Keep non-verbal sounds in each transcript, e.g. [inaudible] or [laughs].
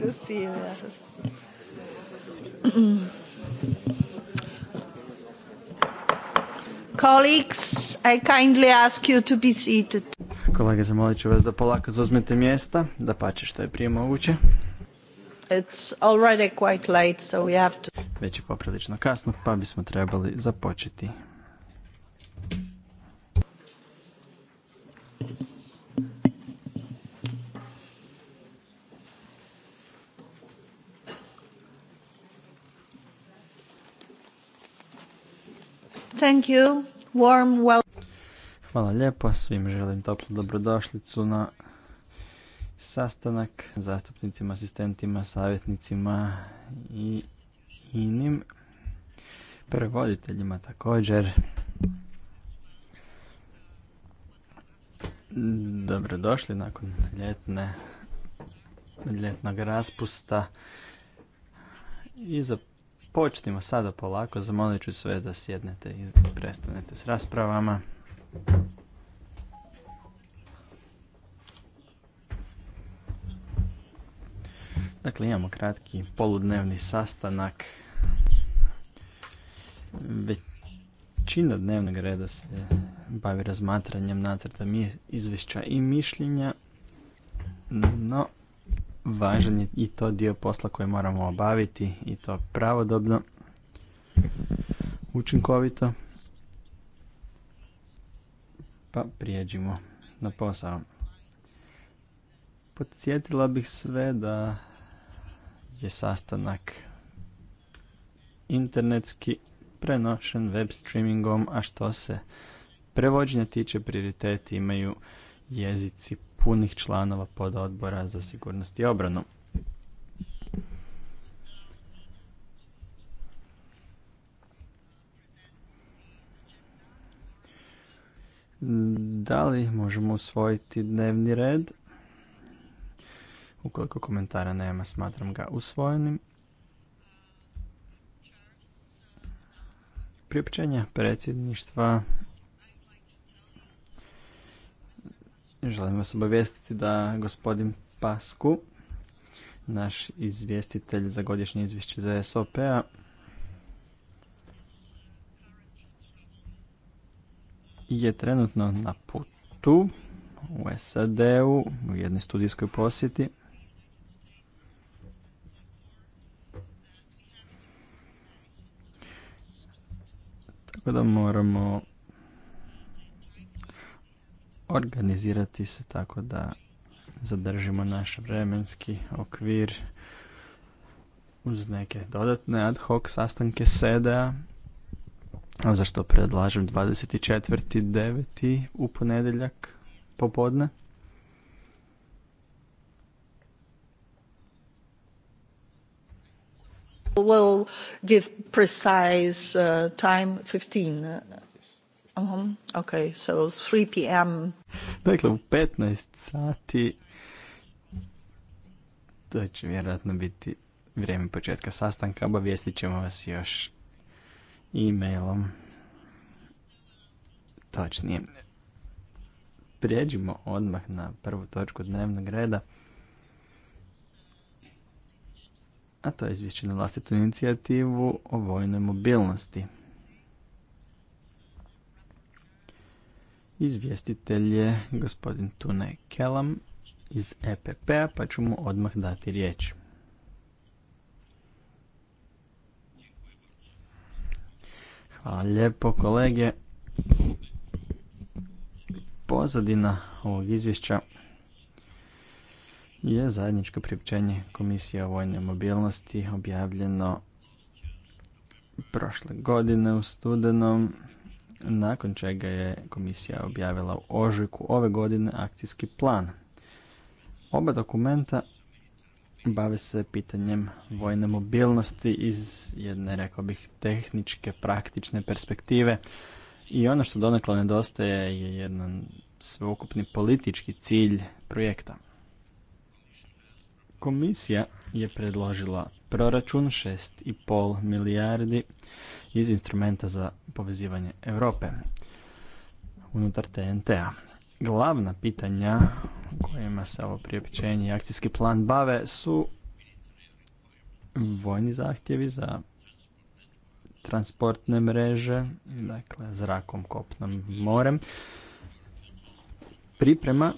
to see you. Colleagues, I kindly ask you to be seated. Kolege, zamolit ću vas da polako zauzmete mjesta, da pače što je prije moguće. It's already quite late, so we have to... Već je poprilično kasno, pa bismo trebali započeti Thank you. Warm Hvala lijepo, svim želim toplu dobrodošlicu na sastanak zastupnicima, asistentima, savjetnicima i inim prevoditeljima također. Dobrodošli nakon ljetne ljetnog raspusta i za Počnimo sada polako, zamolit ću sve da sjednete i prestanete s raspravama. Dakle, imamo kratki poludnevni sastanak. Većina dnevnog reda se bavi razmatranjem nacrta izvješća i mišljenja, no važan je i to dio posla koje moramo obaviti i to pravodobno, učinkovito. Pa prijeđimo na posao. Podsjetila bih sve da je sastanak internetski prenošen web streamingom, a što se prevođenja tiče prioriteti imaju jezici punih članova odbora za sigurnost i obranu. Da li možemo usvojiti dnevni red? Ukoliko komentara nema, smatram ga usvojenim. Priopćenja predsjedništva Želim vas obavijestiti da gospodin Pasku, naš izvjestitelj za godišnje izvješće za SOP-a, je trenutno na putu u SAD-u, u jednoj studijskoj posjeti. Tako da moramo organizirati se tako da zadržimo naš vremenski okvir uz neke dodatne ad hoc sastanke SEDA, a Zašto predlažem 24.9. u ponedeljak popodne. We'll give precise uh, time 15 Mhm. ok, 3 p.m. Dakle, u 15 sati to će vjerojatno biti vrijeme početka sastanka. Obavijestit ćemo vas još e-mailom. Točnije. Prijeđimo odmah na prvu točku dnevnog reda. A to je izvješće na vlastitu inicijativu o vojnoj mobilnosti. Izvjestitelj je gospodin Tune Kelam iz EPP-a, pa ću mu odmah dati riječ. Hvala lijepo kolege. Pozadina ovog izvješća je zajedničko priopćenje Komisije o vojnoj mobilnosti objavljeno prošle godine u studenom nakon čega je komisija objavila u ožujku ove godine akcijski plan. Oba dokumenta bave se pitanjem vojne mobilnosti iz jedne, rekao bih, tehničke, praktične perspektive i ono što donekle nedostaje je jedan sveukupni politički cilj projekta. Komisija je predložila proračun 6,5 milijardi iz instrumenta za povezivanje Europe unutar TNT-a. Glavna pitanja kojima se ovo priopćenje i akcijski plan bave su vojni zahtjevi za transportne mreže, dakle zrakom, kopnom, morem, priprema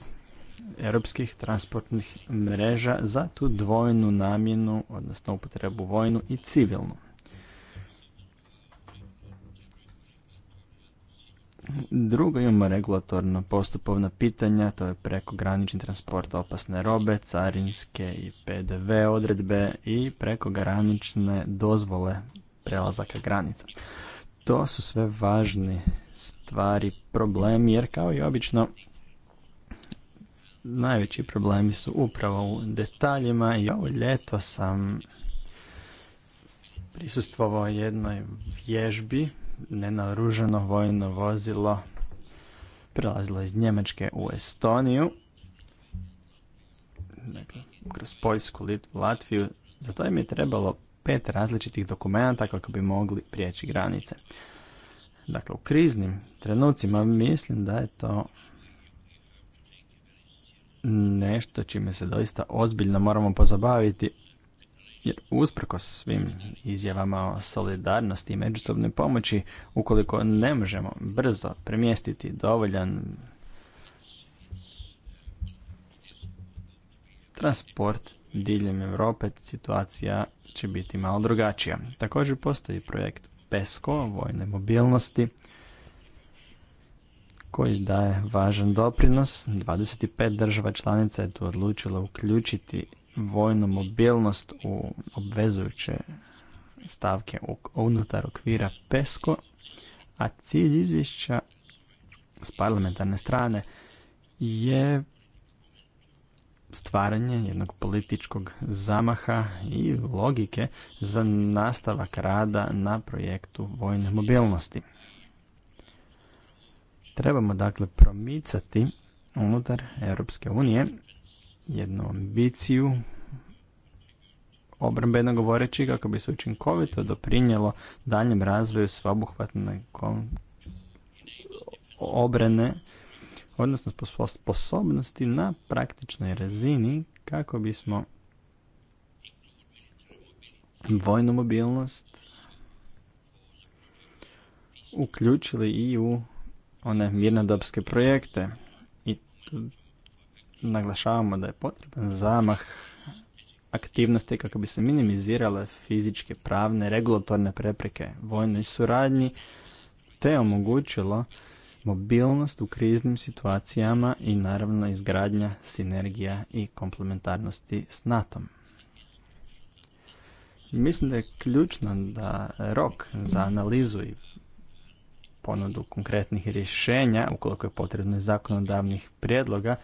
europskih transportnih mreža za tu dvojnu namjenu, odnosno upotrebu vojnu i civilnu. Drugo imamo regulatorno postupovna pitanja, to je prekogranični transport opasne robe, carinske i PDV odredbe i prekogranične dozvole prelazaka granica. To su sve važne stvari, problemi, jer kao i obično najveći problemi su upravo u detaljima i ovo ljeto sam prisustvovao jednoj vježbi nenaruženo vojno vozilo prelazilo iz Njemačke u Estoniju, dakle, kroz Poljsku, Latviju. Za to im je trebalo pet različitih dokumenata kako bi mogli prijeći granice. Dakle, u kriznim trenucima mislim da je to nešto čime se doista ozbiljno moramo pozabaviti jer usprko svim izjavama o solidarnosti i međusobnoj pomoći, ukoliko ne možemo brzo premjestiti dovoljan transport diljem Europe, situacija će biti malo drugačija. Također postoji projekt PESCO, vojne mobilnosti, koji daje važan doprinos. 25 država članica je tu odlučilo uključiti vojnu mobilnost u obvezujuće stavke unutar okvira PESCO, a cilj izvješća s parlamentarne strane je stvaranje jednog političkog zamaha i logike za nastavak rada na projektu vojne mobilnosti. Trebamo dakle promicati unutar Europske unije jednu ambiciju obrambeno govoreći kako bi se učinkovito doprinjelo daljem razvoju sveobuhvatne obrane, odnosno sposobnosti na praktičnoj razini kako bismo vojnu mobilnost uključili i u one mirnodopske projekte. I Naglašavamo da je potreban zamah aktivnosti kako bi se minimizirale fizičke, pravne, regulatorne prepreke vojnoj suradnji te omogućilo mobilnost u kriznim situacijama i naravno izgradnja sinergija i komplementarnosti s NATO-om. Mislim da je ključno da rok za analizu i ponudu konkretnih rješenja, ukoliko je potrebno zakonodavnih prijedloga,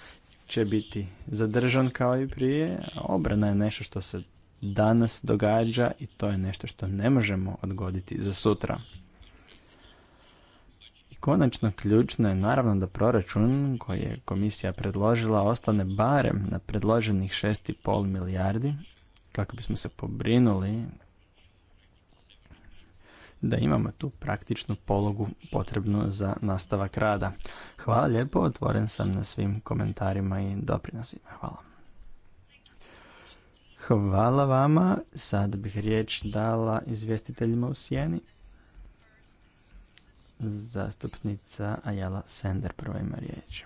će biti zadržan kao i prije. Obrana je nešto što se danas događa i to je nešto što ne možemo odgoditi za sutra. I konačno ključno je naravno da proračun koji je komisija predložila ostane barem na predloženih 6,5 milijardi kako bismo se pobrinuli da imamo tu praktičnu pologu potrebnu za nastavak rada. Hvala lijepo, otvoren sam na svim komentarima i doprinosima. Hvala. Hvala vama. Sad bih riječ dala izvjestiteljima u sjeni. Zastupnica Ajala Sender prva ima riječ.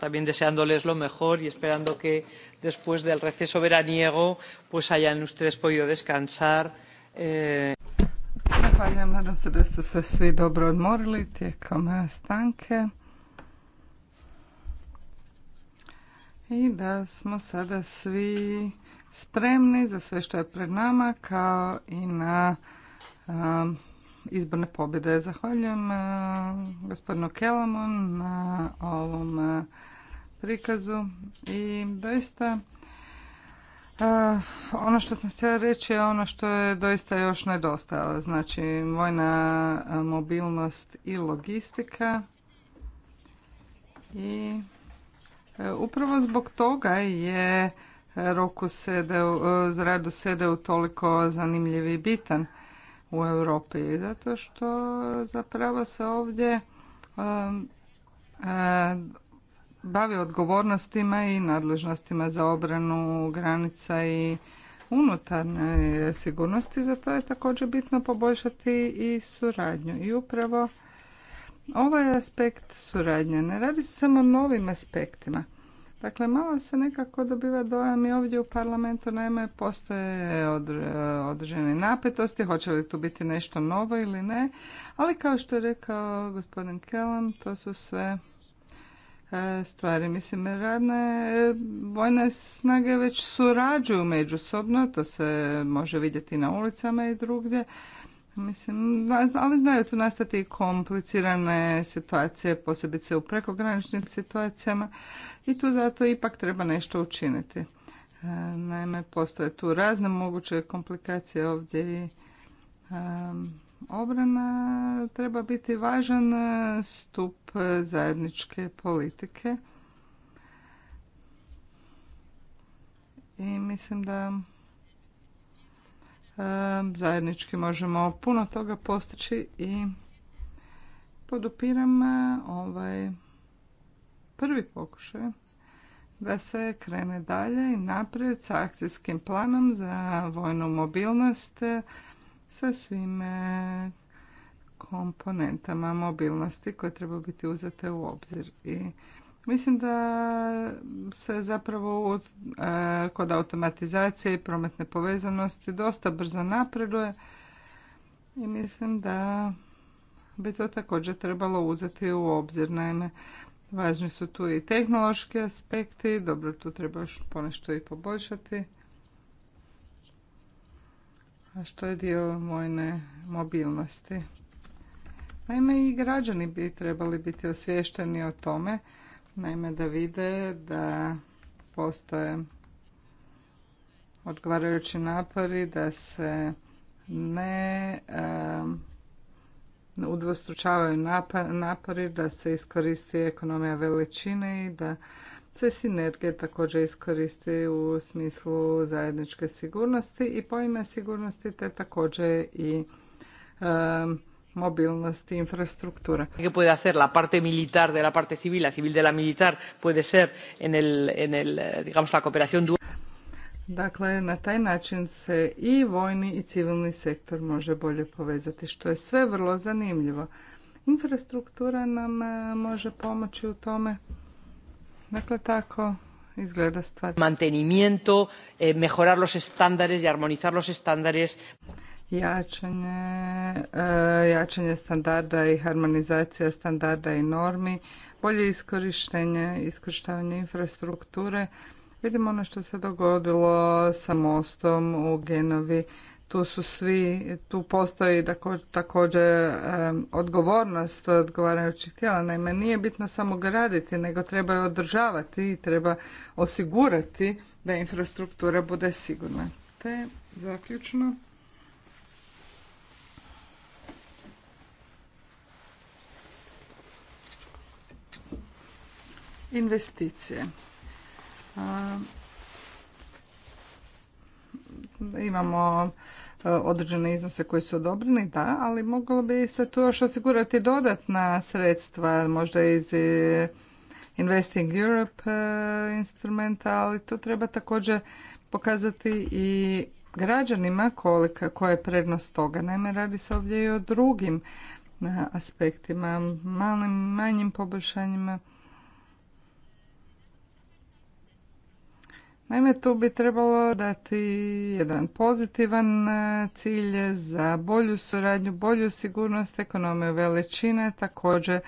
también deseándoles lo mejor y esperando que después del receso veraniego pues hayan ustedes podido descansar. Eh... Zahvaljujem, nadam se da ste se svi dobro odmorili tijekom eh, stanke. I da smo sada svi spremni za sve što je pred nama kao i na eh, izborne pobjede. Zahvaljujem e, gospodinu Kelamon na ovom e, prikazu i doista e, ono što sam htjela reći je ono što je doista još nedostajalo. Znači vojna mobilnost i logistika i upravo zbog toga je roku sede, za radu sede toliko zanimljiv i bitan u Europi zato što zapravo se ovdje um, uh, bavi odgovornostima i nadležnostima za obranu granica i unutarnje sigurnosti, zato je također bitno poboljšati i suradnju. I upravo ovaj aspekt suradnje ne radi se samo o novim aspektima. Dakle, malo se nekako dobiva dojam i ovdje u parlamentu, naime, postoje e, e, određene napetosti, hoće li tu biti nešto novo ili ne, ali kao što je rekao gospodin Kellam, to su sve e, stvari. Mislim, radne vojne snage već surađuju međusobno, to se može vidjeti na ulicama i drugdje. Mislim, ali znaju tu nastati komplicirane situacije, posebice u prekograničnim situacijama i tu zato ipak treba nešto učiniti. E, naime, postoje tu razne moguće komplikacije ovdje i e, obrana treba biti važan e, stup zajedničke politike. I mislim da zajednički možemo puno toga postići i podupiram ovaj prvi pokušaj da se krene dalje i naprijed sa akcijskim planom za vojnu mobilnost sa svim e, komponentama mobilnosti koje treba biti uzete u obzir. I mislim da se zapravo e, kod automatizacije i prometne povezanosti dosta brzo napreduje i mislim da bi to također trebalo uzeti u obzir. Naime, Važni su tu i tehnološki aspekti, dobro tu treba još ponešto i poboljšati. A što je dio mojne mobilnosti? Naime, i građani bi trebali biti osvješteni o tome, naime da vide da postoje odgovarajući napori da se ne udvostručavaju napori da se iskoristi ekonomija veličine i da se sinergije također iskoristi u smislu zajedničke sigurnosti i pojma sigurnosti te također i mobilnosti infrastruktura. i puede hacer la parte militar de la parte civil, la civil de la militar puede ser en el en el eh, digamos la cooperación dual? Dakle, na taj način se i vojni i civilni sektor može bolje povezati, što je sve vrlo zanimljivo. Infrastruktura nam e, može pomoći u tome. Dakle, tako izgleda stvar. Mantenimiento, eh, mejorar los estándares y armonizar los estándares. Jačanje, e, jačanje standarda i harmonizacija standarda i normi, bolje iskorištenje, iskorištavanje infrastrukture, Vidimo ono što se dogodilo sa mostom u Genovi. Tu su svi, tu postoji također odgovornost odgovarajućih tijela. Naime, nije bitno samo graditi, nego treba je održavati i treba osigurati da infrastruktura bude sigurna. Te zaključno. Investicije imamo e, određene iznose koji su odobreni, da, ali moglo bi se tu još osigurati dodatna sredstva, možda iz e, Investing Europe e, instrumenta, ali tu treba također pokazati i građanima kolika, koja je prednost toga. Naime, radi se ovdje i o drugim aspektima, malim, manjim poboljšanjima Naime, tu bi trebalo dati jedan pozitivan e, cilj za bolju suradnju, bolju sigurnost ekonomiju veličine, također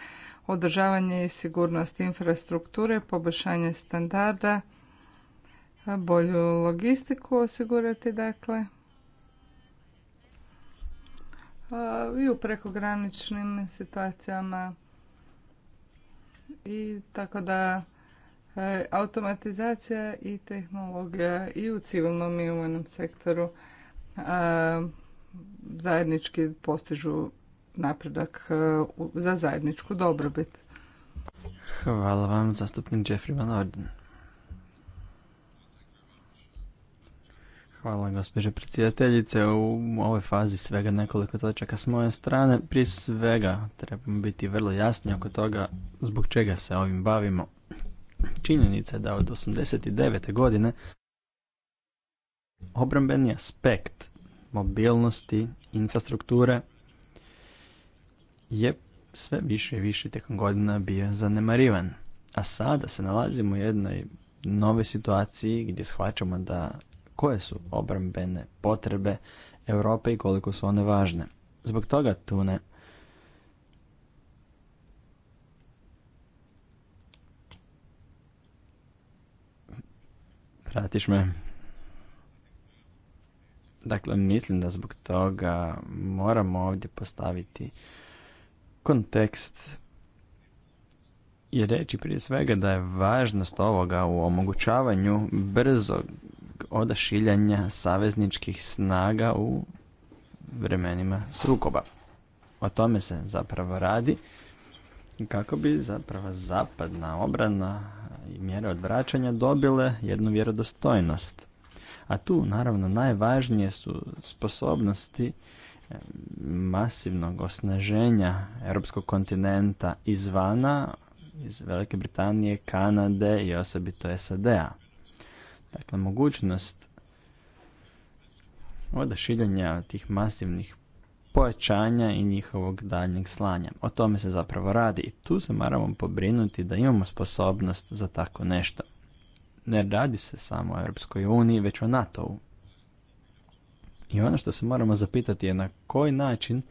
održavanje i sigurnost infrastrukture, poboljšanje standarda, e, bolju logistiku osigurati dakle. E, I u prekograničnim situacijama i tako da E, automatizacija i tehnologija i u civilnom i u vojnom sektoru e, zajednički postižu napredak e, za zajedničku dobrobit. Hvala vam, zastupnik Jeffrey Van Orden. Hvala gospođo predsjedateljice. U ovoj fazi svega nekoliko točaka s moje strane. Prije svega trebamo biti vrlo jasni oko toga zbog čega se ovim bavimo. Činjenica je da od 89. godine obrambeni aspekt mobilnosti, infrastrukture je sve više i više tijekom godina bio zanemarivan. A sada se nalazimo u jednoj nove situaciji gdje shvaćamo da koje su obrambene potrebe Europe i koliko su one važne. Zbog toga Tune Pratiš me? Dakle, mislim da zbog toga moramo ovdje postaviti kontekst i reći prije svega da je važnost ovoga u omogućavanju brzog odašiljanja savezničkih snaga u vremenima sukoba. O tome se zapravo radi kako bi zapravo zapadna obrana i mjere odvraćanja dobile jednu vjerodostojnost. A tu naravno najvažnije su sposobnosti masivnog osnaženja europskog kontinenta izvana, iz Velike Britanije, Kanade i osobito SAD-a. Dakle, mogućnost odašiljanja tih masivnih pojačanja i njihovog daljnjeg slanja. O tome se zapravo radi i tu se moramo pobrinuti da imamo sposobnost za tako nešto. Ne radi se samo o Europskoj uniji, već o NATO-u. I ono što se moramo zapitati je na koji način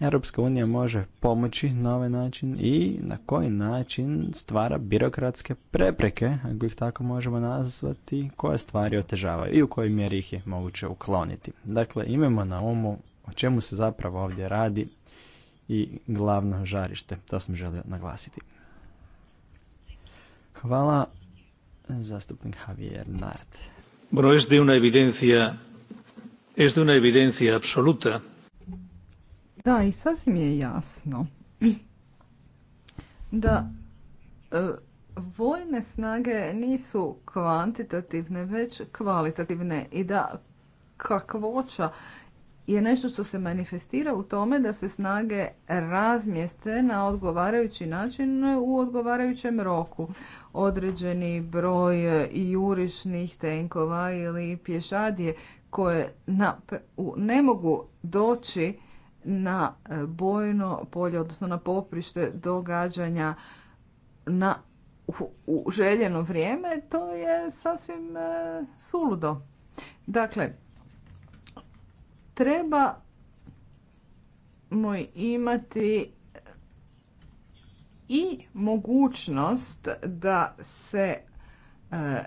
Europska unija može pomoći na ovaj način i na koji način stvara birokratske prepreke, ako ih tako možemo nazvati, koje stvari otežavaju i u kojoj mjeri ih je moguće ukloniti. Dakle, imamo na umu o čemu se zapravo ovdje radi i glavno žarište. To sam želio naglasiti. Hvala zastupnik Javier Nart. Bueno, es una evidencia, es de una evidencia absoluta. Da, i sasvim je jasno da e, vojne snage nisu kvantitativne, već kvalitativne i da kakvoća je nešto što se manifestira u tome da se snage razmjeste na odgovarajući način u odgovarajućem roku. Određeni broj jurišnih tenkova ili pješadije koje ne mogu doći na e, bojno polje, odnosno na poprište događanja na u, željeno vrijeme, to je sasvim e, suludo. Dakle, moj imati i mogućnost da se e,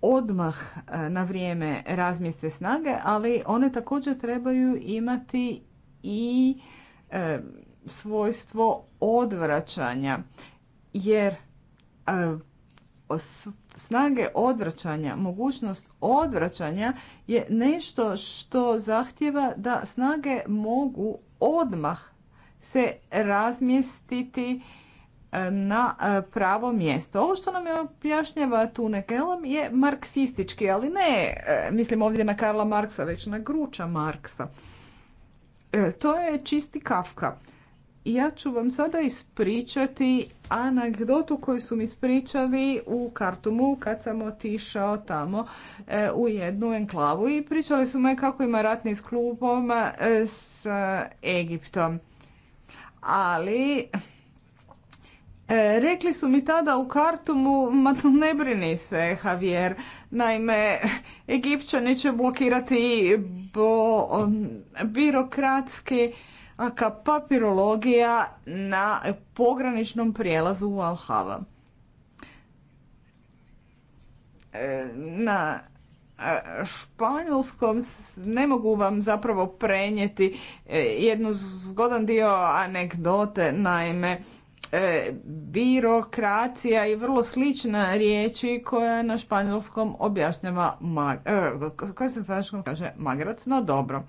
odmah e, na vrijeme razmjeste snage, ali one također trebaju imati i e, svojstvo odvraćanja jer snage odvraćanja, mogućnost odvraćanja je nešto što zahtjeva da snage mogu odmah se razmjestiti e, na e, pravo mjesto. Ovo što nam je objašnjava tu je marksistički, ali ne e, mislim ovdje na Karla Marksa, već na Gruča Marksa. To je čisti Kafka ja ću vam sada ispričati anegdotu koju su mi ispričali u Kartumu kad sam otišao tamo e, u jednu enklavu i pričali su me kako ima ratni s klubom e, s Egiptom. Ali e, rekli su mi tada u Kartumu, ma ne brini se Javier, naime Egipćani će blokirati bo, birokratski ka papirologija na pograničnom prijelazu u Alhava. E, na e, španjolskom ne mogu vam zapravo prenijeti e, jednu zgodan dio anegdote, naime birokracija i vrlo slična riječi koja na španjolskom objašnjava, koja se kaže magrac, no dobro.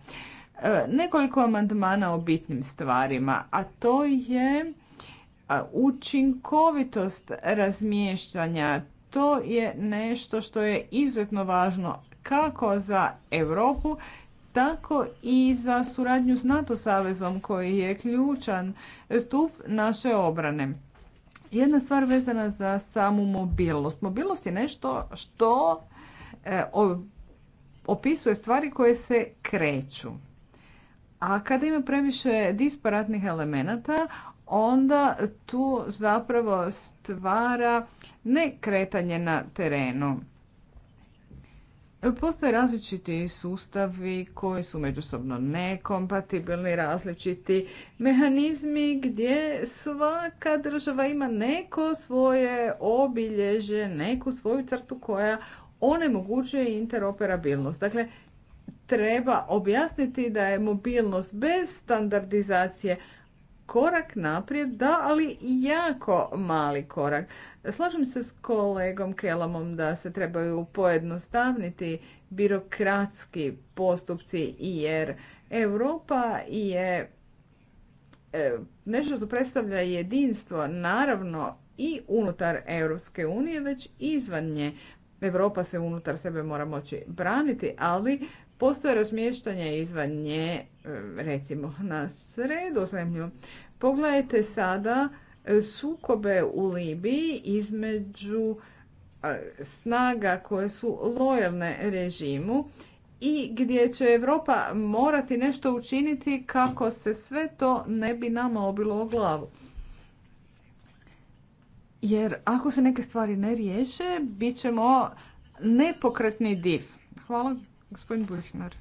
E, nekoliko amandmana o bitnim stvarima, a to je e, učinkovitost razmještanja. To je nešto što je izuzetno važno kako za Europu, tako i za suradnju s NATO savezom koji je ključan stup naše obrane. Jedna stvar vezana za samu mobilnost. Mobilnost je nešto što e, opisuje stvari koje se kreću. A kada ima previše disparatnih elemenata, onda tu zapravo stvara ne kretanje na terenu. Postoje različiti sustavi koji su međusobno nekompatibilni, različiti mehanizmi gdje svaka država ima neko svoje obilježe, neku svoju crtu koja onemogućuje interoperabilnost. Dakle, treba objasniti da je mobilnost bez standardizacije korak naprijed, da, ali jako mali korak. Slažem se s kolegom Kelamom da se trebaju pojednostavniti birokratski postupci jer Europa je e, nešto što predstavlja jedinstvo, naravno i unutar Europske unije, već izvan nje. Europa se unutar sebe mora moći braniti, ali Postoje razmještanje izvan nje, e, recimo na sredozemlju. Pogledajte sada e, sukobe u Libiji između e, snaga koje su lojalne režimu i gdje će Europa morati nešto učiniti kako se sve to ne bi nama obilo o glavu. Jer ako se neke stvari ne riješe, bit ćemo nepokretni div. Hvala Gospodin Buhner.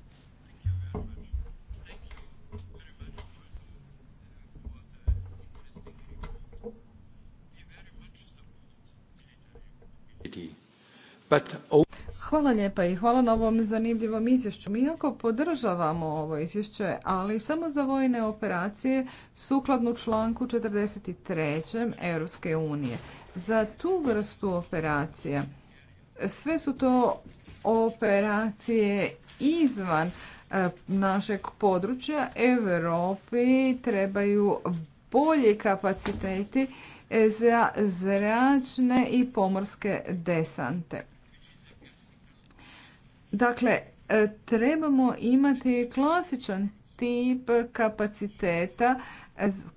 Oh, hvala lijepa i hvala na ovom zanimljivom izvješću. Mi jako podržavamo ovo izvješće, ali samo za vojne operacije sukladno članku 43. Europske unije. Za tu vrstu operacije sve su to operacije izvan e, našeg područja Europi trebaju bolji kapaciteti e, za zračne i pomorske desante. Dakle, e, trebamo imati klasičan tip kapaciteta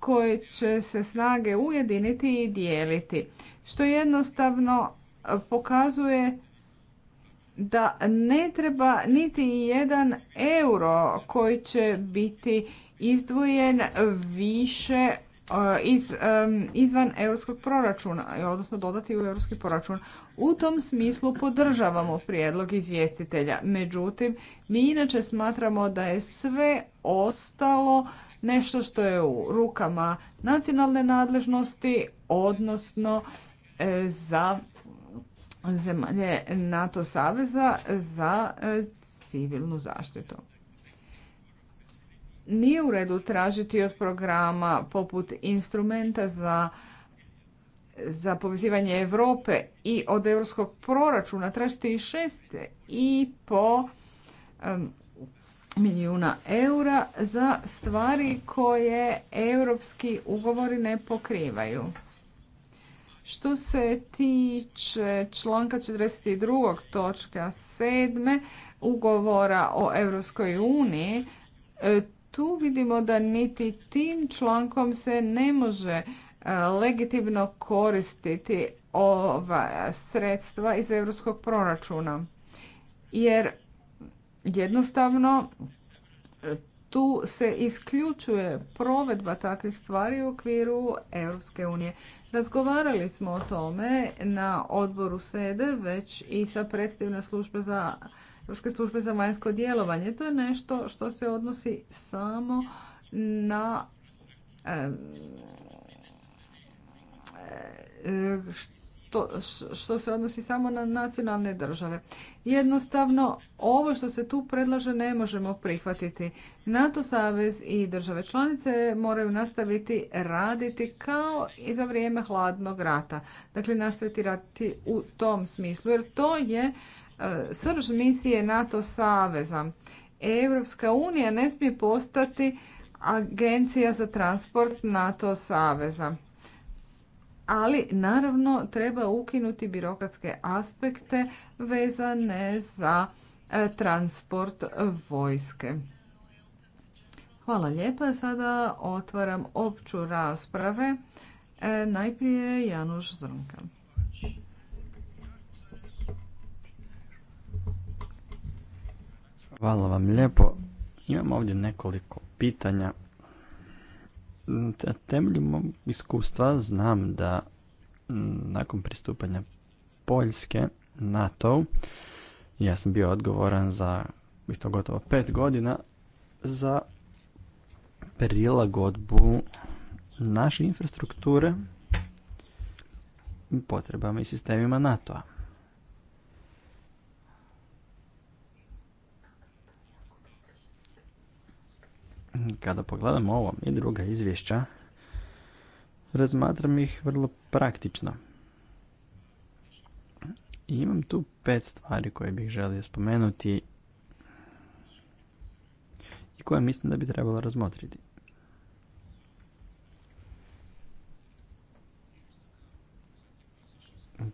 koje će se snage ujediniti i dijeliti, što jednostavno pokazuje da ne treba niti jedan euro koji će biti izdvojen više e, iz, e, izvan europskog proračuna, odnosno dodati u europski proračun. U tom smislu podržavamo prijedlog izvjestitelja. Međutim, mi inače smatramo da je sve ostalo nešto što je u rukama nacionalne nadležnosti, odnosno e, za zemalje NATO saveza za e, civilnu zaštitu. Nije u redu tražiti od programa poput instrumenta za za povezivanje Europe i od europskog proračuna tražiti i šest i po milijuna eura za stvari koje europski ugovori ne pokrivaju. Što se tiče članka 42. točka 7. ugovora o Europskoj uniji, e, tu vidimo da niti tim člankom se ne može e, legitimno koristiti ova sredstva iz europskog proračuna. Jer jednostavno e, tu se isključuje provedba takvih stvari u okviru Europske unije. Razgovarali smo o tome na odboru SEDE već i sa predstavljena službe za Europske službe za vanjsko djelovanje. To je nešto što se odnosi samo na e, što, što se odnosi samo na nacionalne države. Jednostavno, ovo što se tu predlaže ne možemo prihvatiti. NATO savez i države članice moraju nastaviti raditi kao i za vrijeme hladnog rata. Dakle, nastaviti raditi u tom smislu, jer to je e, srž misije NATO saveza. Europska unija ne smije postati agencija za transport NATO saveza ali naravno treba ukinuti birokratske aspekte vezane za e, transport vojske. Hvala lijepa. Sada otvaram opću rasprave. E, najprije Januš Zrnka. Hvala vam lijepo. Imam ovdje nekoliko pitanja na temelju mog iskustva znam da mm, nakon pristupanja Poljske NATO ja sam bio odgovoran za to gotovo pet godina za prilagodbu naše infrastrukture potrebama i sistemima NATO-a. Kada pogledam ovo i druga izvješća, razmatram ih vrlo praktično. I imam tu pet stvari koje bih želio spomenuti i koje mislim da bi trebalo razmotriti.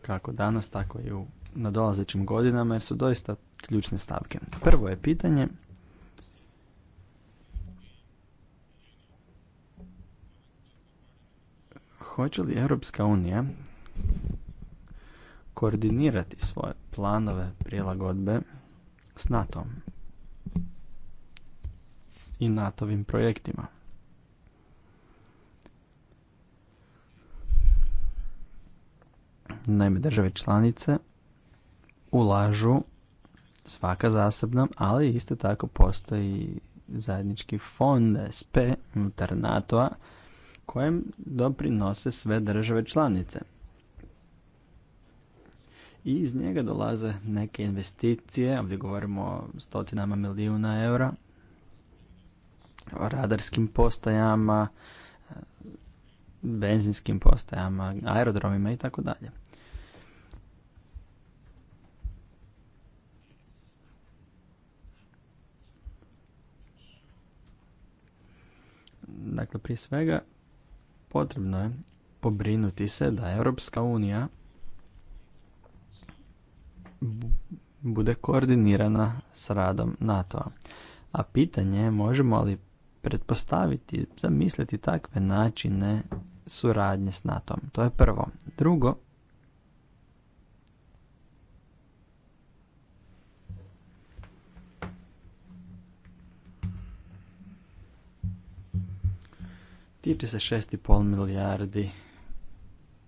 Kako danas, tako i u nadolazećim godinama, jer su doista ključne stavke. Prvo je pitanje Hoće li Europska unija koordinirati svoje planove prilagodbe s NATO-om i nato ovim projektima? Naime, države članice ulažu svaka zasebno, ali isto tako postoji zajednički fond SP unutar NATO-a kojem doprinose sve države članice. I iz njega dolaze neke investicije, ovdje govorimo o stotinama milijuna eura, o radarskim postajama, benzinskim postajama, aerodromima i tako dalje. Dakle, prije svega potrebno je pobrinuti se da Europska unija bude koordinirana s radom NATO-a. A pitanje je možemo li pretpostaviti, zamisliti takve načine suradnje s NATO-om. To je prvo. Drugo, tiče se 6,5 milijardi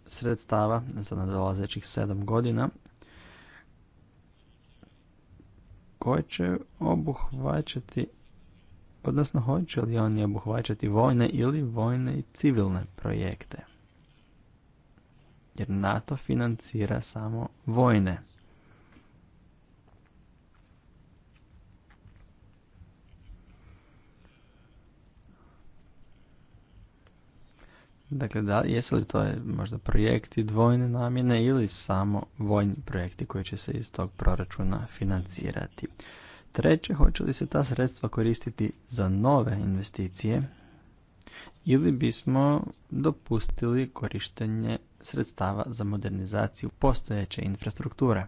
sredstava za nadolazećih 7 godina koje će obuhvaćati odnosno hoće li oni obuhvaćati vojne ili vojne i civilne projekte jer NATO financira samo vojne Dakle, da, jesu li to e, možda projekti dvojne namjene ili samo vojni projekti koji će se iz tog proračuna financirati? Treće, hoće li se ta sredstva koristiti za nove investicije ili bismo dopustili korištenje sredstava za modernizaciju postojeće infrastrukture?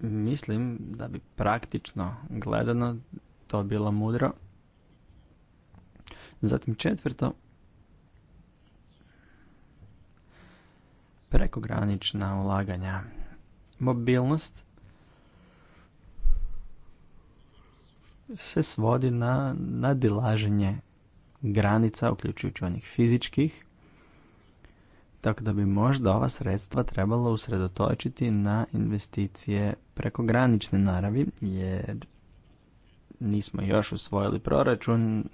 Mislim da bi praktično gledano to bilo mudro Zatim četvrto, prekogranična ulaganja. Mobilnost se svodi na nadilaženje granica, uključujući onih fizičkih, tako da bi možda ova sredstva trebalo usredotočiti na investicije prekogranične naravi, jer nismo još usvojili proračun,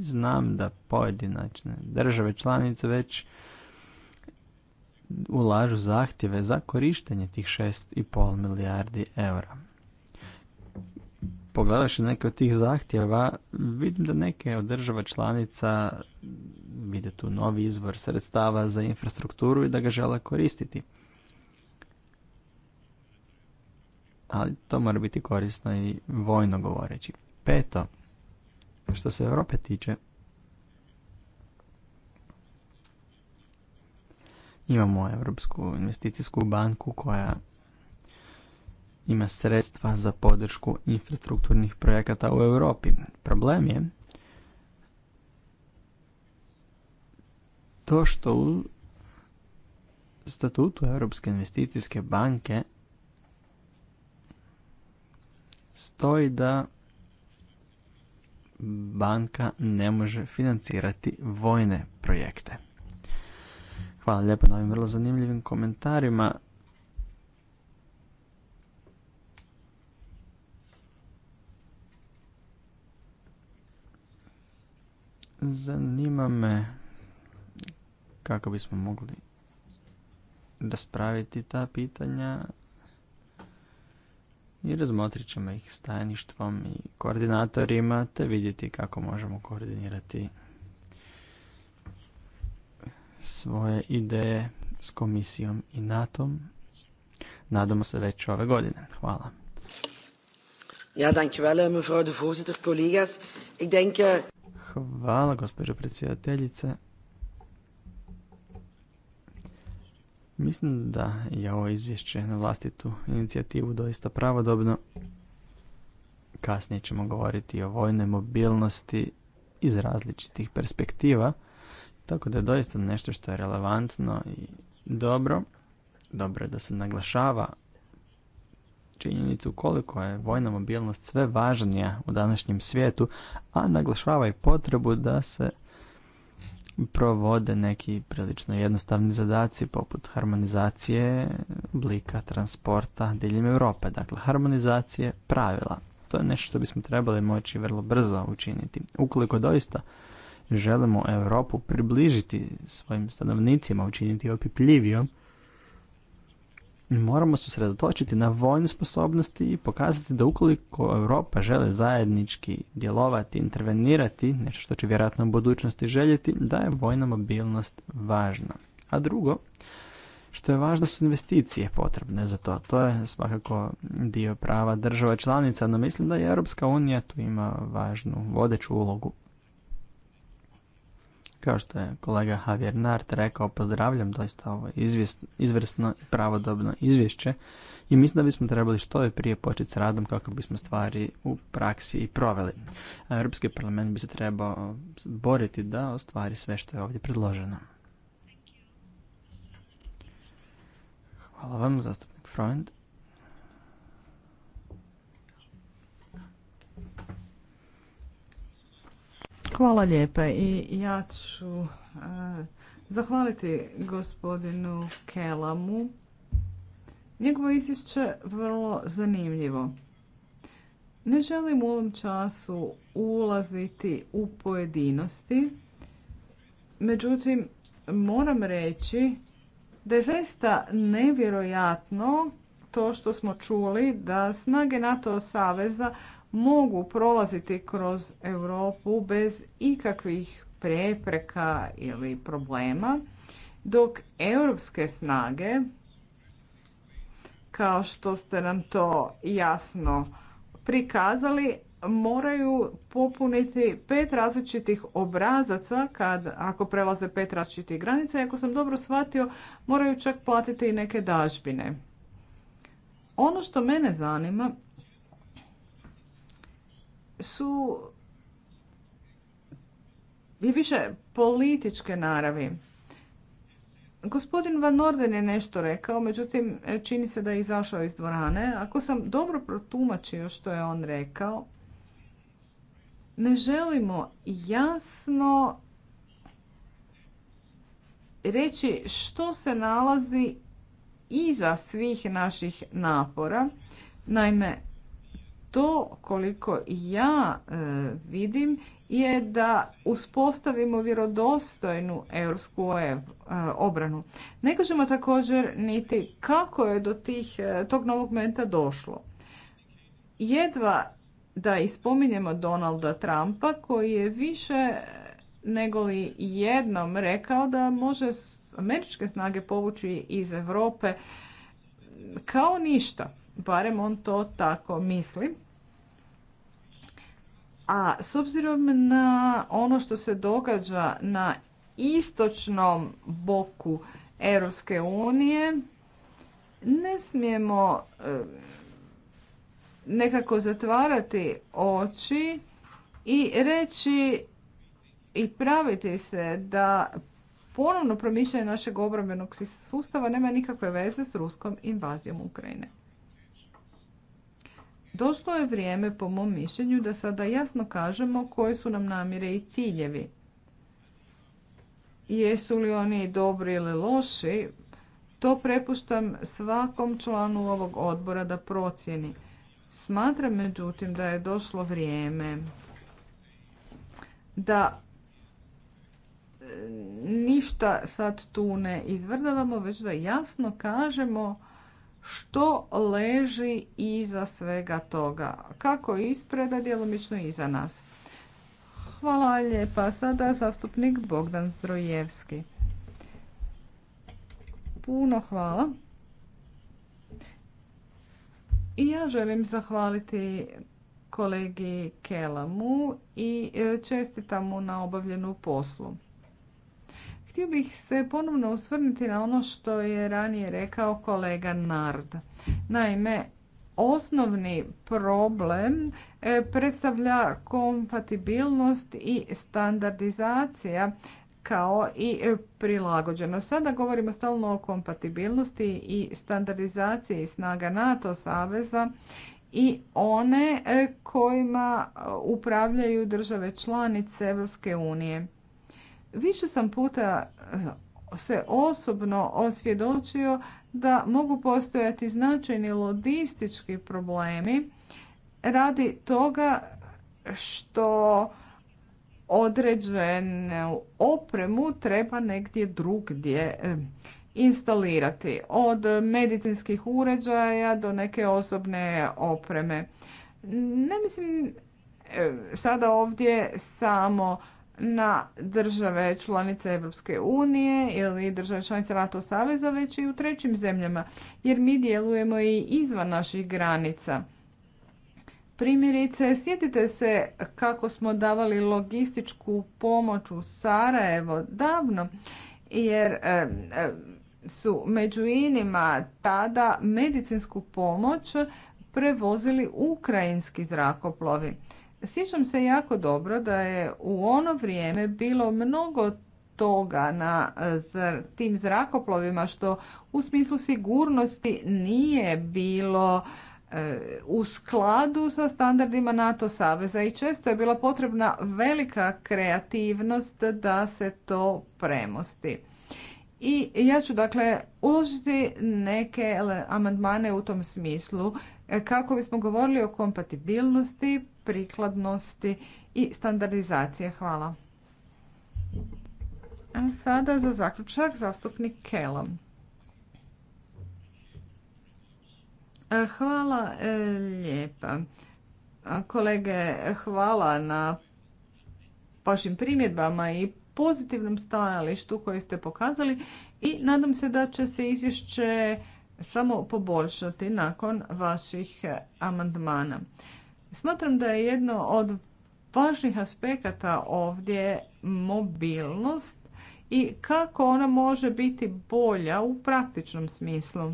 znam da pojedinačne države članice već ulažu zahtjeve za korištenje tih 6,5 milijardi eura. Pogledaš neke od tih zahtjeva, vidim da neke od država članica vide tu novi izvor sredstava za infrastrukturu i da ga žele koristiti. Ali to mora biti korisno i vojno govoreći. Peto, što se Europe tiče, imamo Europsku investicijsku banku koja ima sredstva za podršku infrastrukturnih projekata u Europi. Problem je to što u statutu Europske investicijske banke stoji da banka ne može financirati vojne projekte. Hvala lijepo na ovim vrlo zanimljivim komentarima. Zanima me kako bismo mogli raspraviti ta pitanja i razmotrit ćemo ih s tajništvom i koordinatorima te vidjeti kako možemo koordinirati svoje ideje s komisijom i NATO-om. Nadamo se već ove godine. Hvala. Ja, mevrouw voorzitter, Ik denk... Hvala, gospođo predsjedateljice. Mislim da je ovo izvješće na vlastitu inicijativu doista pravodobno. Kasnije ćemo govoriti o vojnoj mobilnosti iz različitih perspektiva, tako da je doista nešto što je relevantno i dobro. Dobro je da se naglašava činjenicu koliko je vojna mobilnost sve važnija u današnjem svijetu, a naglašava i potrebu da se provode neki prilično jednostavni zadaci poput harmonizacije oblika transporta diljem Europe. Dakle, harmonizacije pravila. To je nešto što bismo trebali moći vrlo brzo učiniti. Ukoliko doista želimo Europu približiti svojim stanovnicima, učiniti opipljivijom, moramo se usredotočiti na vojne sposobnosti i pokazati da ukoliko Europa želi zajednički djelovati, intervenirati, nešto što će vjerojatno u budućnosti željeti, da je vojna mobilnost važna. A drugo, što je važno su investicije potrebne za to. To je svakako dio prava država članica, no mislim da je Europska unija tu ima važnu vodeću ulogu. Kao što je kolega Javier Nart rekao, pozdravljam doista ovo izvrsno i pravodobno izvješće i mislim da bismo trebali što je prije početi s radom kako bismo stvari u praksi i proveli. Europski parlament bi se trebao boriti da ostvari sve što je ovdje predloženo. Hvala vam, zastupnik Freund. Hvala lijepa i ja ću e, zahvaliti gospodinu Kelamu. Njegovo izvješće vrlo zanimljivo. Ne želim u ovom času ulaziti u pojedinosti, međutim moram reći da je zaista nevjerojatno to što smo čuli da snage NATO saveza mogu prolaziti kroz Europu bez ikakvih prepreka ili problema, dok europske snage, kao što ste nam to jasno prikazali, moraju popuniti pet različitih obrazaca kad, ako prelaze pet različitih granica i ako sam dobro shvatio moraju čak platiti i neke dažbine. Ono što mene zanima su više političke naravi. Gospodin Van Orden je nešto rekao, međutim čini se da je izašao iz dvorane. Ako sam dobro protumačio što je on rekao, ne želimo jasno reći što se nalazi iza svih naših napora. Naime, to koliko ja e, vidim je da uspostavimo vjerodostojnu europsku e, obranu. Ne kažemo također niti kako je do tih, e, tog novog menta došlo. Jedva da ispominjemo Donalda Trumpa koji je više nego li jednom rekao da može američke snage povući iz Europe kao ništa. Barem on to tako misli a s obzirom na ono što se događa na istočnom boku Europske unije, ne smijemo eh, nekako zatvarati oči i reći i praviti se da ponovno promišljanje našeg obrambenog sustava nema nikakve veze s ruskom invazijom Ukrajine. Došlo je vrijeme, po mom mišljenju, da sada jasno kažemo koje su nam namjere i ciljevi. Jesu li oni dobri ili loši, to prepuštam svakom članu ovog odbora da procjeni. Smatram međutim da je došlo vrijeme da e, ništa sad tu ne izvrdavamo, već da jasno kažemo što leži iza svega toga, kako ispreda djelomično iza nas. Hvala lijepa. Sada zastupnik Bogdan Zdrojevski. Puno hvala. I ja želim zahvaliti kolegi Kelamu i čestitam mu na obavljenu poslu. Htio bih se ponovno osvrnuti na ono što je ranije rekao kolega Nard. Naime, osnovni problem e, predstavlja kompatibilnost i standardizacija kao i prilagođeno. Sada govorimo stalno o kompatibilnosti i standardizaciji snaga NATO saveza i one e, kojima upravljaju države članice Europske unije. Više sam puta e, se osobno osvjedočio da mogu postojati značajni logistički problemi radi toga što određenu opremu treba negdje drugdje e, instalirati od medicinskih uređaja do neke osobne opreme. Ne mislim e, sada ovdje samo na države članice Europske unije ili države članice NATO saveza, već i u trećim zemljama, jer mi djelujemo i izvan naših granica. Primjerice, sjetite se kako smo davali logističku pomoć u Sarajevo davno, jer su među inima tada medicinsku pomoć prevozili ukrajinski zrakoplovi. Sjećam se jako dobro da je u ono vrijeme bilo mnogo toga na tim zrakoplovima što u smislu sigurnosti nije bilo e, u skladu sa standardima NATO saveza i često je bila potrebna velika kreativnost da se to premosti. I ja ću dakle uložiti neke amandmane u tom smislu e, kako bismo govorili o kompatibilnosti prikladnosti i standardizacije. Hvala. A sada za zaključak zastupnik Kelom. E, hvala e, lijepa. Kolege, hvala na vašim primjedbama i pozitivnom stajalištu koje ste pokazali i nadam se da će se izvješće samo poboljšati nakon vaših e, amandmana. Smatram da je jedno od važnih aspekata ovdje mobilnost i kako ona može biti bolja u praktičnom smislu.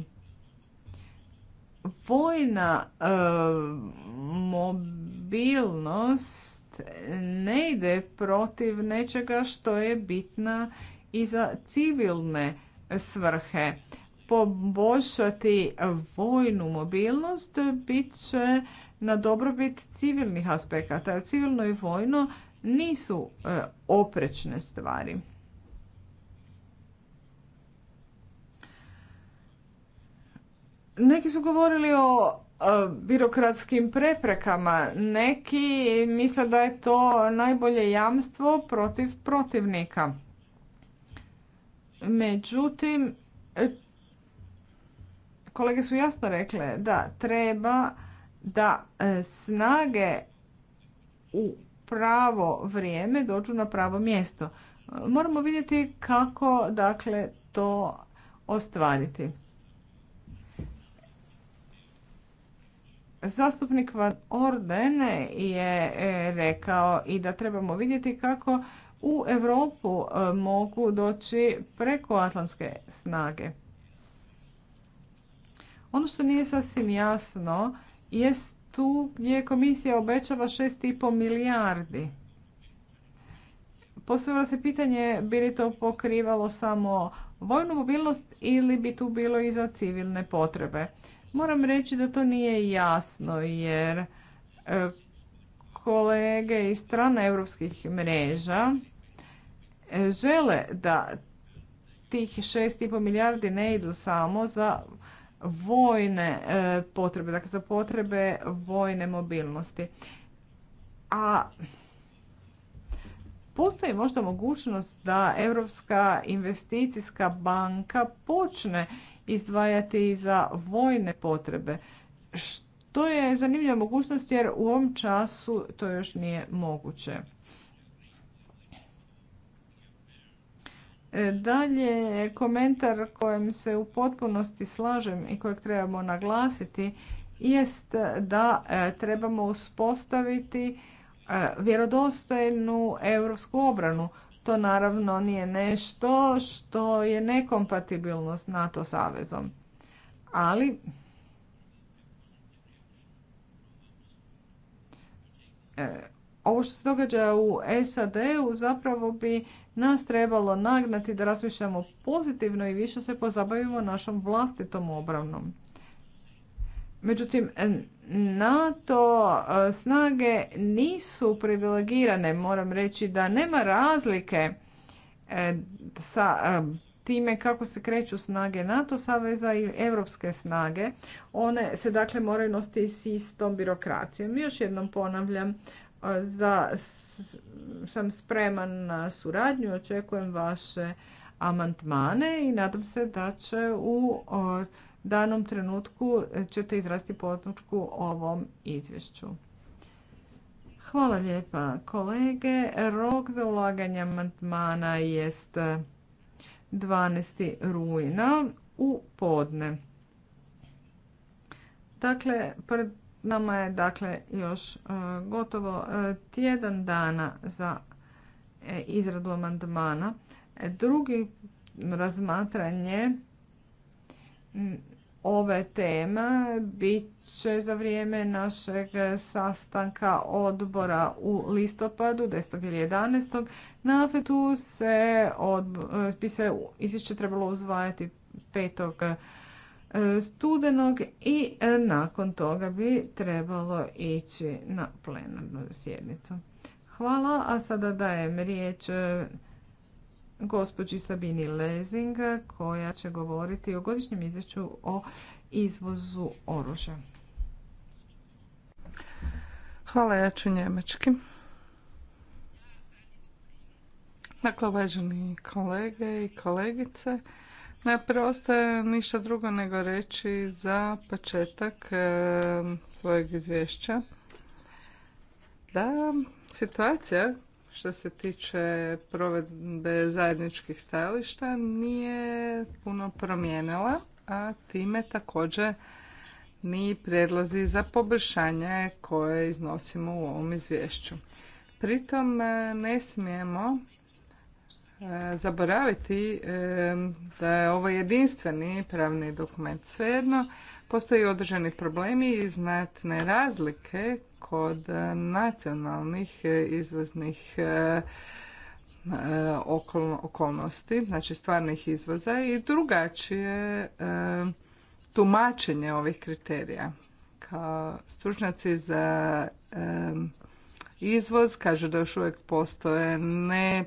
Vojna e, mobilnost ne ide protiv nečega što je bitna i za civilne svrhe. Poboljšati vojnu mobilnost bit će na dobrobit civilnih aspekata, jer civilno i vojno nisu e, oprečne stvari. Neki su govorili o e, birokratskim preprekama, neki misle da je to najbolje jamstvo protiv protivnika. Međutim, e, kolege su jasno rekle da treba da e, snage u pravo vrijeme dođu na pravo mjesto. E, moramo vidjeti kako dakle to ostvariti. Zastupnik Van Orden je e, rekao i da trebamo vidjeti kako u Europu mogu doći preko atlantske snage. Ono što nije sasvim jasno jest tu gdje komisija obećava 6,5 milijardi. Postavilo se pitanje bi li to pokrivalo samo vojnu mobilnost ili bi tu bilo i za civilne potrebe. Moram reći da to nije jasno jer e, kolege iz strana europskih mreža e, žele da tih 6,5 milijardi ne idu samo za vojne e, potrebe, dakle za potrebe vojne mobilnosti. A postoji možda mogućnost da Europska investicijska banka počne izdvajati i za vojne potrebe. Što je zanimljiva mogućnost jer u ovom času to još nije moguće. E, dalje, komentar kojem se u potpunosti slažem i kojeg trebamo naglasiti jest da e, trebamo uspostaviti e, vjerodostojnu europsku obranu. To naravno nije nešto što je nekompatibilno s NATO savezom. Ali ovo što se događa u SAD-u zapravo bi nas trebalo nagnati da razmišljamo pozitivno i više se pozabavimo našom vlastitom obranom. Međutim, NATO e, snage nisu privilegirane. Moram reći da nema razlike e, sa e, time kako se kreću snage NATO saveza i europske snage. One se dakle moraju nositi s istom birokracijom. Još jednom ponavljam, za sam spreman na suradnju, očekujem vaše amantmane i nadam se da će u danom trenutku ćete izrasti podršku ovom izvješću. Hvala lijepa kolege. Rok za ulaganje amantmana jest 12. rujna u podne. Dakle, pred Nama je dakle još e, gotovo e, tjedan dana za e, izradu amandmana. Drugi razmatranje ove teme bit će za vrijeme našeg sastanka odbora u listopadu 10. ili 11. Na afetu se, bi se izvješće trebalo uzvajati 5. E, studenog i e, nakon toga bi trebalo ići na plenarnu sjednicu. Hvala, a sada dajem riječ e, gospođi Sabini Lezing koja će govoriti o godišnjem izvješću o izvozu oružja. Hvala, ja ću njemački. Dakle, uvaženi kolege i kolegice, ne preostaje ništa drugo nego reći za početak eh, svojeg izvješća da situacija što se tiče provedbe zajedničkih stajališta nije puno promijenila, a time također ni prijedlozi za poboljšanje koje iznosimo u ovom izvješću. Pritom eh, ne smijemo E, zaboraviti e, da je ovo jedinstveni pravni dokument. Svejedno, postoji određeni problemi i znatne razlike kod nacionalnih e, izvoznih okolnosti, znači stvarnih izvoza i drugačije tumačenje ovih kriterija. Kao stručnjaci za izvoz. Kaže da još uvijek postoje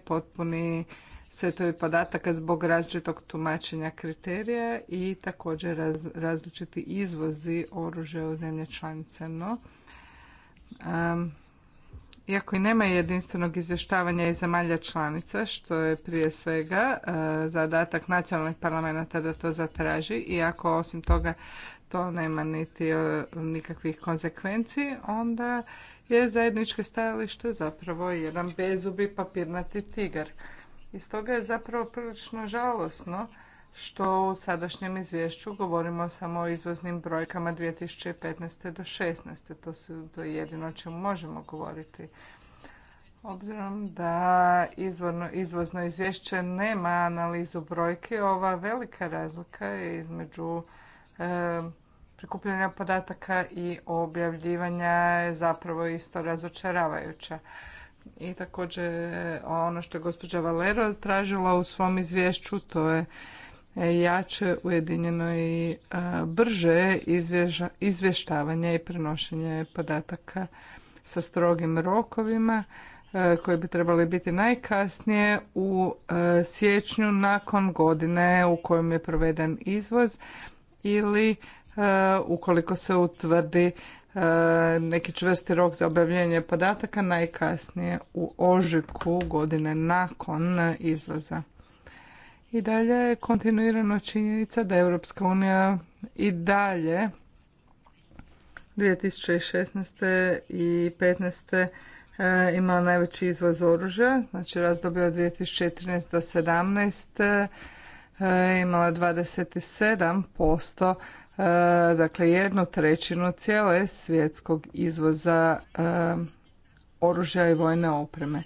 potpuni setovi podataka zbog različitog tumačenja kriterija i također različiti izvozi oružja u zemlje članice. No, um, iako i nema jedinstvenog izvještavanja iz zemalja članica, što je prije svega uh, zadatak nacionalnih parlamenta da to zatraži, iako osim toga to nema niti e, nikakvih konsekvenci, onda je zajedničko stajalište zapravo jedan bezubi papirnati tigar. I stoga je zapravo prilično žalosno što u sadašnjem izvješću govorimo samo o izvoznim brojkama 2015. do 16. To su to jedino o čemu možemo govoriti. Obzirom da izvorno, izvozno izvješće nema analizu brojke, ova velika razlika je između e, prikupljanja podataka i objavljivanja je zapravo isto razočaravajuća. I također ono što je gospođa Valero tražila u svom izvješću, to je jače, ujedinjeno i e, brže izvještavanje i prenošenje podataka sa strogim rokovima e, koji bi trebali biti najkasnije u e, siječnju nakon godine u kojem je proveden izvoz ili E, ukoliko se utvrdi e, neki čvrsti rok za objavljanje podataka najkasnije u ožujku godine nakon izvoza. I dalje je kontinuirano činjenica da Europska unija i dalje 2016. i 2015. E, imala najveći izvoz oružja, znači razdoblje od 2014. do 2017. imala 27% E, dakle jednu trećinu cijele svjetskog izvoza e, oružja i vojne opreme.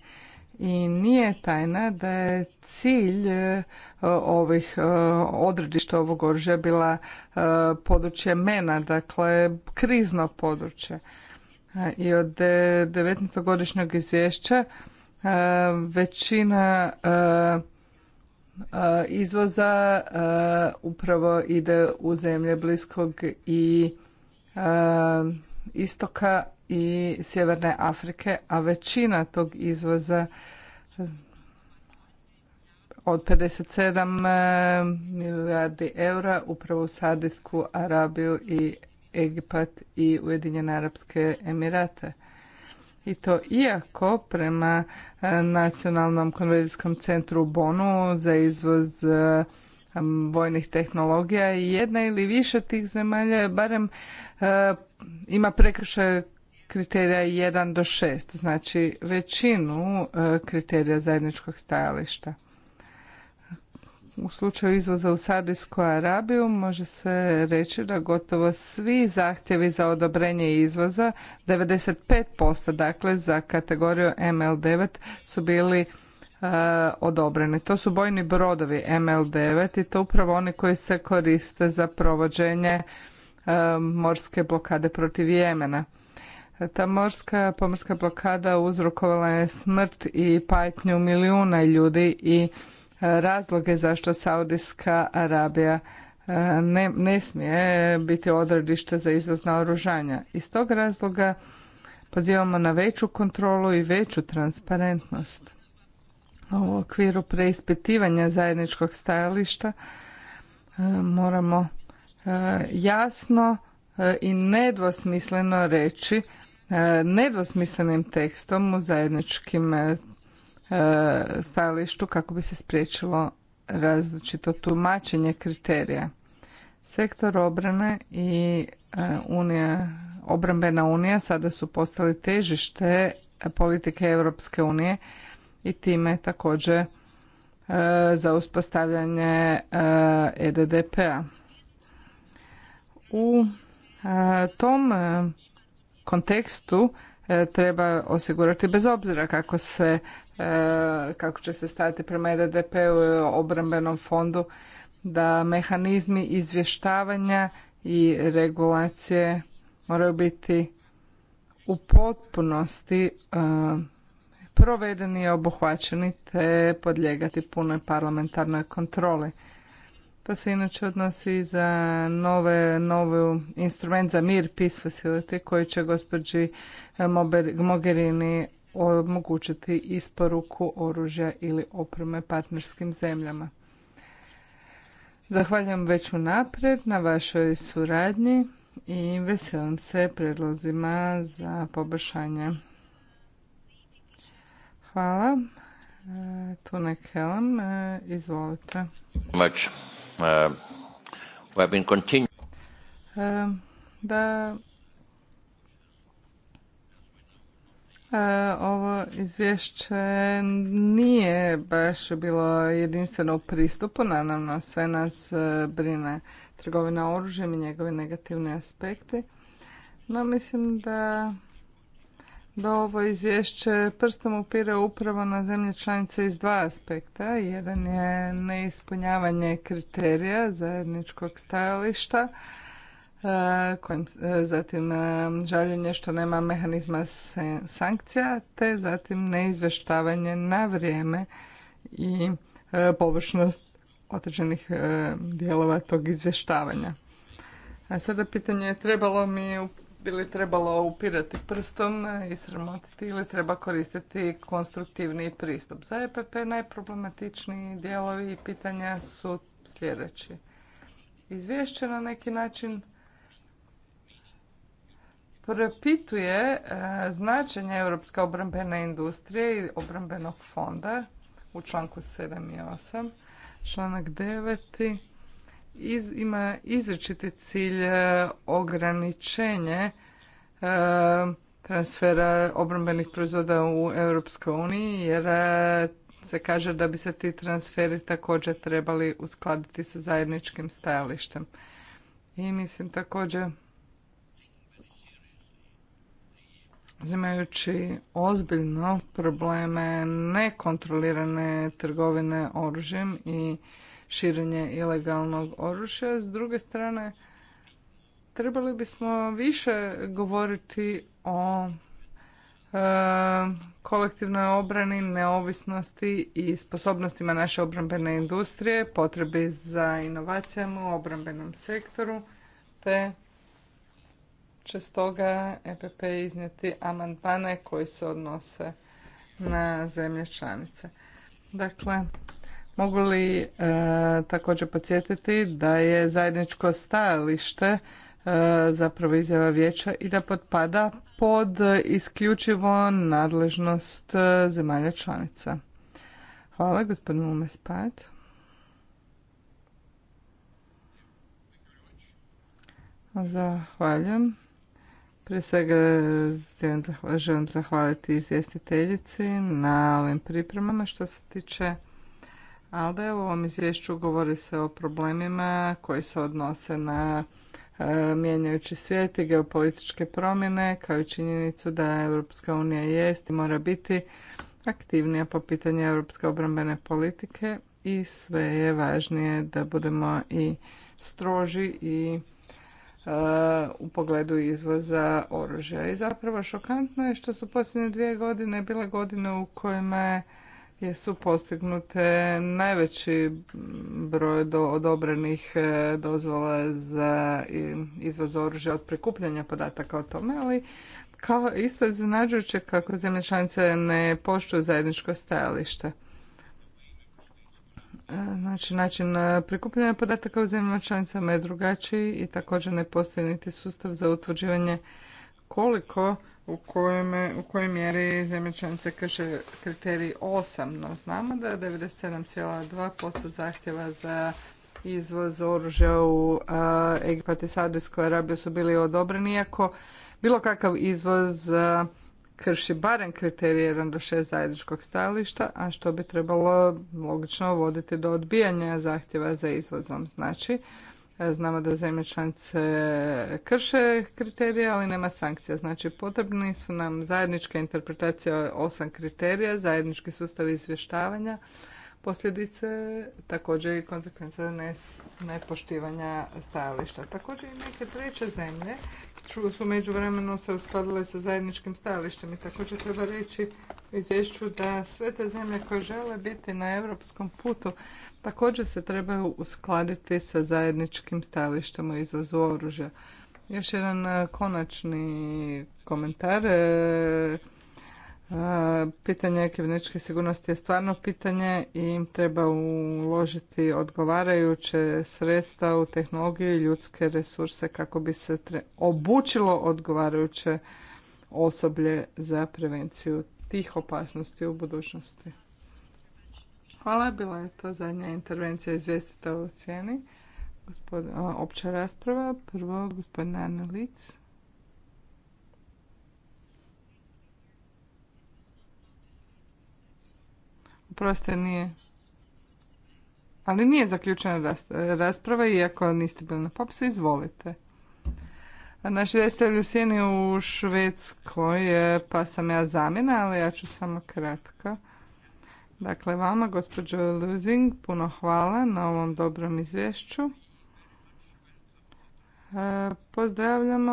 I nije tajna da je cilj e, ovih odredišta ovog oružja bila područje MENA, dakle krizno područje. I od 19-godišnjeg izvješća većina izvoza upravo ide u zemlje Bliskog i istoka i sjeverne Afrike, a većina tog izvoza od 57 milijardi eura upravo u Sadijsku Arabiju i Egipat i Ujedinjene Arapske Emirate i to iako prema e, Nacionalnom konverzijskom centru u Bonu za izvoz e, vojnih tehnologija i jedna ili više tih zemalja barem e, ima prekršaj kriterija 1 do 6, znači većinu kriterija zajedničkog stajališta u slučaju izvoza u Saudijsku Arabiju može se reći da gotovo svi zahtjevi za odobrenje izvoza, 95% dakle za kategoriju ML9 su bili e, odobreni. To su bojni brodovi ML9 i to upravo oni koji se koriste za provođenje e, morske blokade protiv Jemena. Ta morska pomorska blokada uzrokovala je smrt i patnju milijuna ljudi i razloge zašto Saudijska Arabija e, ne, ne smije biti odredište za izvozna oružanja. Iz tog razloga pozivamo na veću kontrolu i veću transparentnost. U okviru preispitivanja zajedničkog stajališta e, moramo e, jasno i nedvosmisleno reći nedvosmislenim tekstom u zajedničkim E, stajalištu kako bi se spriječilo različito tumačenje kriterija. Sektor obrane i e, unija, obrambena unija sada su postali težište politike Europske unije i time također e, za uspostavljanje EDDP-a. U tom kontekstu E, treba osigurati bez obzira kako se e, kako će se stati prema EDP u obrambenom fondu da mehanizmi izvještavanja i regulacije moraju biti u potpunosti e, provedeni i obuhvaćeni te podlijegati punoj parlamentarnoj kontroli. To pa se inače odnosi za nove, instrument za mir, Peace Facility, koji će gospođi eh, Mogherini omogućiti isporuku oružja ili opreme partnerskim zemljama. Zahvaljujem već unaprijed na vašoj suradnji i veselim se predlozima za poboljšanje. Hvala. Eh, Tunek Helen, eh, izvolite. Uh, we have been um, da uh, ovo izvješće nije baš bilo jedinstveno u pristupu, naravno sve nas uh, brine trgovina oružjem i njegovi negativni aspekti, no mislim da da ovo izvješće prstom upire upravo na zemlje članice iz dva aspekta. Jedan je neispunjavanje kriterija zajedničkog stajališta, e, kojim, e, zatim e, žaljenje što nema mehanizma sankcija, te zatim neizveštavanje na vrijeme i površnost određenih dijelova tog izvještavanja. A sada pitanje je trebalo mi ili trebalo upirati prstom i sramotiti ili treba koristiti konstruktivni pristup. Za EPP najproblematičniji dijelovi i pitanja su sljedeći. Izvješće na neki način propituje e, značenje Europske obrambene industrije i obrambenog fonda u članku 7 i 8, članak 9 iz, ima izričiti cilj ograničenje e, transfera obrambenih proizvoda u Europskoj uniji jer e, se kaže da bi se ti transferi također trebali uskladiti sa zajedničkim stajalištem. I mislim također uzimajući ozbiljno probleme nekontrolirane trgovine oružjem i širenje ilegalnog oružja. S druge strane, trebali bismo više govoriti o e, kolektivnoj obrani, neovisnosti i sposobnostima naše obrambene industrije, potrebi za inovacijama u obrambenom sektoru, te će stoga EPP iznijeti amandmane koji se odnose na zemlje članice. Dakle, Mogu li e, također podsjetiti da je zajedničko stajalište e, zapravo izjava vijeća i da potpada pod isključivo nadležnost e, zemalja članica. Hvala, gospodin Umespad. Zahvaljujem. Prije svega želim zahvaliti izvjestiteljici na ovim pripremama što se tiče je U ovom izvješću govori se o problemima koji se odnose na e, mijenjajući svijet i geopolitičke promjene, kao i činjenicu da Europska unija jest i mora biti aktivnija po pitanju europske obrambene politike i sve je važnije da budemo i stroži i e, u pogledu izvoza oružja. I zapravo šokantno je što su posljednje dvije godine bile godine u kojima je Jesu postignute najveći broj do odobrenih e, dozvola za izvoz oružja od prikupljanja podataka o tome, ali kao isto iznenađujuće kako zemlje članice ne poštuju zajedničko stajalište. E, znači, način e, prikupljanja podataka u zemljama članicama je drugačiji i također ne postoji niti sustav za utvrđivanje koliko u, kojoj mjeri zemlje članice krše kriterij 8, no znamo da 97,2% zahtjeva za izvoz oružja u Egipat i Saudijsku Arabiju su bili odobreni, iako bilo kakav izvoz krši barem kriterije 1 do 6 zajedničkog stajališta, a što bi trebalo logično voditi do odbijanja zahtjeva za izvozom. Znači, Znamo da zemlje članice krše kriterije, ali nema sankcija. Znači, potrebni su nam zajednička interpretacija osam kriterija, zajednički sustav izvještavanja, posljedice, također i konsekvence nepoštivanja stajališta. Također i neke treće zemlje su međuvremeno se uskladile sa zajedničkim stajalištem i također treba reći u izvješću da sve te zemlje koje žele biti na europskom putu također se trebaju uskladiti sa zajedničkim stajalištem o izvozu oružja. Još jedan e, konačni komentar. E, e, pitanje kibernetičke sigurnosti je stvarno pitanje i treba uložiti odgovarajuće sredstva u tehnologiju i ljudske resurse kako bi se obučilo odgovarajuće osoblje za prevenciju tih opasnosti u budućnosti. Hvala, bila je to zadnja intervencija izvjestitelja u sjeni. opća rasprava, prvo gospodin Arne Lic. nije. Ali nije zaključena rasprava, iako niste bili na popisu, izvolite. Naš vjestelj u sjeni u Švedskoj, pa sam ja zamjena, ali ja ću samo kratko. Dakle, vama, gospođo Luzing, puno hvala na ovom dobrom izvješću. E, pozdravljamo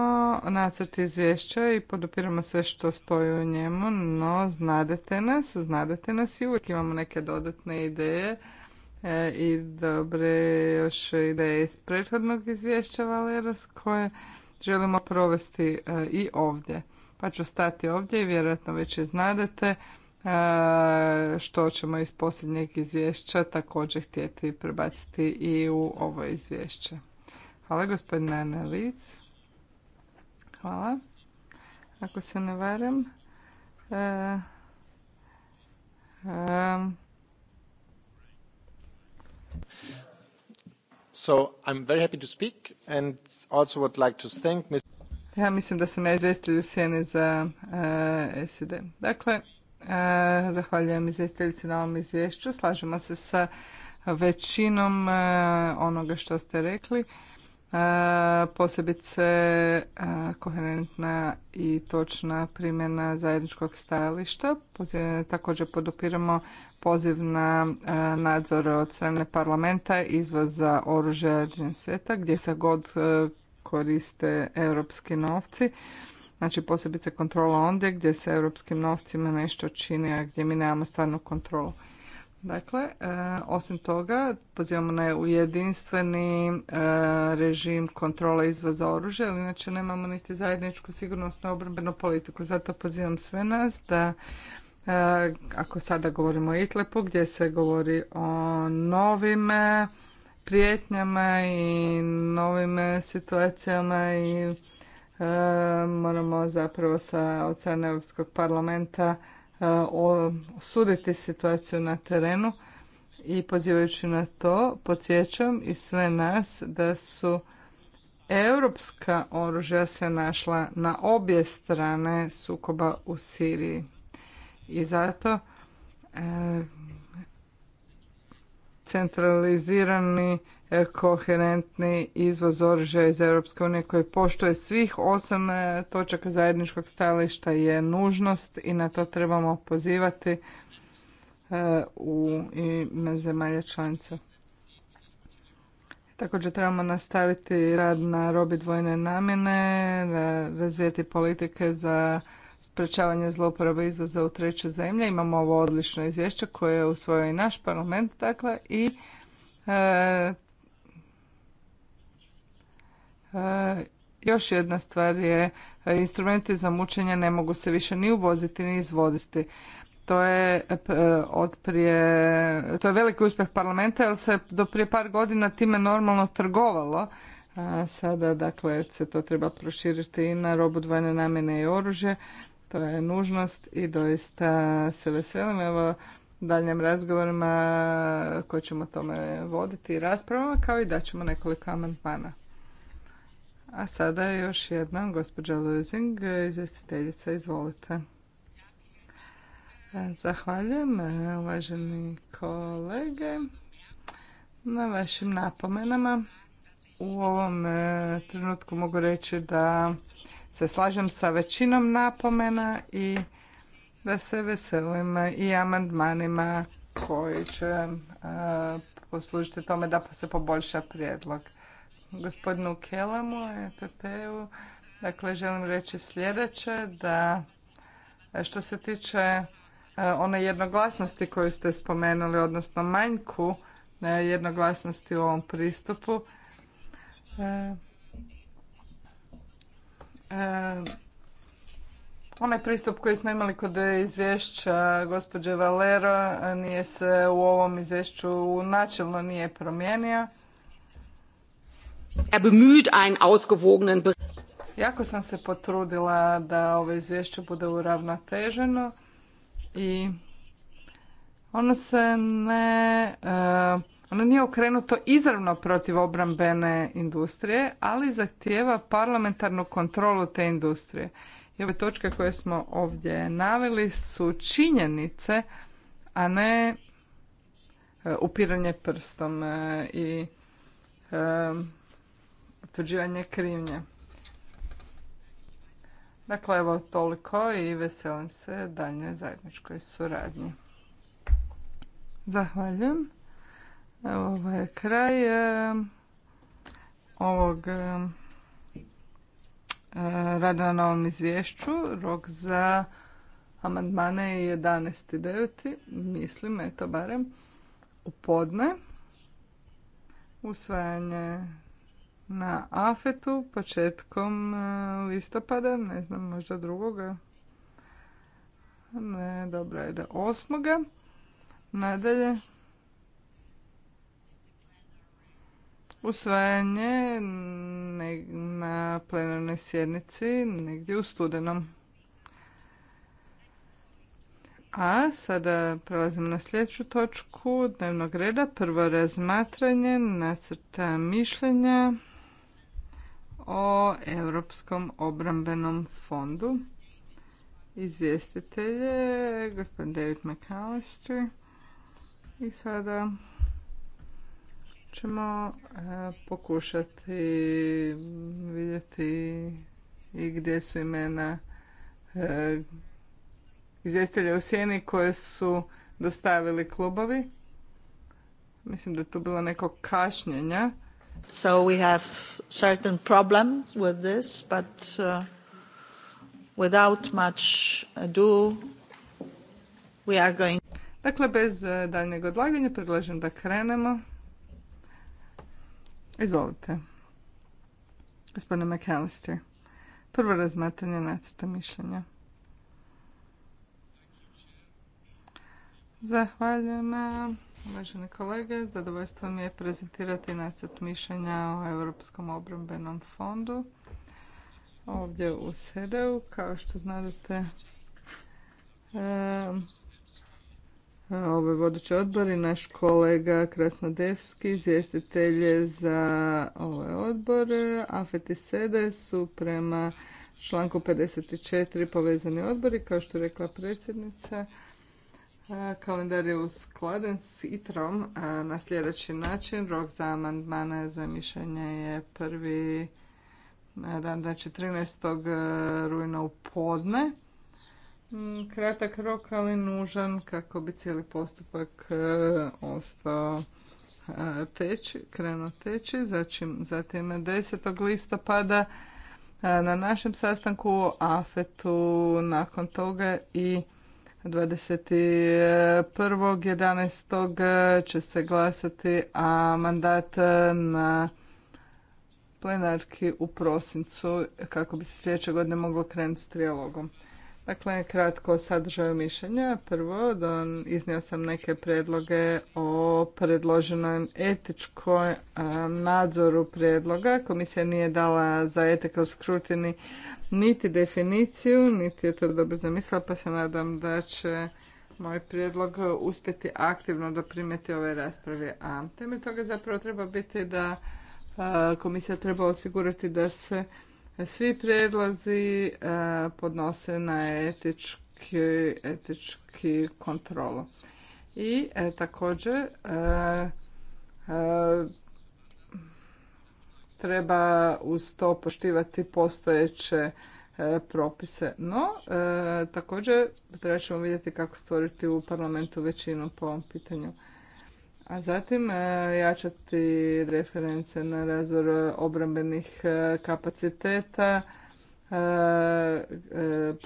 nacrt izvješća i podupiramo sve što stoji u njemu, no znadete nas, znadete nas i uvijek imamo neke dodatne ideje e, i dobre još ideje iz prethodnog izvješća Valeros koje želimo provesti e, i ovdje. Pa ću stati ovdje i vjerojatno već i znadete. E, što ćemo iz posljednjeg izvješća također htjeti prebaciti i u ovo izvješće. Hvala gospodine Analic. Hvala. Ako se ne varam, e, So I'm very happy to speak and also would like to thank e, Ja mislim da sam ja izvjestitelj u sjeni za SED. Dakle, E, zahvaljujem izvjestiteljici na ovom izvješću. Slažemo se sa većinom e, onoga što ste rekli. E, posebice koherentna i točna primjena zajedničkog stajališta. Također podupiramo poziv na nadzor od strane parlamenta izvoza oružja svijeta gdje se god koriste europski novci Znači posebice kontrola ondje gdje se europskim novcima nešto čini, a gdje mi nemamo stvarnu kontrolu. Dakle, e, osim toga, pozivamo na ujedinstveni e, režim kontrole izvoza oružja, ali inače nemamo niti zajedničku sigurnosnu obrambenu politiku. Zato pozivam sve nas da, e, ako sada govorimo o itlep gdje se govori o novim e, prijetnjama i novim situacijama i E, moramo zapravo sa od strane Europskog parlamenta e, osuditi situaciju na terenu i pozivajući na to podsjećam i sve nas da su europska oružja se našla na obje strane sukoba u Siriji. I zato e, centralizirani e, koherentni izvoz oružja iz Europske unije koji poštuje svih osam e, točaka zajedničkog stajališta je nužnost i na to trebamo pozivati e, u ime zemalja članica. Također trebamo nastaviti rad na robi dvojne namjene, razvijeti politike za sprečavanje zlouporabe izvoza u treće zemlje. Imamo ovo odlično izvješće koje je usvojio i naš parlament, dakle, i e, e, još jedna stvar je, e, instrumenti za mučenje ne mogu se više ni uvoziti ni izvoziti. To je od prije, to je veliki uspjeh parlamenta jer se do prije par godina time normalno trgovalo. sada dakle se to treba proširiti i na robu dvojne namjene i oružje. To je nužnost i doista se veselim evo daljnjim razgovorima koje ćemo tome voditi i raspravama kao i daćemo nekoliko amandmana. A sada još jednom gospođa Lusing, izvjestiteljica, izvolite. Zahvaljujem uvaženi kolege na vašim napomenama. U ovom eh, trenutku mogu reći da se slažem sa većinom napomena i da se veselim i amandmanima koji će e, poslužiti tome da se poboljša prijedlog. Gospodinu Kelamu, EPP-u, dakle želim reći sljedeće da e, što se tiče e, one jednoglasnosti koju ste spomenuli, odnosno manjku jednoglasnosti u ovom pristupu, E, onaj pristup koji smo imali kod izvješća gospođe Valero e, nije se u ovom izvješću načelno nije promijenio. Er bemüht einen ausgewogenen Jako sam se potrudila da ovo izvješće bude uravnoteženo i ono se ne e, ono nije okrenuto izravno protiv obrambene industrije, ali zahtijeva parlamentarnu kontrolu te industrije. I ove točke koje smo ovdje naveli su činjenice, a ne e, upiranje prstom e, i e, utvrđivanje krivnje. Dakle, evo toliko i veselim se daljnjoj zajedničkoj suradnji. Zahvaljujem. Evo, ovo je kraj eh, ovog eh, eh, rada na ovom izvješću. Rok za amandmane je 11.9. Mislim, eto barem, u podne. Usvajanje na afetu početkom listopada, ne znam, možda drugoga. Ne, dobro, da osmoga. Nadalje, usvajanje na plenarnoj sjednici negdje u studenom. A sada prelazimo na sljedeću točku dnevnog reda. Prvo razmatranje nacrta mišljenja o Europskom obrambenom fondu. Izvjestitelj je gospodin David McAllister. I sada ćemo e, pokušati vidjeti i gdje su imena e, izvjestitelja u sjeni koje su dostavili klubovi. Mislim da je tu bilo neko kašnjenja. So we have certain problems with this, but uh, without much ado we are going... Dakle, bez e, daljnjeg odlaganja predlažem da krenemo. Izvolite. Gospodine McAllister. Prvo razmatranje nacrta mišljenja. Zahvaljujem, uvažene kolege. Zadovoljstvo mi je prezentirati nacrt mišljenja o Europskom obrambenom fondu ovdje u SEDEU. Kao što znate, ovo ovaj vodeći odbor i naš kolega Krasnodevski, izvjestitelj za ovaj odbor. AFET i SEDE su prema članku 54 povezani odbori, kao što je rekla predsjednica. Kalendar je uskladen s ITROM na sljedeći način. Rok za amandmane za mišljenje je prvi znači 13. E, rujna u podne Mm, kratak rok, ali nužan kako bi cijeli postupak e, ostao e, teći, krenuo teći. Zatim, 10. listopada e, na našem sastanku u AFET-u nakon toga i 21.11. će se glasati, a mandat na plenarki u prosincu kako bi se sljedeće godine moglo krenuti s trijalogom. Dakle, kratko sadržaju mišljenja. Prvo, don, iznio sam neke predloge o predloženom etičkoj nadzoru predloga. Komisija nije dala za ethical scrutiny niti definiciju, niti je to dobro zamislila, pa se nadam da će moj prijedlog uspjeti aktivno doprimjeti ove rasprave. A temelj toga zapravo treba biti da komisija treba osigurati da se svi prijedlazi e, podnose na etički, etički kontrolu. I e, također e, treba uz to poštivati postojeće propise. No, također treba ćemo vidjeti kako stvoriti u parlamentu većinu po ovom pitanju. A zatim e, jačati reference na razvoj obrambenih e, kapaciteta, e,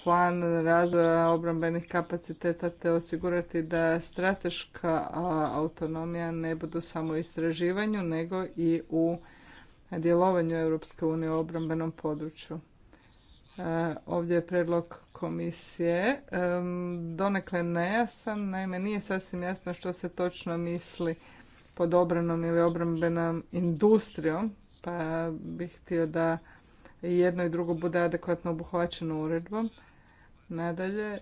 plan razvoja obrambenih kapaciteta te osigurati da strateška autonomija ne budu samo u istraživanju nego i u djelovanju Europske unije u obrambenom području. E, ovdje je predlog komisije e, donekle nejasan, naime nije sasvim jasno što se točno misli pod obranom ili obrambenom industrijom, pa bih htio da jedno i drugo bude adekvatno obuhvaćeno uredbom. Nadalje, e,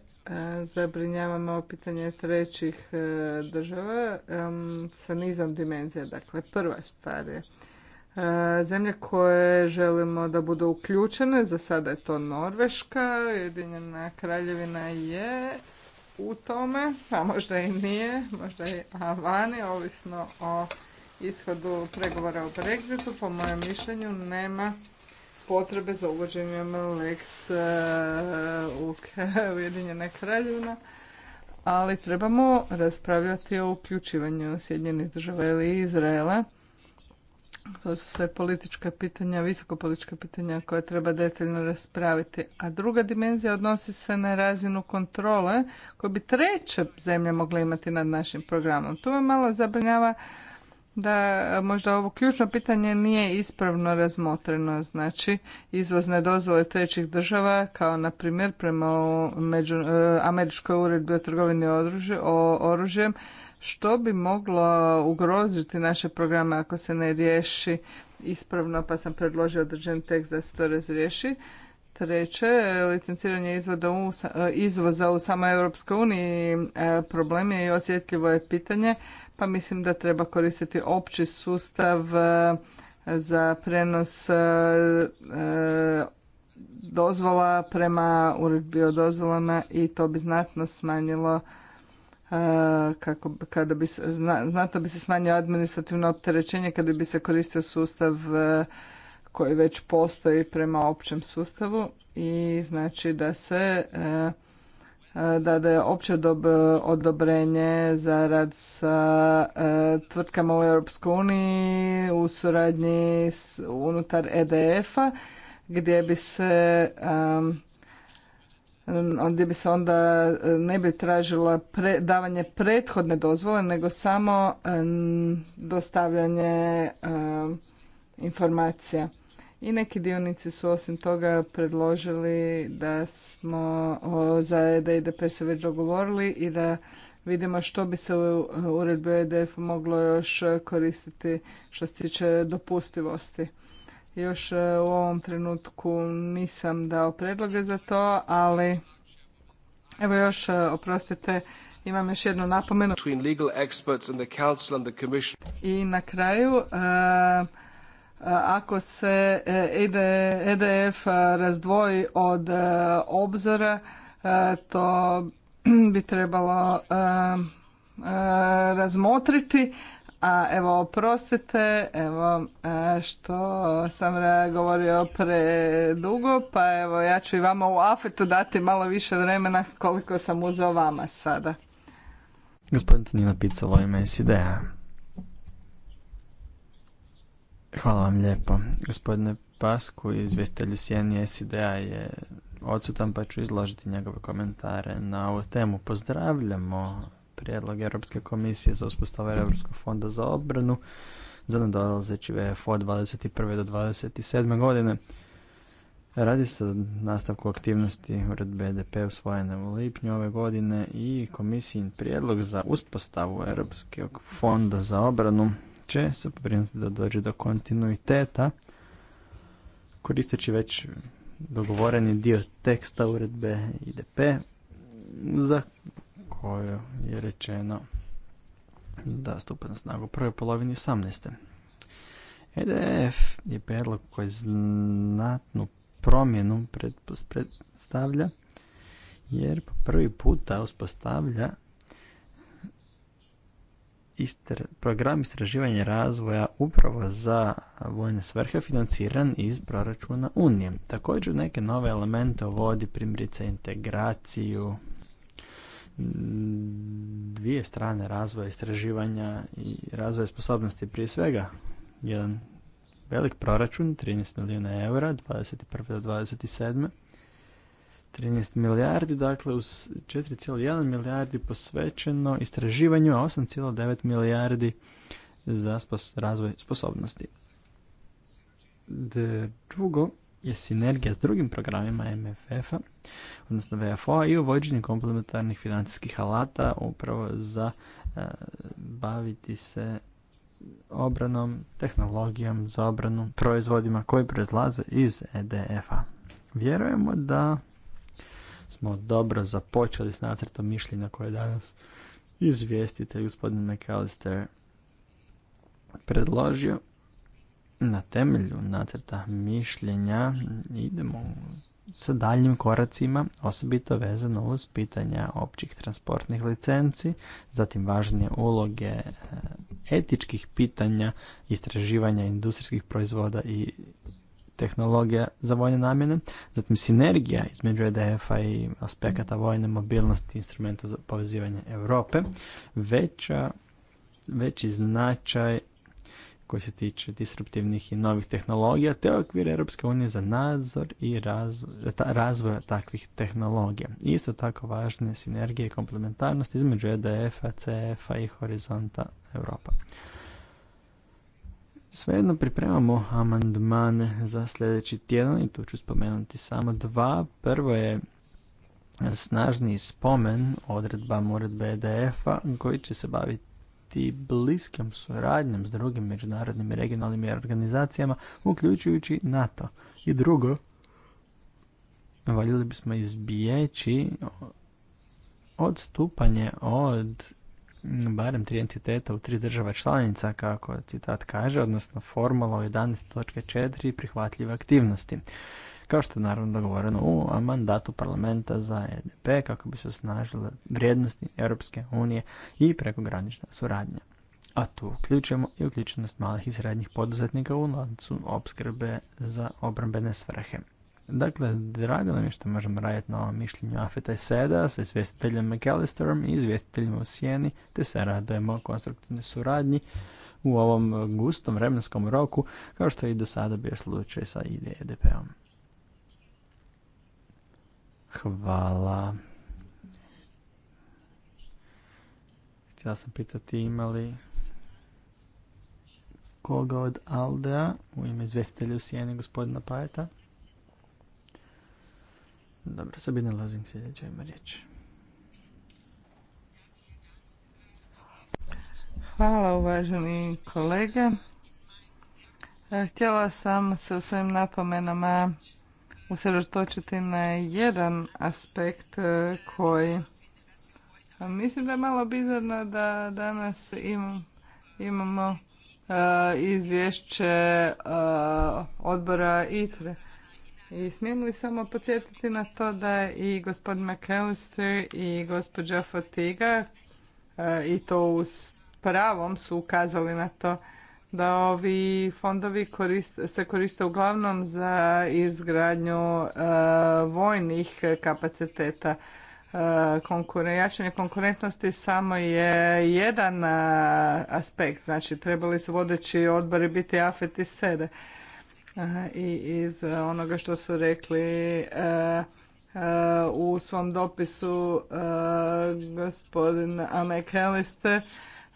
zabrinjavamo me pitanje trećih država sa nizom dimenzija. Dakle, prva stvar je E, zemlje koje želimo da budu uključene, za sada je to Norveška, Ujedinjena kraljevina je u tome, a možda i nije, možda i vani, ovisno o ishodu pregovora o Brexitu, po mojem mišljenju nema potrebe za uvođenjem Lex e, u [laughs] Ujedinjena kraljevina, ali trebamo raspravljati o uključivanju Sjedinjenih država ili Izraela to su sve politička pitanja, visoko politička pitanja koja treba detaljno raspraviti. A druga dimenzija odnosi se na razinu kontrole koju bi treće zemlja mogle imati nad našim programom. Tu me malo zabrinjava da možda ovo ključno pitanje nije ispravno razmotreno. Znači, izvozne dozvole trećih država, kao na primjer prema e, američkoj uredbi o trgovini o oružjem, što bi moglo ugroziti naše programe ako se ne riješi ispravno, pa sam predložio određen tekst da se to razriješi. Treće, licenciranje izvoda u, izvoza u samoj Europskoj uniji e, problem je i osjetljivo je pitanje, pa mislim da treba koristiti opći sustav e, za prenos e, dozvola prema uredbi o dozvolama i to bi znatno smanjilo kako, kada bi, se znatno bi se smanjio administrativno opterećenje kada bi se koristio sustav koji već postoji prema općem sustavu i znači da se da da je opće dob, odobrenje za rad sa tvrtkama u Europskoj uniji u suradnji s, unutar EDF-a gdje bi se gdje bi se onda e, ne bi tražila davanje prethodne dozvole, nego samo dostavljanje informacija. I neki dionici su osim toga predložili da smo za EDP se već dogovorili i da vidimo što bi se u uredbi EDF moglo još koristiti što se tiče dopustivosti. Još e, u ovom trenutku nisam dao predloge za to, ali evo još, e, oprostite, imam još jednu napomenu. I na kraju, e, ako se EDF razdvoji od obzora, to bi trebalo razmotriti a evo, oprostite, evo, e, što sam govorio predugo, pa evo, ja ću i vama u afetu dati malo više vremena koliko sam uzeo vama sada. Gospodin Picalovima, Picalo Hvala vam lijepo. Gospodine Pasku, izvjestitelju Sjeni SIDA je odsutan pa ću izložiti njegove komentare na ovu temu. Pozdravljamo prijedlog Europske komisije za uspostavu Europskog fonda za obranu za nadolazeći VFO 21. do 27. godine. Radi se o nastavku aktivnosti uredbe BDP usvojene u lipnju ove godine i komisijin prijedlog za uspostavu Europskog fonda za obranu će se pobrinuti da dođe do kontinuiteta koristeći već dogovoreni dio teksta uredbe IDP za koju je rečeno da stupa na snagu u prvoj polovini 18. EDF je predlog koji znatnu promjenu predstavlja jer po prvi puta uspostavlja program istraživanja razvoja upravo za vojne svrhe financiran iz proračuna Unije. Također neke nove elemente uvodi primjerice integraciju dvije strane razvoja istraživanja i razvoja sposobnosti prije svega. Jedan velik proračun, 13 milijuna eura, 21. do 27. 13 milijardi, dakle uz 4,1 milijardi posvećeno istraživanju, a 8,9 milijardi za razvoj sposobnosti. Drugo, je sinergija s drugim programima MFF-a, odnosno VFO-a i uvođenje komplementarnih financijskih alata upravo za e, baviti se obranom, tehnologijom za obranu, proizvodima koji proizlaze iz EDF-a. Vjerujemo da smo dobro započeli s nacrtom mišljenja koje danas izvijestite gospodin McAllister predložio na temelju nacrta mišljenja idemo sa daljim koracima, osobito vezano uz pitanja općih transportnih licenci, zatim važnije uloge e, etičkih pitanja, istraživanja industrijskih proizvoda i tehnologija za vojne namjene, zatim sinergija između EDF-a i aspekata vojne mobilnosti instrumenta za povezivanje Europe, veća, veći značaj koji se tiče disruptivnih i novih tehnologija, te okvir Europske unije za nadzor i razvoj, razvoja takvih tehnologija. Isto tako važne sinergije i komplementarnost između EDF-a, CF-a i Horizonta Europa. Svejedno pripremamo amandmane za sljedeći tjedan i tu ću spomenuti samo dva. Prvo je snažni spomen odredba, uredbe EDF-a koji će se baviti i bliskom suradnjom s drugim međunarodnim i regionalnim organizacijama, uključujući NATO. I drugo, valjeli bismo izbijeći odstupanje od barem tri entiteta u tri država članica, kako citat kaže, odnosno formula 11.4 prihvatljive aktivnosti kao što je naravno dogovoreno u mandatu parlamenta za EDP kako bi se osnažile vrijednosti Europske unije i prekogranična suradnja. A tu uključujemo i uključenost malih i srednjih poduzetnika u lancu opskrbe za obrambene svrhe. Dakle, drago nam je što možemo raditi na ovom mišljenju Afeta i Seda sa izvjestiteljem McAllisterom i izvjestiteljima u Sijeni, te se radujemo konstruktivnoj suradnji u ovom gustom vremenskom roku, kao što je i do sada bio slučaj sa iddp e om Hvala. Htjela sam pitati imali li koga od Aldea u ime izvestitelja u gospodina Pajeta. Dobro, Sabine se sljedeća ima riječ. Hvala uvaženi kolege. Htjela sam se svojim napomenama usredotočiti na jedan aspekt e, koji mislim da je malo bizarno da danas imamo e, izvješće e, odbora ITRE. I smijem li samo podsjetiti na to da i gospodin McAllister i gospođa Fotiga i to uz pravom su ukazali na to da ovi fondovi se koriste uglavnom za izgradnju e, vojnih kapaciteta. E, jačanje konkurentnosti samo je jedan e, aspekt, znači trebali su vodeći odbori biti AFET i SEDE. I iz onoga što su rekli e, u svom dopisu gospodin Amek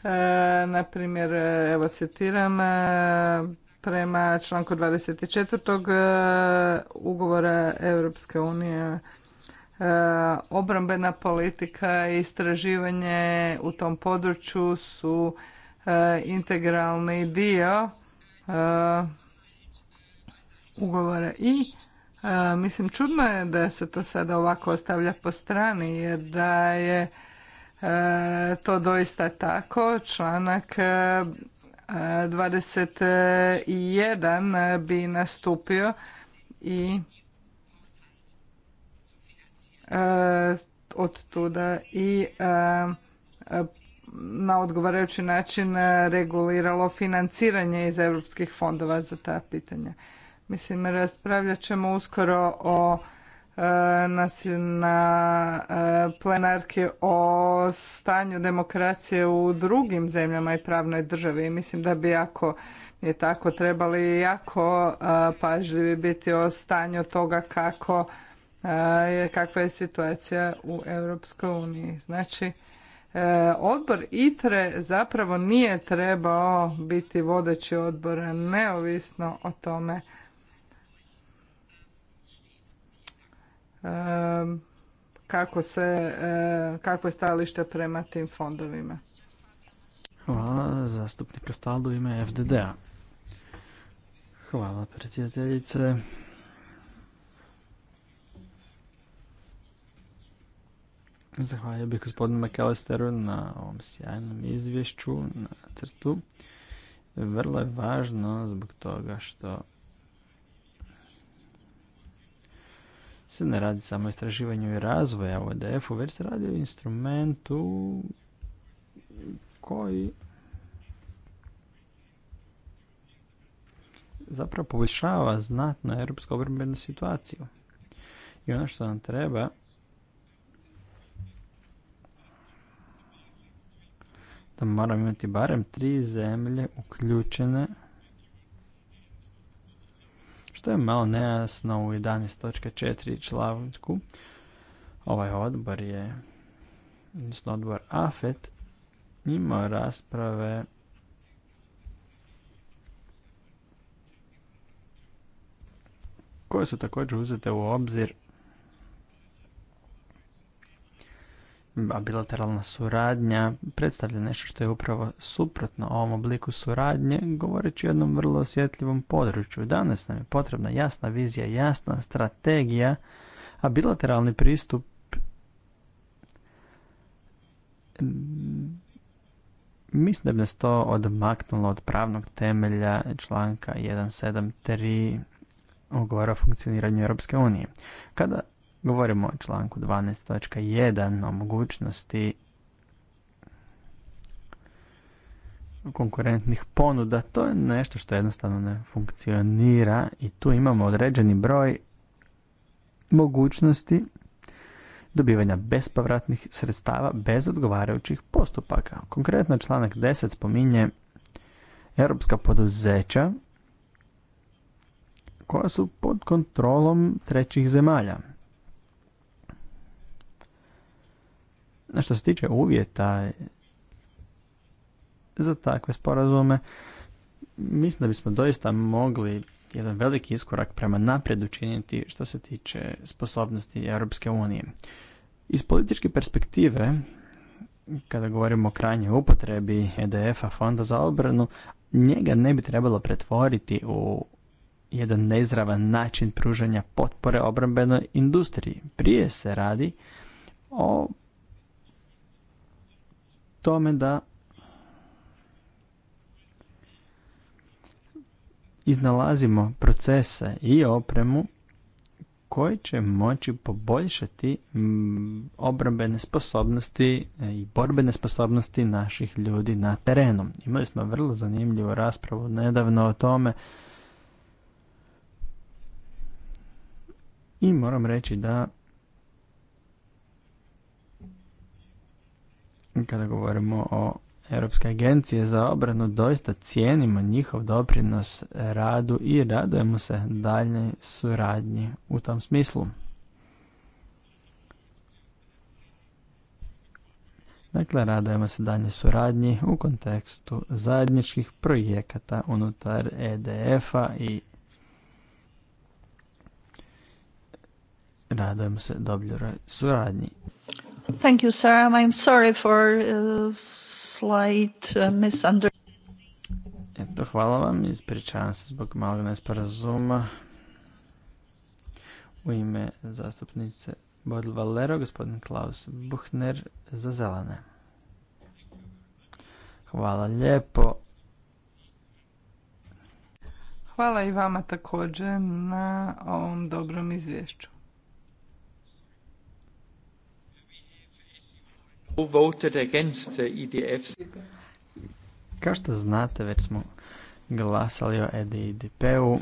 E, na primjer, e, evo citiram, e, prema članku 24. ugovora Europske unije obrambena politika i istraživanje u tom području su integralni dio ugovora i mislim čudno je da se to sada ovako ostavlja po strani jer da je E, to doista tako. Članak 21 e, bi nastupio i e, od tuda i na odgovarajući način reguliralo financiranje iz europskih fondova za ta pitanja. Mislim, raspravljat ćemo uskoro o E, na e, plenarki o stanju demokracije u drugim zemljama i pravnoj državi. I mislim da bi jako je tako trebali jako e, pažljivi biti o stanju toga kako kakva je situacija u Europskoj uniji. Znači, odbor ITRE zapravo nije trebao biti vodeći odbor neovisno o tome kako se, kako je stajalište prema tim fondovima. Hvala zastupnika Staldu ime FDD-a. Hvala predsjedateljice. Zahvaljujem bih gospodinu McAllisteru na ovom sjajnom izvješću na crtu. Vrlo je važno zbog toga što se ne radi samo o istraživanju i razvoja u EDF-u, već se radi o instrumentu koji zapravo poboljšava znatno europsku obrambenu situaciju. I ono što nam treba da moramo imati barem tri zemlje uključene što je malo nejasno u 11.4 članku. Ovaj odbor je, odnosno odbor AFET, imao rasprave koje su također uzete u obzir a bilateralna suradnja predstavlja nešto što je upravo suprotno ovom obliku suradnje, govoreći o jednom vrlo osjetljivom području. Danas nam je potrebna jasna vizija, jasna strategija, a bilateralni pristup mislim da bi nas to odmaknulo od pravnog temelja članka 173 ugovora o funkcioniranju Europske unije. Kada Govorimo o članku 12.1 o mogućnosti konkurentnih ponuda. To je nešto što jednostavno ne funkcionira i tu imamo određeni broj mogućnosti dobivanja bespovratnih sredstava bez odgovarajućih postupaka. Konkretno članak 10 spominje europska poduzeća koja su pod kontrolom trećih zemalja. Na, što se tiče uvjeta za takve sporazume, mislim da bismo doista mogli jedan veliki iskorak prema naprijed učiniti što se tiče sposobnosti Europske unije. Iz političke perspektive, kada govorimo o krajnjoj upotrebi EDF-a, Fonda za obranu, njega ne bi trebalo pretvoriti u jedan nezravan način pružanja potpore obrambenoj industriji. Prije se radi o tome da iznalazimo procese i opremu koji će moći poboljšati obrambene sposobnosti e, i borbene sposobnosti naših ljudi na terenu. Imali smo vrlo zanimljivu raspravu nedavno o tome i moram reći da kada govorimo o Europske agencije za obranu, doista cijenimo njihov doprinos radu i radujemo se daljnjoj suradnji u tom smislu. Dakle, radujemo se dalje suradnji u kontekstu zajedničkih projekata unutar EDF-a i radujemo se dobroj suradnji. Thank you, sir. I'm sorry for uh, slight uh, misunderstanding. Eto, hvala vam. Ispričavam se zbog malog nesporazuma. U ime zastupnice Bodil Valero, gospodin Klaus Buchner za zelene. Hvala lijepo. Hvala i vama također na ovom dobrom izvješću. E Kao što znate, već smo glasali o EDIDP-u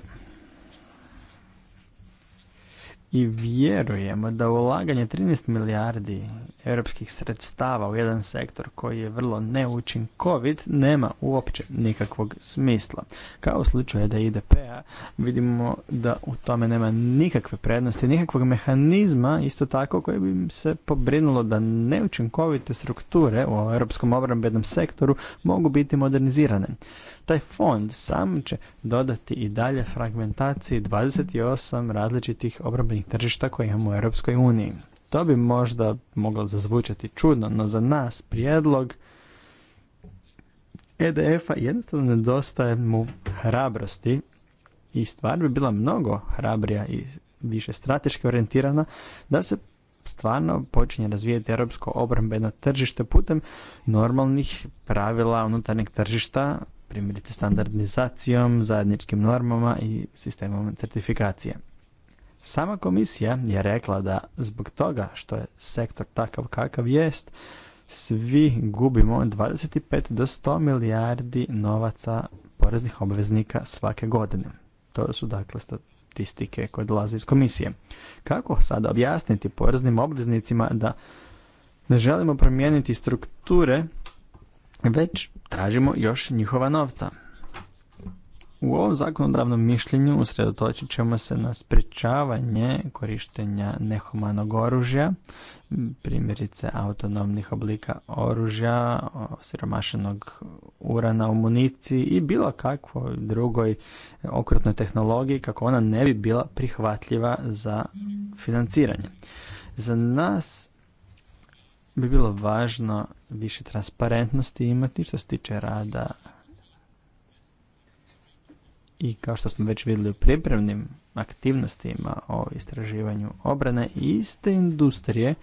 i vjerujemo da ulaganje 13 milijardi europskih sredstava u jedan sektor koji je vrlo neučinkovit nema uopće nikakvog smisla. Kao u slučaju IDPA a vidimo da u tome nema nikakve prednosti, nikakvog mehanizma isto tako koje bi se pobrinulo da neučinkovite strukture u europskom obrambenom sektoru mogu biti modernizirane. Taj fond sam će dodati i dalje fragmentaciji 28 različitih obrambenih tržišta koje imamo u Europskoj uniji. To bi možda moglo zazvučati čudno, no za nas prijedlog EDF-a jednostavno nedostaje mu hrabrosti i stvar bi bila mnogo hrabrija i više strateški orijentirana da se stvarno počinje razvijati europsko obrambeno tržište putem normalnih pravila unutarnjeg tržišta primjerice standardizacijom, zajedničkim normama i sistemom certifikacije. Sama komisija je rekla da zbog toga što je sektor takav kakav jest, svi gubimo 25 do 100 milijardi novaca poreznih obveznika svake godine. To su dakle statistike koje dolaze iz komisije. Kako sada objasniti poreznim obveznicima da ne želimo promijeniti strukture već tražimo još njihova novca. U ovom zakonodavnom mišljenju usredotočit ćemo se na sprečavanje korištenja nehumanog oružja, primjerice autonomnih oblika oružja, siromašenog urana u municiji i bilo kakvo drugoj okrutnoj tehnologiji kako ona ne bi bila prihvatljiva za financiranje. Za nas bi bilo važno više transparentnosti imati što se tiče rada i kao što smo već vidjeli u pripremnim aktivnostima o istraživanju obrane iste industrije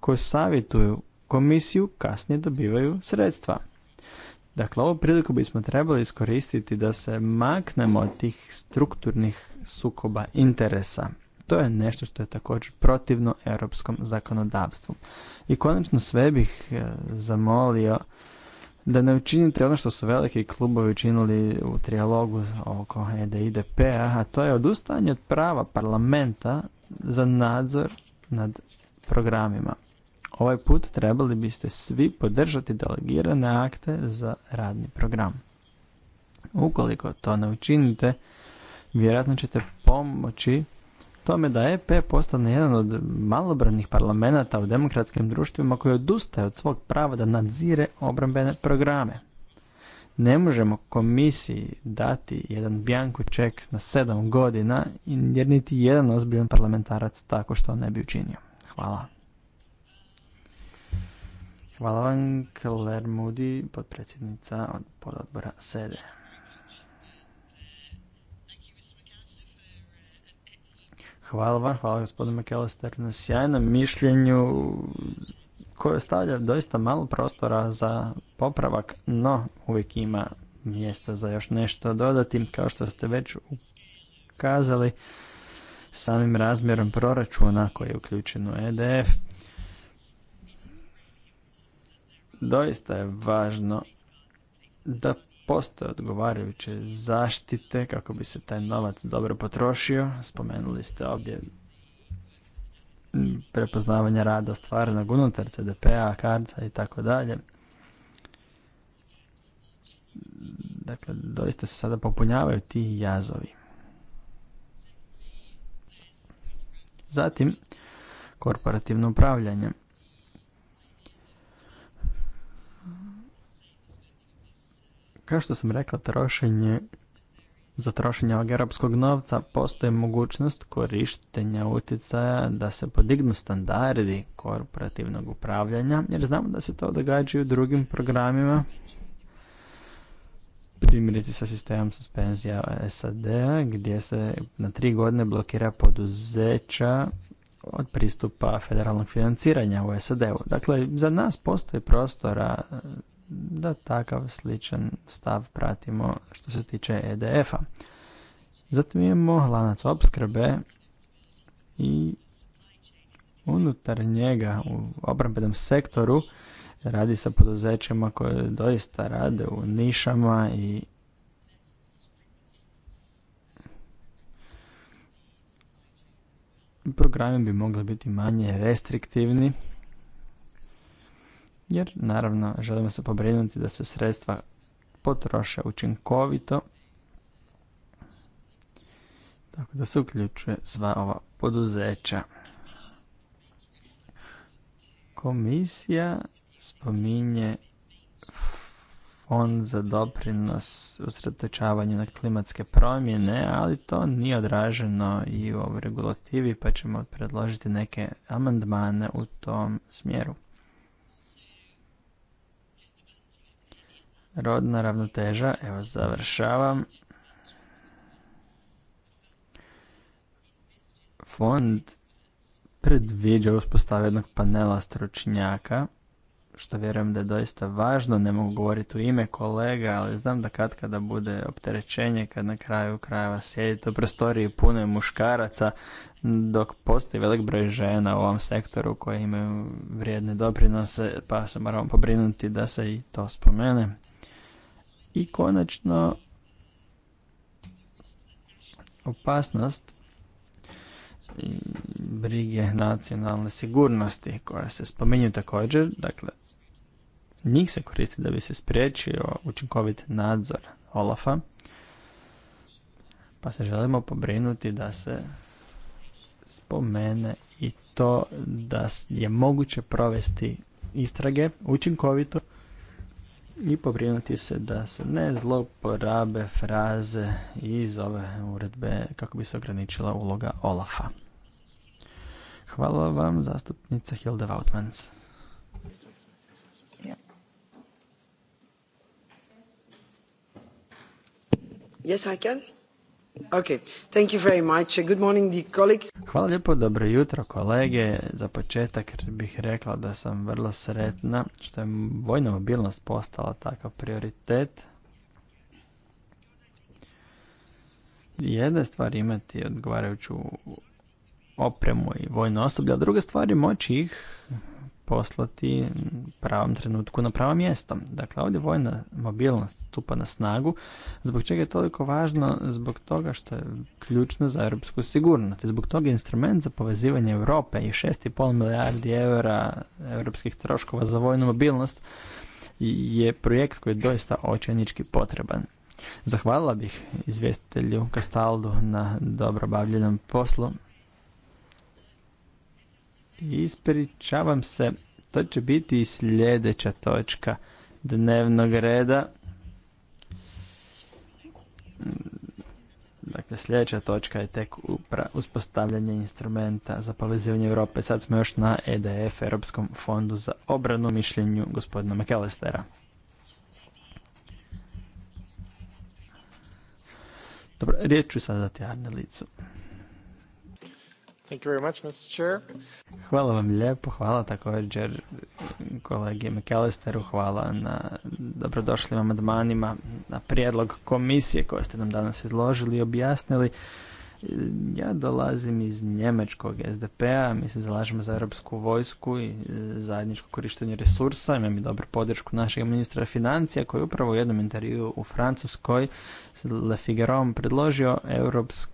koje savjetuju komisiju kasnije dobivaju sredstva. Dakle, ovu priliku bismo trebali iskoristiti da se maknemo od tih strukturnih sukoba interesa. To je nešto što je također protivno europskom zakonodavstvu. I konačno sve bih e, zamolio da ne učinite ono što su veliki klubovi učinili u trijalogu oko EDIDP-a, a to je odustajanje od prava parlamenta za nadzor nad programima. Ovaj put trebali biste svi podržati delegirane akte za radni program. Ukoliko to ne učinite, vjerojatno ćete pomoći tome da EP postane jedan od malobranih parlamenta u demokratskim društvima koji odustaje od svog prava da nadzire obrambene programe. Ne možemo komisiji dati jedan bjanku ček na sedam godina jer niti jedan ozbiljan parlamentarac tako što ne bi učinio. Hvala. Hvala vam, Claire Moody, podpredsjednica od pododbora SEDE. Hvala vam, hvala gospodinu McAllister na sjajnom mišljenju koje ostavlja doista malo prostora za popravak, no uvijek ima mjesta za još nešto dodati, kao što ste već ukazali samim razmjerom proračuna koji je uključen u EDF. Doista je važno da postoje odgovarajuće zaštite kako bi se taj novac dobro potrošio. Spomenuli ste ovdje prepoznavanje rada stvarnog unutar CDP-a, karca i tako dalje. Dakle, doista se sada popunjavaju ti jazovi. Zatim, korporativno upravljanje. Kao što sam rekla, trošenje za trošenje ovog europskog novca postoji mogućnost korištenja utjecaja da se podignu standardi korporativnog upravljanja, jer znamo da se to događa i u drugim programima, primjerice sa sistemom suspenzija sad gdje se na tri godine blokira poduzeća od pristupa federalnog financiranja u SAD-u. Dakle, za nas postoji prostora da takav sličan stav pratimo što se tiče EDF-a. Zatim imamo lanac opskrbe i unutar njega u obrambenom sektoru radi sa poduzećima koje doista rade u nišama i programi bi mogli biti manje restriktivni jer naravno želimo se pobrinuti da se sredstva potroše učinkovito tako da se uključuje sva ova poduzeća. Komisija spominje fond za doprinos usretočavanju na klimatske promjene, ali to nije odraženo i u ovoj regulativi, pa ćemo predložiti neke amandmane u tom smjeru. rodna ravnoteža, evo završavam. Fond predviđa uspostavu jednog panela stručnjaka, što vjerujem da je doista važno, ne mogu govoriti u ime kolega, ali znam da kad kada bude opterećenje, kad na kraju krajeva sjedite u prostoriji puno muškaraca, dok postoji velik broj žena u ovom sektoru koje imaju vrijedne doprinose, pa se moramo pobrinuti da se i to spomene. I konačno opasnost brige nacionalne sigurnosti koja se spominju također, dakle njih se koristi da bi se spriječio učinkovit nadzor Olafa, pa se želimo pobrinuti da se spomene i to da je moguće provesti istrage učinkovito i pobrinuti se da se ne zloporabe fraze iz ove uredbe kako bi se ograničila uloga Olafa. Hvala vam, zastupnica Hilde Vautmans. Yes, I Hvala lijepo, dobro jutro kolege. Za početak bih rekla da sam vrlo sretna što je vojna mobilnost postala takav prioritet. Jedna je stvar imati odgovarajuću opremu i vojno osoblje, a druga stvar je moći ih poslati pravom trenutku na pravo mjesto. Dakle, ovdje vojna mobilnost stupa na snagu. Zbog čega je toliko važno? Zbog toga što je ključno za europsku sigurnost. Zbog toga je instrument za povezivanje Europe i 6,5 milijardi eura europskih troškova za vojnu mobilnost je projekt koji je doista očajnički potreban. Zahvalila bih izvjestitelju Kastaldu na dobro obavljenom poslu Ispričavam se, to će biti i sljedeća točka dnevnog reda. Dakle, sljedeća točka je tek uspostavljanje instrumenta za povezivanje Europe. Sad smo još na EDF, Europskom fondu za obranu mišljenju gospodina McAllistera. Dobro, riječ ću sada dati Arne Licu. Thank you very much, Mr. Chair. Hvala vam lijepo, hvala također kolegi McAllisteru, hvala na dobrodošlim amandmanima, na prijedlog komisije koje ste nam danas izložili i objasnili. Ja dolazim iz njemačkog SDP-a, mi se zalažemo za europsku vojsku i zajedničko korištenje resursa, imam i dobru podršku našeg ministra financija koji je upravo u jednom intervju u Francuskoj s Le predložio europsku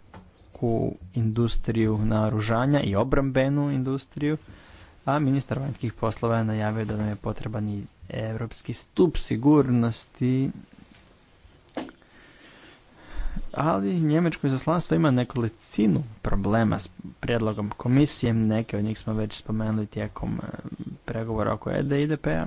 u industriju naoružanja i obrambenu industriju, a ministar vanjskih poslova je najavio da nam je potreban i europski stup sigurnosti ali njemačko izaslanstvo ima nekolicinu problema s prijedlogom komisije, neke od njih smo već spomenuli tijekom eh, pregovora oko EDIDP-a,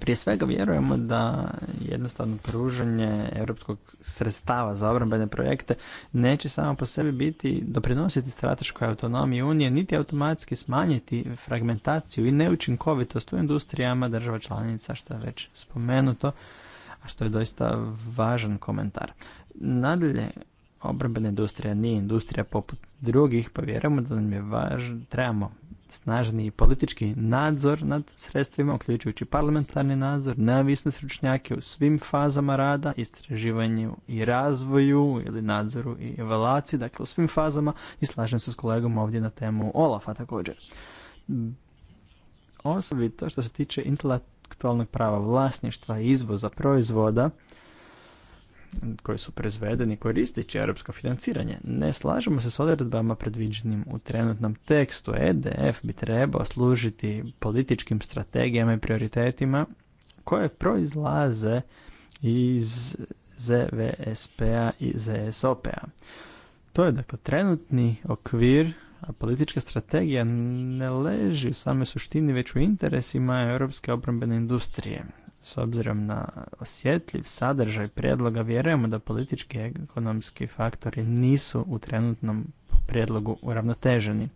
prije svega vjerujemo da jednostavno pružanje europskog sredstava za obrambene projekte neće samo po sebi biti doprinositi strateškoj autonomiji Unije, niti automatski smanjiti fragmentaciju i neučinkovitost u industrijama država članica, što je već spomenuto, a što je doista važan komentar. Nadalje, obrambena industrija nije industrija poput drugih, pa vjerujemo da nam je važno, trebamo snažni politički nadzor nad sredstvima, uključujući parlamentarni nadzor, neovisne stručnjake u svim fazama rada, istraživanju i razvoju ili nadzoru i evaluaciji, dakle u svim fazama i slažem se s kolegom ovdje na temu Olafa također. Osobito što se tiče intelektualnog prava vlasništva i izvoza proizvoda, koji su proizvedeni koristeći europsko financiranje. Ne slažemo se s odredbama predviđenim u trenutnom tekstu. EDF bi trebao služiti političkim strategijama i prioritetima koje proizlaze iz ZVSP-a i ZSOP-a. To je dakle trenutni okvir, a politička strategija ne leži u same suštini, već u interesima europske obrambene industrije. S obzirom na osjetljiv sadržaj prijedloga vjerujemo da politički i ekonomski faktori nisu u trenutnom prijedlogu uravnoteženi.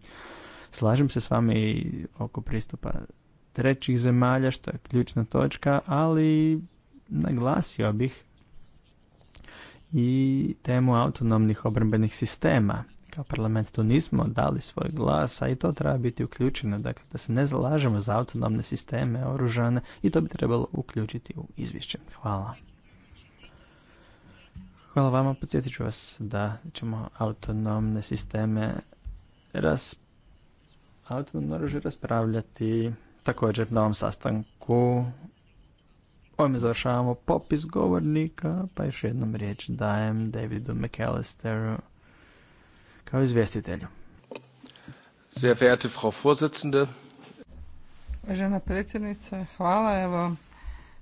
Slažem se s vama i oko pristupa trećih zemalja, što je ključna točka, ali naglasio bih i temu autonomnih obrambenih sistema. Kao parlament tu nismo dali svoj glas, a i to treba biti uključeno, dakle da se ne zalažemo za autonomne sisteme oružane i to bi trebalo uključiti u izvješće. Hvala. Hvala vama, podsjetit ću vas da ćemo autonomne sisteme autonomno oružje raspravljati također na ovom sastanku. Ovime završavamo popis govornika, pa još jednom riječ dajem Davidu McAllisteru kao izvjestitelju. Sehr verehrte Frau Vorsitzende. Žena predsjednice, hvala. Evo,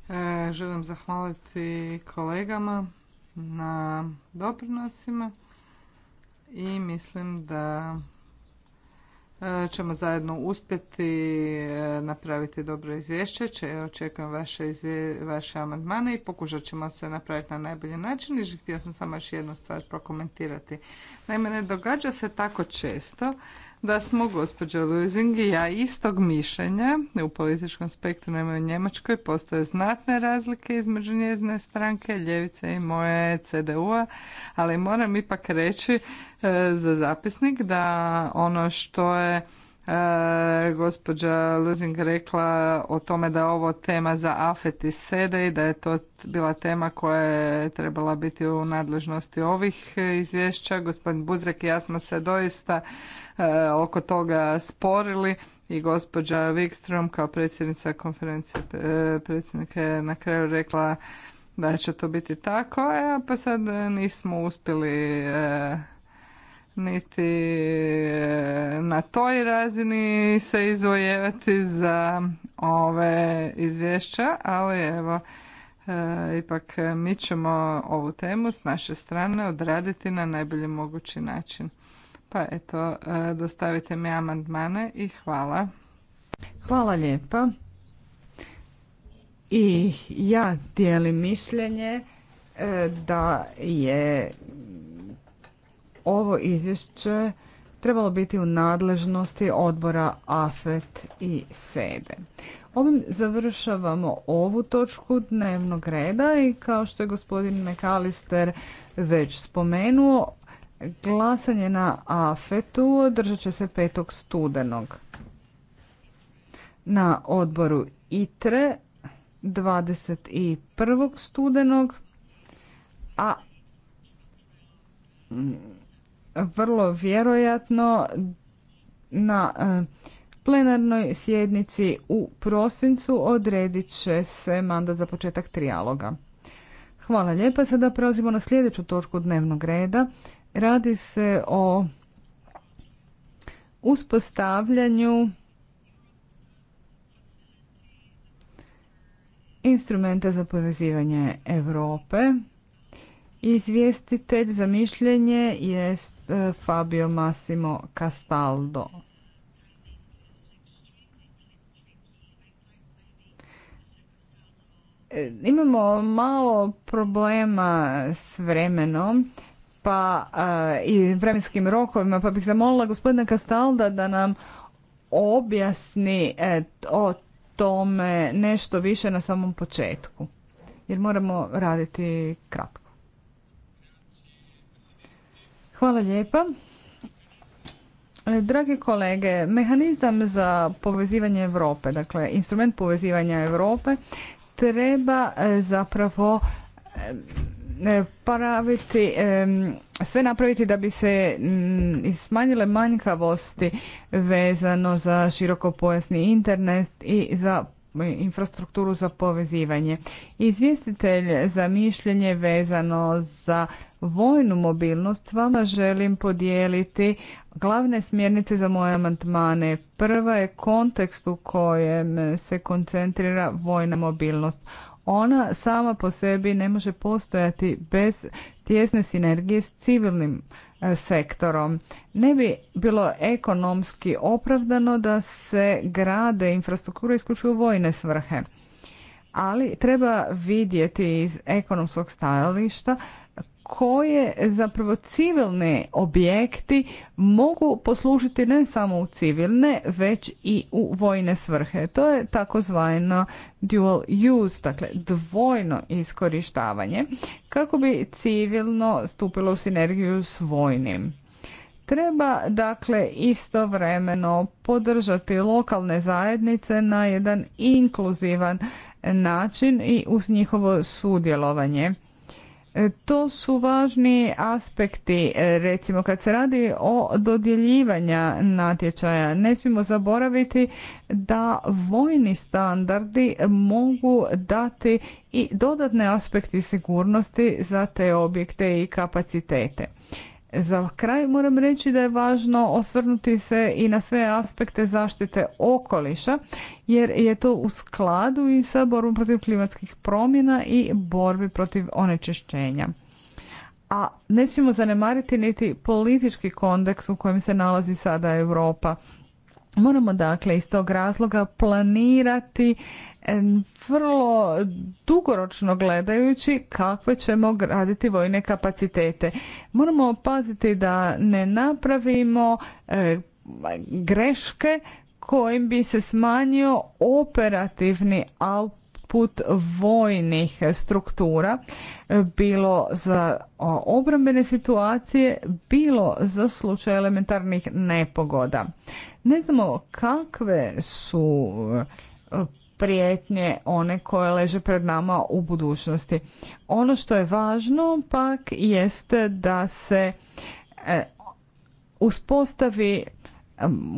e, želim zahvaliti kolegama na doprinosima i mislim da ćemo zajedno uspjeti e, napraviti dobro izvješće. očekujem vaše, izvje, vaše amandmane i pokušat ćemo se napraviti na najbolji način. I htio sam samo još jednu stvar prokomentirati. Naime, ne događa se tako često da smo gospođa Luzing i ja istog mišljenja. U političkom spektru nema u Njemačkoj postoje znatne razlike između njezine stranke, ljevice i moje CDU-a, ali moram ipak reći e, za zapisnik da ono što je e, gospođa Luzing rekla o tome da je ovo tema za AFET i SEDE i da je to bila tema koja je trebala biti u nadležnosti ovih izvješća. Gospodin Buzek i ja smo se doista e, oko toga sporili i gospođa Wikström kao predsjednica konferencije e, je na kraju rekla da će to biti tako, a pa sad nismo uspjeli e, niti e, na toj razini se izvojevati za ove izvješća, ali evo e, ipak mi ćemo ovu temu s naše strane odraditi na najbolji mogući način. Pa eto, e, dostavite mi amandmane i hvala. Hvala lijepa. I ja dijelim mišljenje da je ovo izvješće trebalo biti u nadležnosti odbora AFET i SEDE. E. Ovim završavamo ovu točku dnevnog reda i kao što je gospodin Mekalister već spomenuo, glasanje na AFET-u održat će se 5. studenog. Na odboru ITRE 21. studenog, a vrlo vjerojatno na e, plenarnoj sjednici u prosincu odredit će se mandat za početak trijaloga. Hvala lijepa. Sada prelazimo na sljedeću točku dnevnog reda. Radi se o uspostavljanju instrumenta za povezivanje Europe. Izvjestitelj za mišljenje je e, Fabio Massimo Castaldo. E, imamo malo problema s vremenom pa e, i vremenskim rokovima, pa bih zamolila gospodina Castalda da nam objasni o tome nešto više na samom početku. Jer moramo raditi kratko. Hvala lijepa. E, dragi kolege, mehanizam za povezivanje Europe, dakle instrument povezivanja Europe treba e, zapravo e, paraviti, sve napraviti da bi se mm, smanjile manjkavosti vezano za širokopojasni internet i za infrastrukturu za povezivanje. Izvjestitelj za mišljenje vezano za vojnu mobilnost s vama želim podijeliti glavne smjernice za moje amandmane. Prva je kontekst u kojem se koncentrira vojna mobilnost. Ona sama po sebi ne može postojati bez tjesne sinergije s civilnim sektorom. Ne bi bilo ekonomski opravdano da se grade infrastrukture isključivo vojne svrhe. Ali treba vidjeti iz ekonomskog stajališta koje zapravo civilni objekti mogu poslužiti ne samo u civilne, već i u vojne svrhe. To je takozvano dual use, dakle dvojno iskorištavanje, kako bi civilno stupilo u sinergiju s vojnim. Treba dakle istovremeno podržati lokalne zajednice na jedan inkluzivan način i uz njihovo sudjelovanje E, to su važni aspekti, e, recimo kad se radi o dodjeljivanja natječaja. Ne smijemo zaboraviti da vojni standardi mogu dati i dodatne aspekte sigurnosti za te objekte i kapacitete. Za kraj moram reći da je važno osvrnuti se i na sve aspekte zaštite okoliša jer je to u skladu i sa borbom protiv klimatskih promjena i borbi protiv onečišćenja. A ne smijemo zanemariti niti politički kondeks u kojem se nalazi sada Europa. Moramo dakle iz tog razloga planirati vrlo dugoročno gledajući kakve ćemo graditi vojne kapacitete. Moramo paziti da ne napravimo e, greške kojim bi se smanjio operativni output vojnih struktura, e, bilo za obrambene situacije, bilo za slučaj elementarnih nepogoda. Ne znamo kakve su e, prijetnje one koje leže pred nama u budućnosti. Ono što je važno pak jeste da se e, uspostavi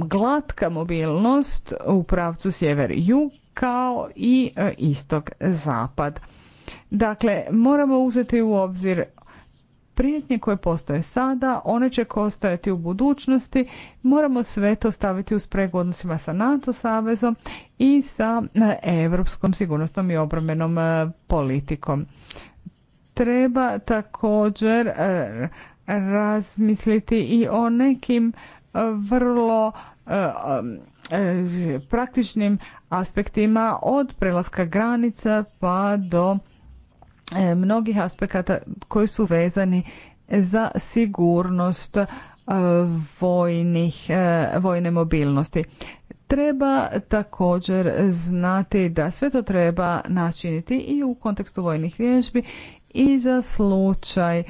glatka mobilnost u pravcu sjever-jug kao i e, istok-zapad. Dakle, moramo uzeti u obzir prijetnje koje postoje sada, one će postojati u budućnosti. Moramo sve to staviti u spregu odnosima sa NATO savezom i sa europskom sigurnosnom i obrambenom e, politikom. Treba također e, razmisliti i o nekim e, vrlo praktičnim aspektima od prelaska granica pa do E, mnogih aspekata koji su vezani za sigurnost e, vojnih, e, vojne mobilnosti. Treba također znati da sve to treba načiniti i u kontekstu vojnih vježbi i za slučaj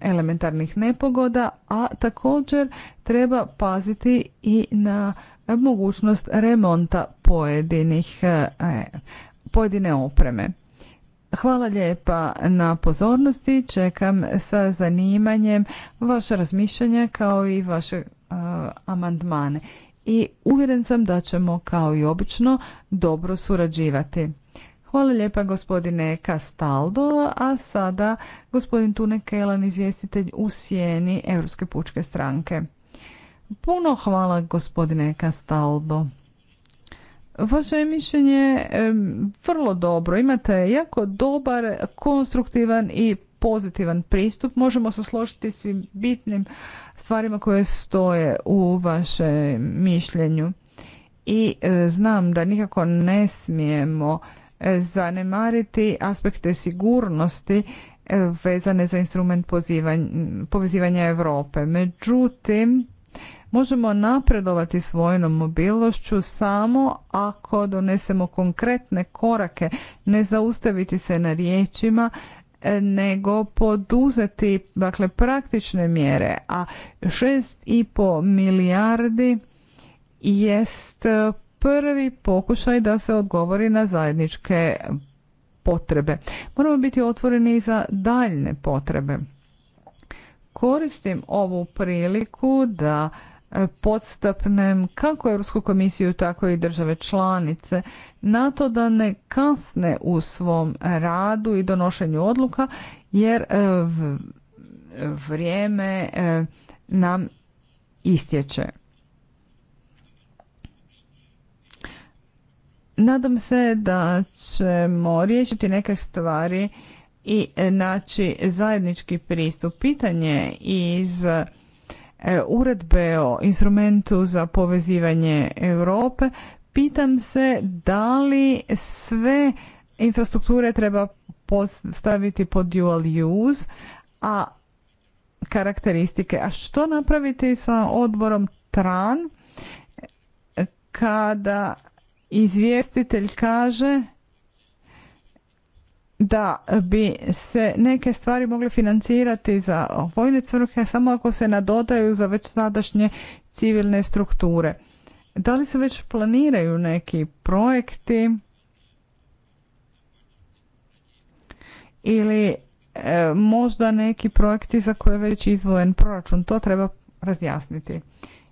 elementarnih nepogoda, a također treba paziti i na mogućnost remonta pojedinih pojedine opreme. Hvala lijepa na pozornosti. Čekam sa zanimanjem vaše razmišljanja kao i vaše e, amandmane. I uvjeren sam da ćemo kao i obično dobro surađivati. Hvala lijepa gospodine Castaldo, a sada gospodin Tune Kelan, izvjestitelj u sjeni Europske pučke stranke. Puno hvala gospodine Castaldo. Vaše mišljenje vrlo dobro. Imate jako dobar, konstruktivan i pozitivan pristup. Možemo se složiti svim bitnim stvarima koje stoje u vašem mišljenju. I e, znam da nikako ne smijemo e, zanemariti aspekte sigurnosti e, vezane za instrument povezivanja Europe. Međutim, Možemo napredovati s vojnom mobilnošću samo ako donesemo konkretne korake, ne zaustaviti se na riječima, e, nego poduzeti dakle, praktične mjere, a 6,5 milijardi jest prvi pokušaj da se odgovori na zajedničke potrebe. Moramo biti otvoreni i za daljne potrebe. Koristim ovu priliku da podstapnem kako Europsku komisiju, tako i države članice na to da ne kasne u svom radu i donošenju odluka jer e, vrijeme e, nam istječe. Nadam se da ćemo riješiti neke stvari i e, naći zajednički pristup. Pitanje iz E, uredbe o instrumentu za povezivanje Europe, pitam se da li sve infrastrukture treba postaviti pod dual use, a karakteristike. A što napraviti sa odborom TRAN e, kada izvjestitelj kaže da bi se neke stvari mogle financirati za vojne svrhe samo ako se nadodaju za već sadašnje civilne strukture. Da li se već planiraju neki projekti ili e, možda neki projekti za koje je već izvojen proračun? To treba razjasniti.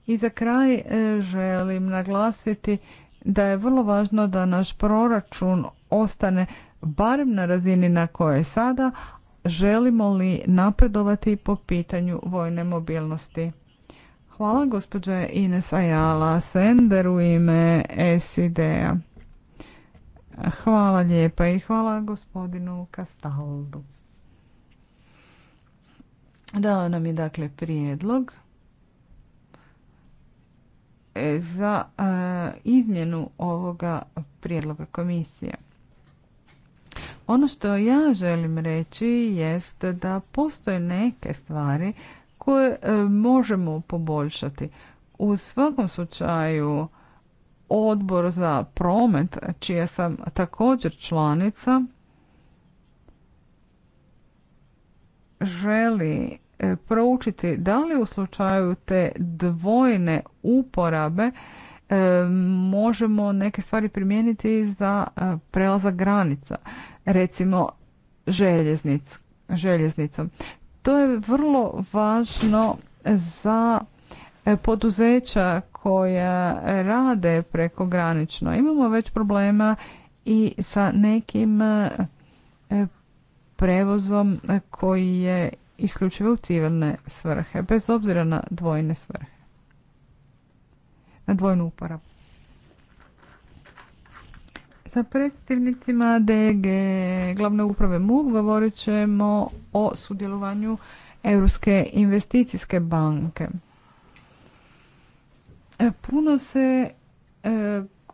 I za kraj e, želim naglasiti da je vrlo važno da naš proračun ostane barem na razini na kojoj sada, želimo li napredovati po pitanju vojne mobilnosti. Hvala gospođe Ines Ajala Sender u ime SID-a. Hvala lijepa i hvala gospodinu Kastaldu. Dao nam je dakle prijedlog e, za e, izmjenu ovoga prijedloga komisije. Ono što ja želim reći jest da postoje neke stvari koje e, možemo poboljšati. U svakom slučaju odbor za promet, čija sam također članica, želi e, proučiti da li u slučaju te dvojne uporabe e, možemo neke stvari primijeniti za prelazak granica recimo željeznic, željeznicom. To je vrlo važno za e, poduzeća koja rade prekogranično. Imamo već problema i sa nekim e, prevozom koji je isključivo u civilne svrhe, bez obzira na dvojne svrhe, na dvojnu uporabu. Sa predstavnicima DG glavne uprave MUG govorit ćemo o sudjelovanju Europske investicijske banke. E, puno se e,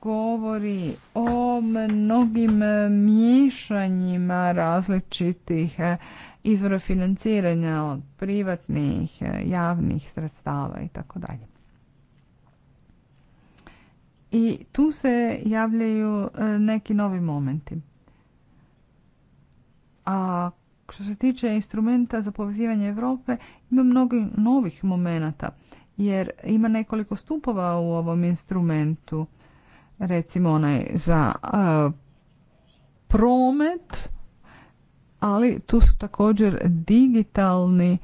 govori o mnogim miješanjima različitih e, izvora financiranja od privatnih, e, javnih sredstava i tako dalje i tu se javljaju e, neki novi momenti. A što se tiče instrumenta za povezivanje Europe, ima mnogo novih momenata jer ima nekoliko stupova u ovom instrumentu. Recimo onaj za e, promet, ali tu su također digitalni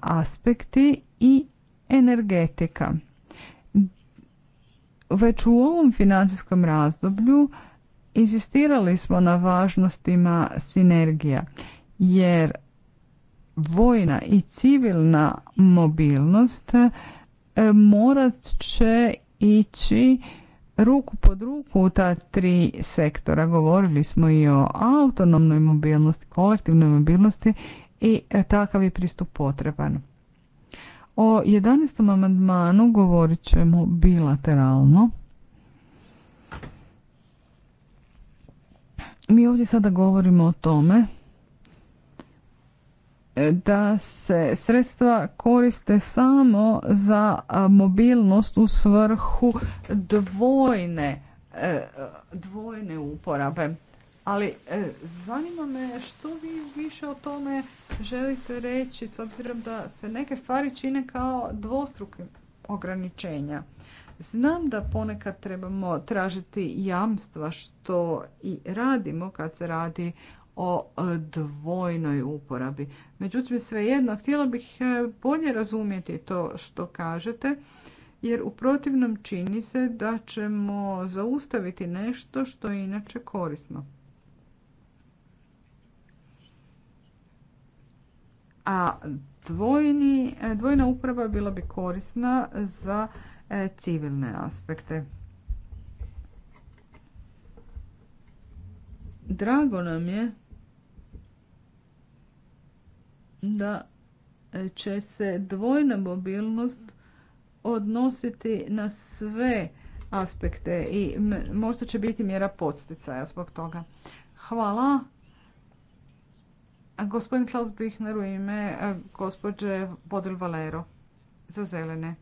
aspekti i energetika. Već u ovom financijskom razdoblju insistirali smo na važnostima sinergija jer vojna i civilna mobilnost e, morat će ići ruku pod ruku u ta tri sektora. Govorili smo i o autonomnoj mobilnosti, kolektivnoj mobilnosti i e, takav je pristup potreban. O 11. amandmanu govorit ćemo bilateralno. Mi ovdje sada govorimo o tome e, da se sredstva koriste samo za mobilnost u svrhu dvojne, e, dvojne uporabe. Ali e, zanima me što vi više o tome želite reći s obzirom da se neke stvari čine kao dvostrukim ograničenja. Znam da ponekad trebamo tražiti jamstva što i radimo kad se radi o e, dvojnoj uporabi. Međutim, svejedno, htjela bih e, bolje razumjeti to što kažete, jer u protivnom čini se da ćemo zaustaviti nešto što je inače korisno. a dvojni, dvojna uprava bila bi korisna za e, civilne aspekte. Drago nam je da e, će se dvojna mobilnost odnositi na sve aspekte i možda će biti mjera podsticaja zbog toga. Hvala. Gospodin Klaus Bihner u ime e, gospođe Bodil Valero za zelene.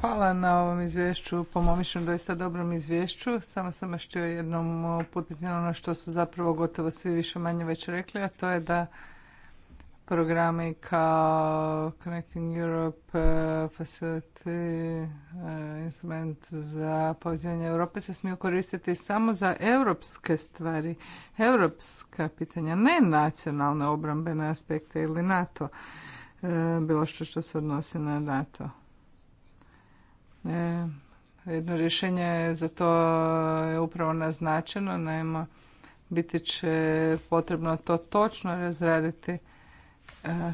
Hvala na ovom izvješću, po mom mišljenju doista dobrom izvješću. Samo sam još htio jednom uputiti na ono što su zapravo gotovo svi više manje već rekli, a to je da programi kao Connecting Europe eh, Facility, eh, instrument za povezivanje Europe se smiju koristiti samo za europske stvari, europska pitanja, ne nacionalne obrambene aspekte ili NATO, eh, bilo što što se odnosi na NATO. Jedno rješenje za to je upravo naznačeno, naime, biti će potrebno to točno razraditi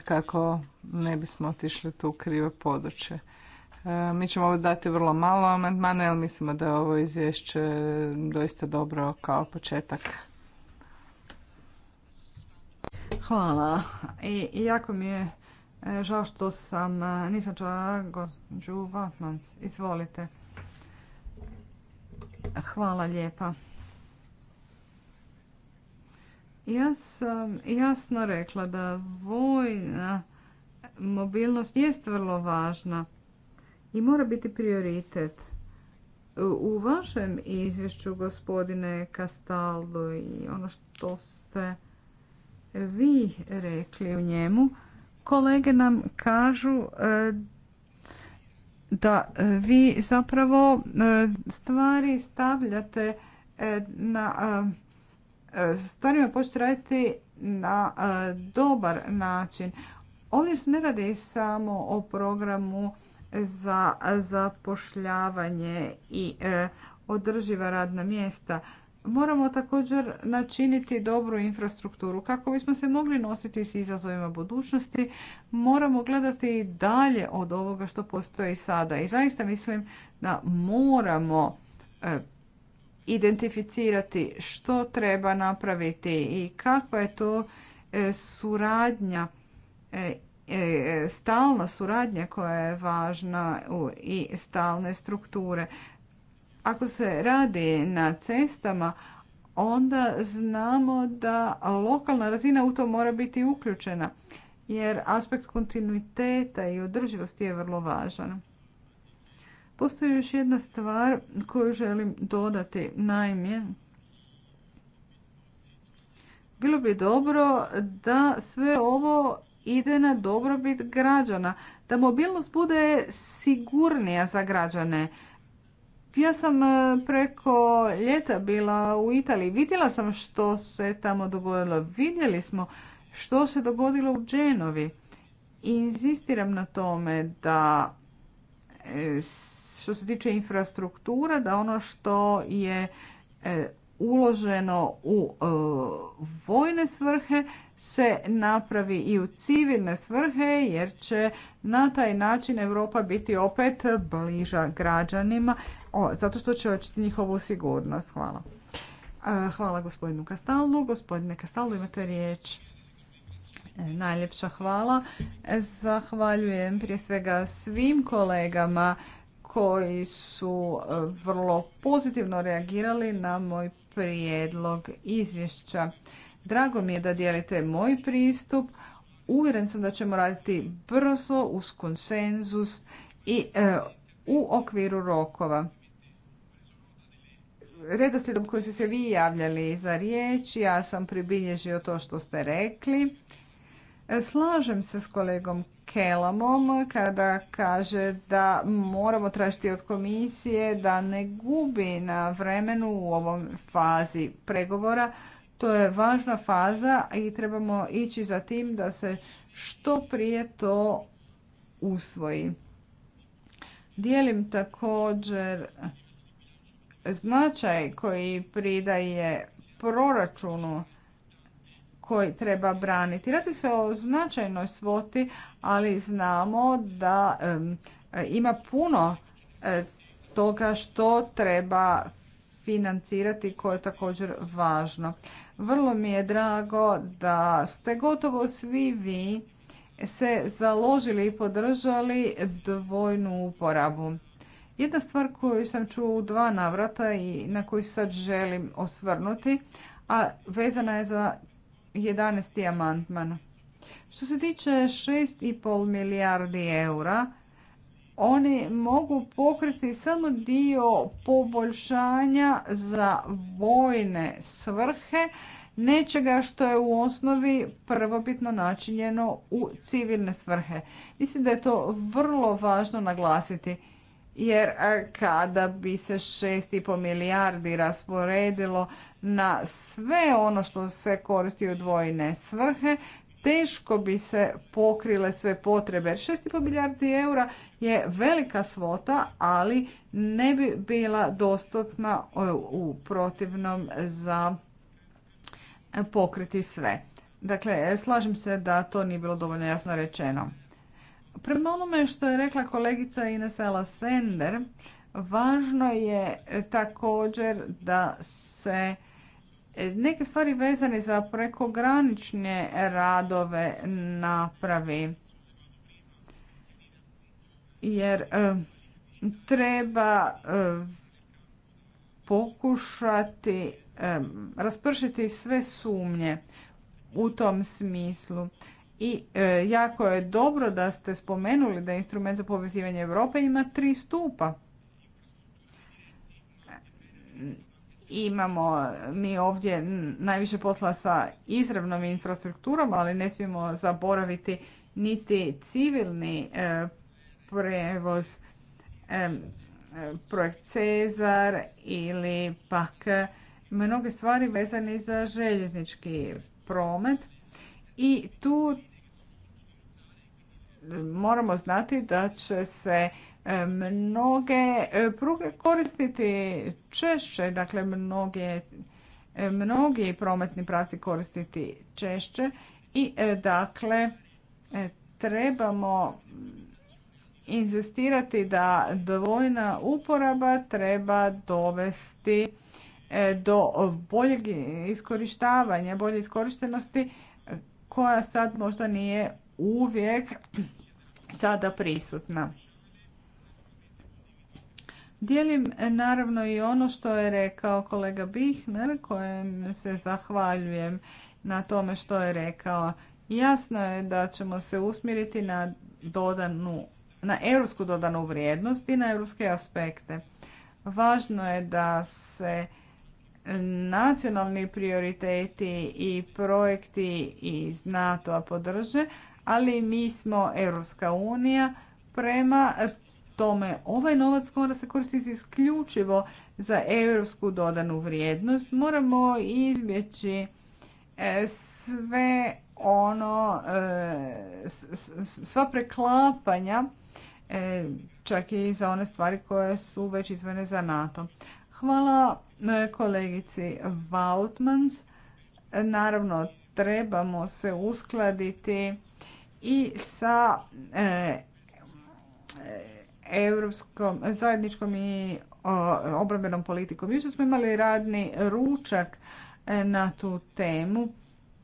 kako ne bismo otišli tu krivo područje. Mi ćemo ovo dati vrlo malo amandmana, jer mislimo da je ovo izvješće doista dobro kao početak. Hvala. I, jako mi je e, žao što sam, e, nisam čula Izvolite. Hvala lijepa. Ja sam jasno rekla da vojna mobilnost jest vrlo važna i mora biti prioritet. U vašem izvješću, gospodine Castaldo, i ono što ste vi rekli u njemu, kolege nam kažu e, da vi zapravo e, stvari stavljate e, na starima početi raditi na e, dobar način. Ovdje se ne radi samo o programu za zapošljavanje i e, održiva radna mjesta. Moramo također načiniti dobru infrastrukturu. Kako bismo se mogli nositi s izazovima budućnosti, moramo gledati dalje od ovoga što postoji sada. I zaista mislim da moramo e, identificirati što treba napraviti i kakva je to e, suradnja, e, e, stalna suradnja koja je važna i stalne strukture. Ako se radi na cestama, onda znamo da lokalna razina u to mora biti uključena jer aspekt kontinuiteta i održivosti je vrlo važan. Postoji još jedna stvar koju želim dodati. Naime, bilo bi dobro da sve ovo ide na dobrobit građana, da mobilnost bude sigurnija za građane. Ja sam e, preko ljeta bila u Italiji, vidjela sam što se tamo dogodilo, vidjeli smo što se dogodilo u Dženovi. Inzistiram na tome da e, što se tiče infrastrukture, da ono što je e, uloženo u e, vojne svrhe se napravi i u civilne svrhe jer će na taj način Europa biti opet bliža građanima zato što će očiti njihovu sigurnost. Hvala. Hvala gospodinu Kastalu. Gospodine Kastalu, imate riječ. E, najljepša hvala. Zahvaljujem prije svega svim kolegama koji su e, vrlo pozitivno reagirali na moj prijedlog izvješća. Drago mi je da dijelite moj pristup. Uvjeren sam da ćemo raditi brzo, uz konsenzus i e, u okviru rokova. Redoslijedom koji ste se vi javljali za riječ, ja sam pribilježio to što ste rekli. E, slažem se s kolegom Kelamom kada kaže da moramo tražiti od komisije da ne gubi na vremenu u ovom fazi pregovora. To je važna faza i trebamo ići za tim da se što prije to usvoji. Dijelim također značaj koji pridaje proračunu koji treba braniti. Radi se o značajnoj svoti, ali znamo da ima puno e, toga što treba financirati koje je također važno. Vrlo mi je drago da ste gotovo svi vi se založili i podržali dvojnu uporabu. Jedna stvar koju sam čuo u dva navrata i na koju sad želim osvrnuti, a vezana je za 11. amandman. Što se tiče 6,5 milijardi eura, oni mogu pokriti samo dio poboljšanja za vojne svrhe nečega što je u osnovi prvobitno načinjeno u civilne svrhe. Mislim da je to vrlo važno naglasiti jer e, kada bi se 6,5 milijardi rasporedilo na sve ono što se koristi u dvojne svrhe, teško bi se pokrile sve potrebe. 6,5 milijardi eura je velika svota, ali ne bi bila dostupna e, u protivnom za pokriti sve. Dakle, slažem se da to nije bilo dovoljno jasno rečeno. Prema onome što je rekla kolegica Inesela Sender, važno je također da se neke stvari vezane za prekogranične radove napravi. Jer treba pokušati raspršiti sve sumnje u tom smislu. I e, jako je dobro da ste spomenuli da instrument za povezivanje Europe ima tri stupa. Imamo mi ovdje najviše posla sa izravnom infrastrukturom, ali ne smijemo zaboraviti niti civilni e, prevoz e, projekt Cezar ili pak mnoge stvari vezane za željeznički promet. I tu moramo znati da će se e, mnoge e, pruge koristiti češće, dakle mnoge, e, mnogi prometni praci koristiti češće i dakle trebamo inzistirati da dvojna uporaba treba dovesti do boljeg iskorištavanja, bolje iskorištenosti koja sad možda nije uvijek sada prisutna. Dijelim naravno i ono što je rekao kolega Bihner kojem se zahvaljujem na tome što je rekao. Jasno je da ćemo se usmjeriti na dodanu na europsku dodanu vrijednost i na europske aspekte. Važno je da se nacionalni prioriteti i projekti iz NATO-a podrže, ali mi smo Europska unija prema tome ovaj novac mora se koristiti isključivo za europsku dodanu vrijednost. Moramo izbjeći e, sve ono e, sva preklapanja e, čak i za one stvari koje su već izvene za NATO. Hvala kolegici Vautmans. Naravno, trebamo se uskladiti i sa e, e, europskom zajedničkom i obrambenom politikom. Jučer smo imali radni ručak e, na tu temu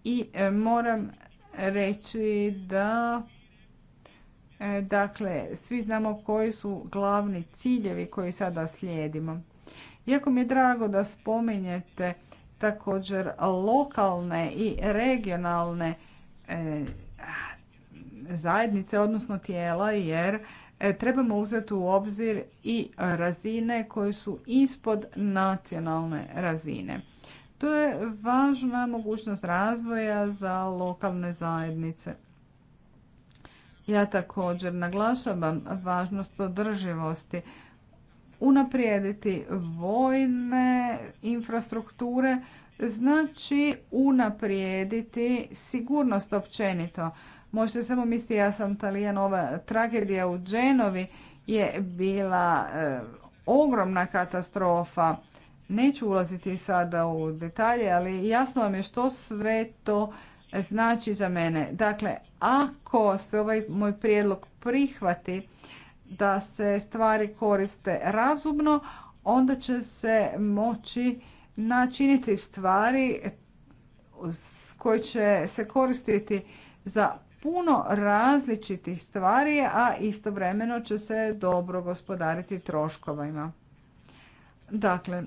i moram reći da dakle svi znamo koji su glavni ciljevi koji sada slijedimo. Iako mi je drago da spominjete također lokalne i regionalne zajednice, odnosno tijela, jer e, trebamo uzeti u obzir i razine koje su ispod nacionalne razine. To je važna mogućnost razvoja za lokalne zajednice. Ja također naglašavam važnost održivosti, unaprijediti vojne infrastrukture, znači unaprijediti sigurnost općenito. Možete samo misliti, ja sam talijan, ova tragedija u Dženovi je bila e, ogromna katastrofa. Neću ulaziti sada u detalje, ali jasno vam je što sve to znači za mene. Dakle, ako se ovaj moj prijedlog prihvati da se stvari koriste razumno, onda će se moći načiniti stvari koje će se koristiti za puno različitih stvari, a istovremeno će se dobro gospodariti troškovima. Dakle,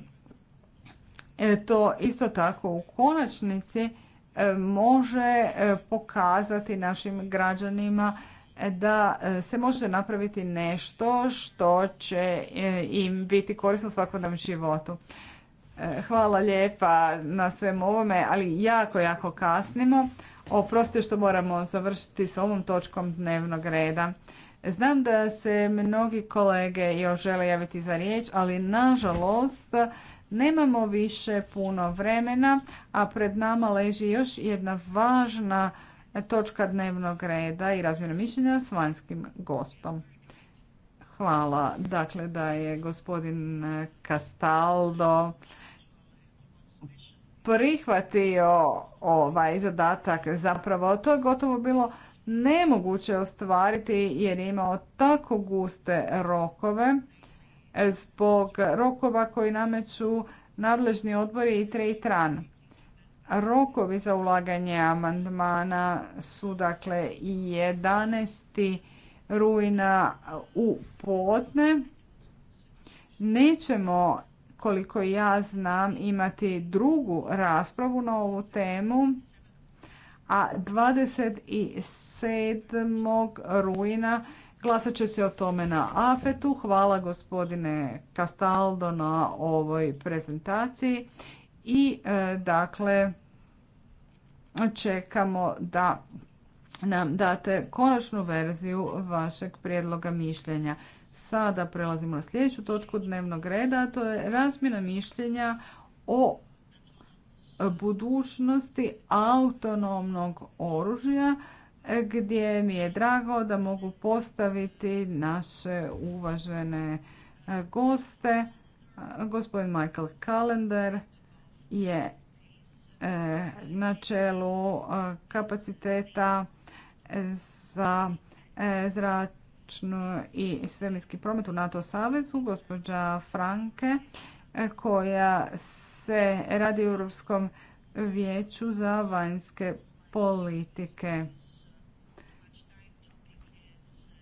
e, to isto tako u konačnici e, može e, pokazati našim građanima da se može napraviti nešto što će im biti korisno u svakodnevnom životu. Hvala lijepa na svem ovome, ali jako, jako kasnimo. Oprosti što moramo završiti s ovom točkom dnevnog reda. Znam da se mnogi kolege još žele javiti za riječ, ali nažalost nemamo više puno vremena, a pred nama leži još jedna važna točka dnevnog reda i razmjena mišljenja s vanjskim gostom. Hvala. Dakle, da je gospodin Castaldo prihvatio ovaj zadatak. Zapravo to je gotovo bilo nemoguće ostvariti jer je imao tako guste rokove zbog rokova koji nameću nadležni odbori i tre tran. Rokovi za ulaganje amandmana su dakle 11. rujna u podne. Nećemo koliko ja znam, imati drugu raspravu na ovu temu, a 27. rujna glasat će se o tome na AFET-u. Hvala gospodine Castaldo na ovoj prezentaciji i e, dakle čekamo da nam date konačnu verziju vašeg prijedloga mišljenja. Sada prelazimo na sljedeću točku dnevnog reda, to je razmjena mišljenja o budućnosti autonomnog oružja gdje mi je drago da mogu postaviti naše uvažene e, goste. Gospodin Michael Kalender je e, na čelu e, kapaciteta za zra zračno i svemirski promet u NATO savezu, gospođa Franke, e, koja se radi u Europskom vijeću za vanjske politike.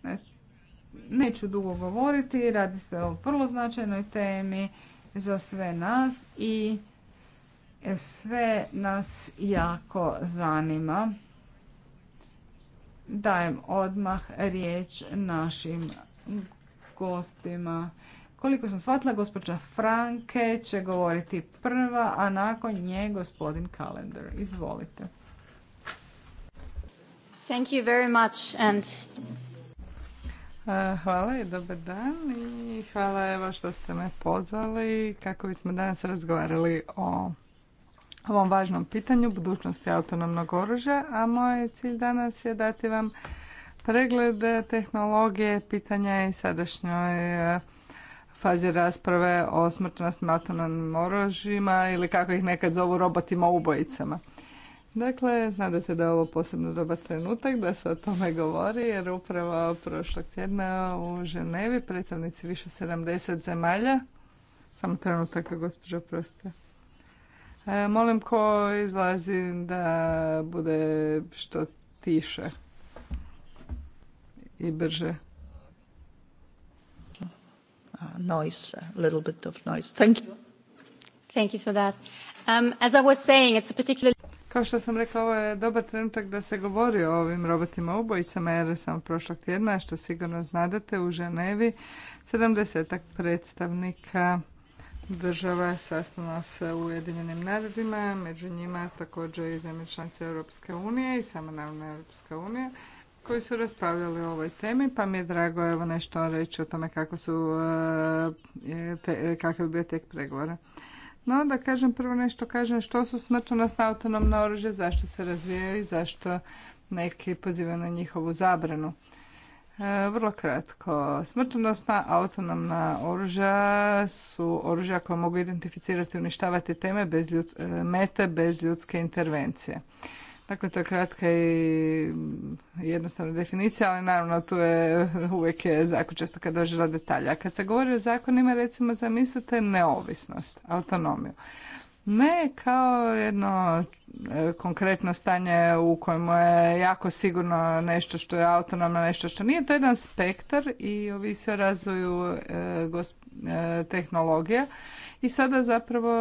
E, neću dugo govoriti, radi se o vrlo značajnoj temi za sve nas i e, sve nas jako zanima dajem odmah riječ našim gostima. Koliko sam shvatila, gospođa Franke će govoriti prva, a nakon nje gospodin Kalender. Izvolite. Thank you very much and... E, hvala i dobar dan i hvala evo što ste me pozvali kako bismo danas razgovarali o ovom važnom pitanju budućnosti autonomnog oružja, a moj cilj danas je dati vam pregled tehnologije, pitanja i sadašnjoj eh, fazi rasprave o smrtnostnim autonomnim oružjima ili kako ih nekad zovu robotima ubojicama. Dakle, znate da je ovo posebno dobar trenutak da se o tome govori, jer upravo prošlog tjedna u Ženevi predstavnici više 70 zemalja, samo trenutak, gospođo, proste. E, molim ko izlazi da bude što tiše i brže. Noise, a little bit of a Kao što sam rekla, ovo je dobar trenutak da se govori o ovim robotima ubojicama, jer sam prošlog tjedna, što sigurno znadete, u Ženevi 70 predstavnika država sastala se u Ujedinjenim narodima, među njima također i zemlje članice Europske unije i samo naravno Europska unija koji su raspravljali o ovoj temi, pa mi je drago evo nešto reći o tome kako su, e, te, kakav je bio tek pregovora. No, da kažem prvo nešto, kažem što su smrtonosna autonomna oružja, zašto se razvijaju i zašto neki pozivaju na njihovu zabranu. E, vrlo kratko. Smrtonosna autonomna oružja su oružja koja mogu identificirati i uništavati teme bez e, mete bez ljudske intervencije. Dakle, to je kratka i jednostavna definicija, ali naravno tu je uvijek je zakon često kad dođe do detalja. Kad se govori o zakonima, recimo zamislite neovisnost, autonomiju ne kao jedno e, konkretno stanje u kojem je jako sigurno nešto što je autonomno, nešto što nije. To je jedan spektar i ovisi o razvoju e, e, tehnologija. I sada zapravo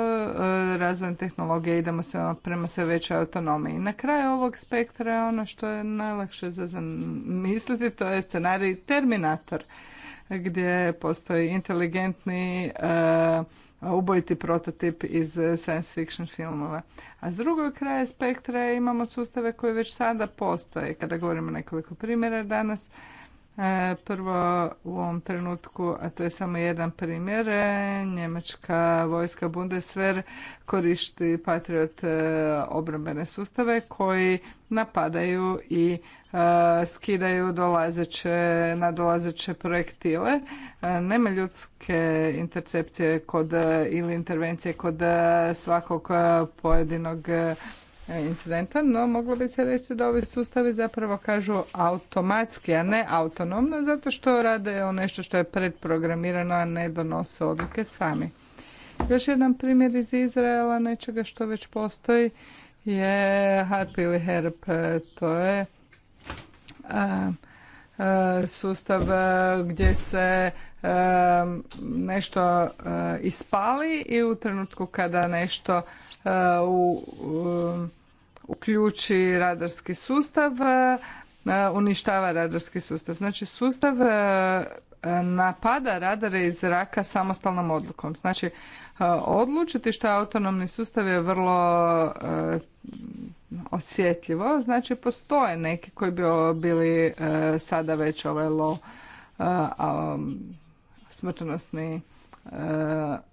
razvojem tehnologije idemo se prema sve većoj autonomiji. Na kraju ovog spektra je ono što je najlakše za zamisliti, to je scenarij Terminator, gdje postoji inteligentni ubojiti prototip iz eh, science fiction filmova. A s drugog kraja spektra imamo sustave koji već sada postoje. Kada govorimo nekoliko primjera danas, eh, prvo u ovom trenutku, a to je samo jedan primjer, eh, njemačka vojska Bundeswehr koristi Patriot obrambene sustave koji napadaju i Eh, skidaju dolazeće, nadolazeće projektile. Eh, nema ljudske intercepcije kod, eh, ili intervencije kod svakog pojedinog incidenta, no moglo bi se reći da ovi sustavi zapravo kažu automatski, a ne autonomno, zato što rade o nešto što je predprogramirano, a ne donose odluke sami. Još jedan primjer iz Izraela, nečega što već postoji, je HARP ili HERP, to je sustav e, gdje se e, nešto e, ispali i u trenutku kada nešto uključi radarski sustav, uništava radarski sustav. Znači sustav napada radare iz zraka samostalnom odlukom. Znači odlučiti što je autonomni sustav je vrlo osjetljivo, znači postoje neki koji bi bili e, sada već ovaj e, um, smrtonosni e,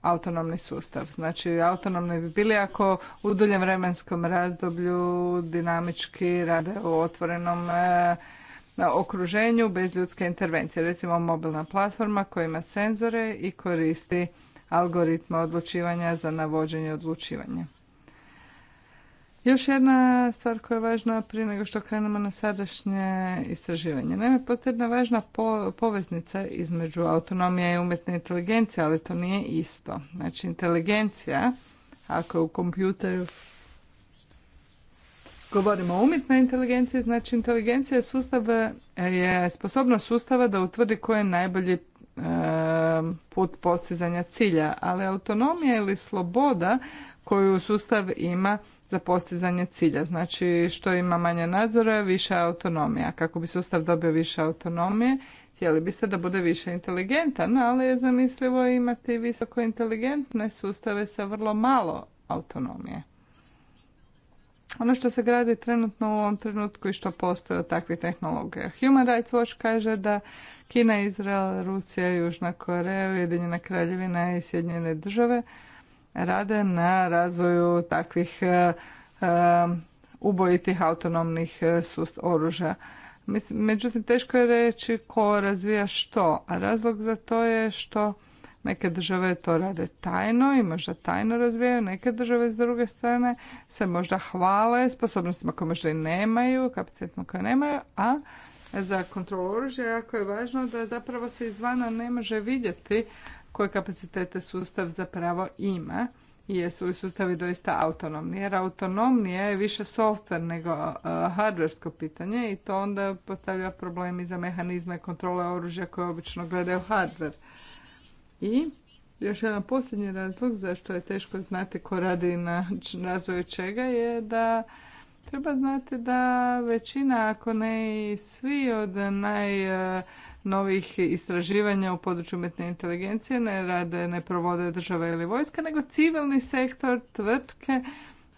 autonomni sustav. Znači autonomni bi bili ako u duljem vremenskom razdoblju dinamički rade u otvorenom na okruženju bez ljudske intervencije. Recimo mobilna platforma koja ima senzore i koristi algoritme odlučivanja za navođenje odlučivanja. Još jedna stvar koja je važna prije nego što krenemo na sadašnje istraživanje. Naime, postoji jedna važna poveznica između autonomije i umjetne inteligencije, ali to nije isto. Znači, inteligencija, ako je u kompjuteru govorimo o umjetnoj inteligenciji, znači inteligencija je, sustav, je sposobnost sustava da utvrdi koji je najbolji e, put postizanja cilja, ali autonomija ili sloboda koju sustav ima za postizanje cilja. Znači što ima manje nadzora, više autonomija. Kako bi sustav dobio više autonomije, htjeli biste da bude više inteligentan, ali je zamislivo imati visoko inteligentne sustave sa vrlo malo autonomije. Ono što se gradi trenutno u ovom trenutku i što postoje od takvih tehnologija. Human Rights Watch kaže da Kina, Izrael, Rusija, Južna Koreja, Ujedinjena Kraljevina i Sjedinjene države – rade na razvoju takvih e, e, ubojitih autonomnih e, oružja. Međutim, teško je reći ko razvija što, a razlog za to je što Neke države to rade tajno i možda tajno razvijaju, neke države s druge strane se možda hvale sposobnostima koje možda i nemaju, kapacitetima koje nemaju, a za kontrolu oružja jako je važno da zapravo se izvana ne može vidjeti koje kapacitete sustav zapravo ima i jesu li sustavi doista autonomni. Jer autonomnija je više softver nego e, hardversko pitanje i to onda postavlja problemi za mehanizme kontrole oružja koje obično gledaju hardver. I još jedan posljednji razlog zašto je teško znati ko radi na razvoju čega je da treba znati da većina, ako ne i svi od naj e, novih istraživanja u području umjetne inteligencije ne rade, ne provode države ili vojska, nego civilni sektor, tvrtke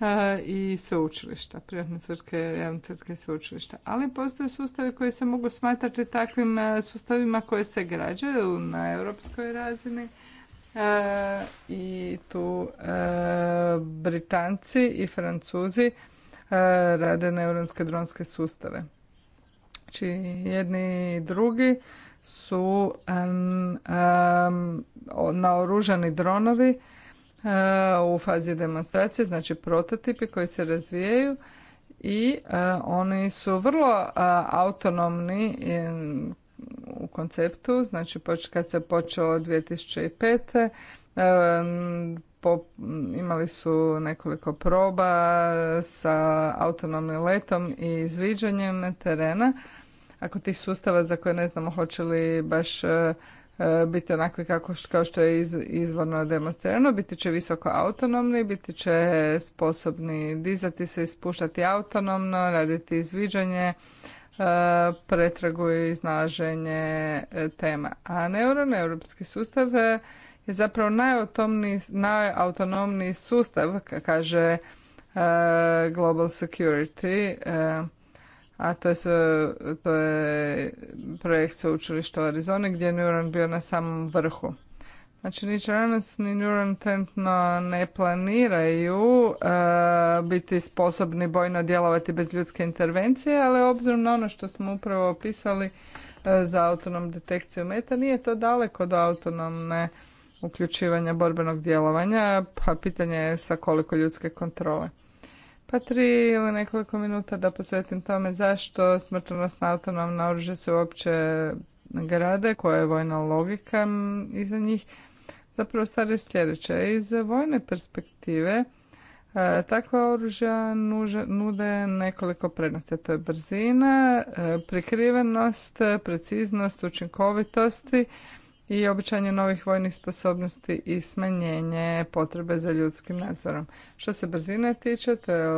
e, i sveučilišta, privatne tvrtke, javne tvrtke i sveučilišta. Ali postoje sustavi koji se mogu smatrati takvim e, sustavima koje se građaju na europskoj razini. E, I tu Britanci i Francuzi rade neuronske dronske sustave. Znači jedni i drugi su um, naoružani dronovi e, u fazi demonstracije, znači prototipi koji se razvijaju i e, oni su vrlo e, autonomni u konceptu, znači kad se počelo 2005 po imali su nekoliko proba sa autonomnim letom i izviđanjem terena. Ako tih sustava za koje ne znamo hoće li baš e, biti onakvi kako, kao što je iz, izvorno demonstrirano, biti će visoko autonomni, biti će sposobni dizati se, i spuštati autonomno, raditi izviđanje, e, pretragu i iznalaženje e, tema. A neuron, europski sustav je zapravo najautonomniji, sustav, kaže e, Global Security, e, a to je, sve, to je projekt sveučilišta u Arizoni gdje je Neuron bio na samom vrhu. Znači ni ni Neuron trenutno ne planiraju e, biti sposobni bojno djelovati bez ljudske intervencije, ali obzirom na ono što smo upravo opisali za autonom detekciju meta, nije to daleko do autonomne uključivanja borbenog djelovanja, pa pitanje je sa koliko ljudske kontrole. Pa tri ili nekoliko minuta da posvetim tome zašto smrtonosna na autonomna oružje se uopće grade, koja je vojna logika iza njih. Zapravo stvar je sljedeća. Iz vojne perspektive e, takva oružja nude nekoliko prednosti. To je brzina, e, prikrivenost, preciznost, učinkovitosti, i običanje novih vojnih sposobnosti i smanjenje potrebe za ljudskim nadzorom. Što se brzine tiče, to je e,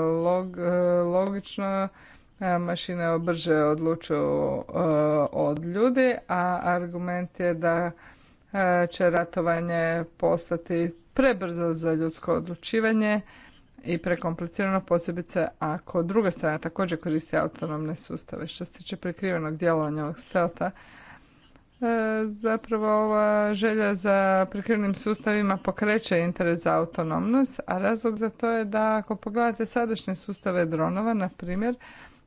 logično e, mašine brže odlučuju e, od ljudi, a argument je da će ratovanje postati prebrzo za ljudsko odlučivanje i prekomplicirano posebice ako druga strana također koristi autonomne sustave. Što se tiče prikrivenog djelovanja ovog stelta, zapravo ova želja za prikrivenim sustavima pokreće interes za autonomnost, a razlog za to je da ako pogledate sadašnje sustave dronova, na primjer,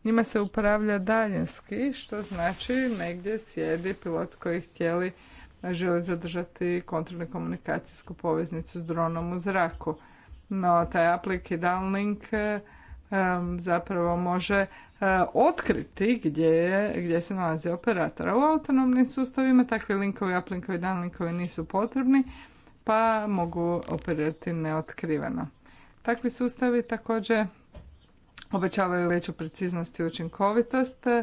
njima se upravlja daljinski, što znači negdje sjedi pilot koji htjeli želi zadržati kontrolnu komunikacijsku poveznicu s dronom u zraku. No, taj aplik i downlink zapravo može E, otkriti gdje, gdje se nalazi operatora. U autonomnim sustavima takvi linkovi, uplinkovi i nisu potrebni pa mogu operirati neotkriveno. Takvi sustavi također obećavaju veću preciznost i učinkovitost, e,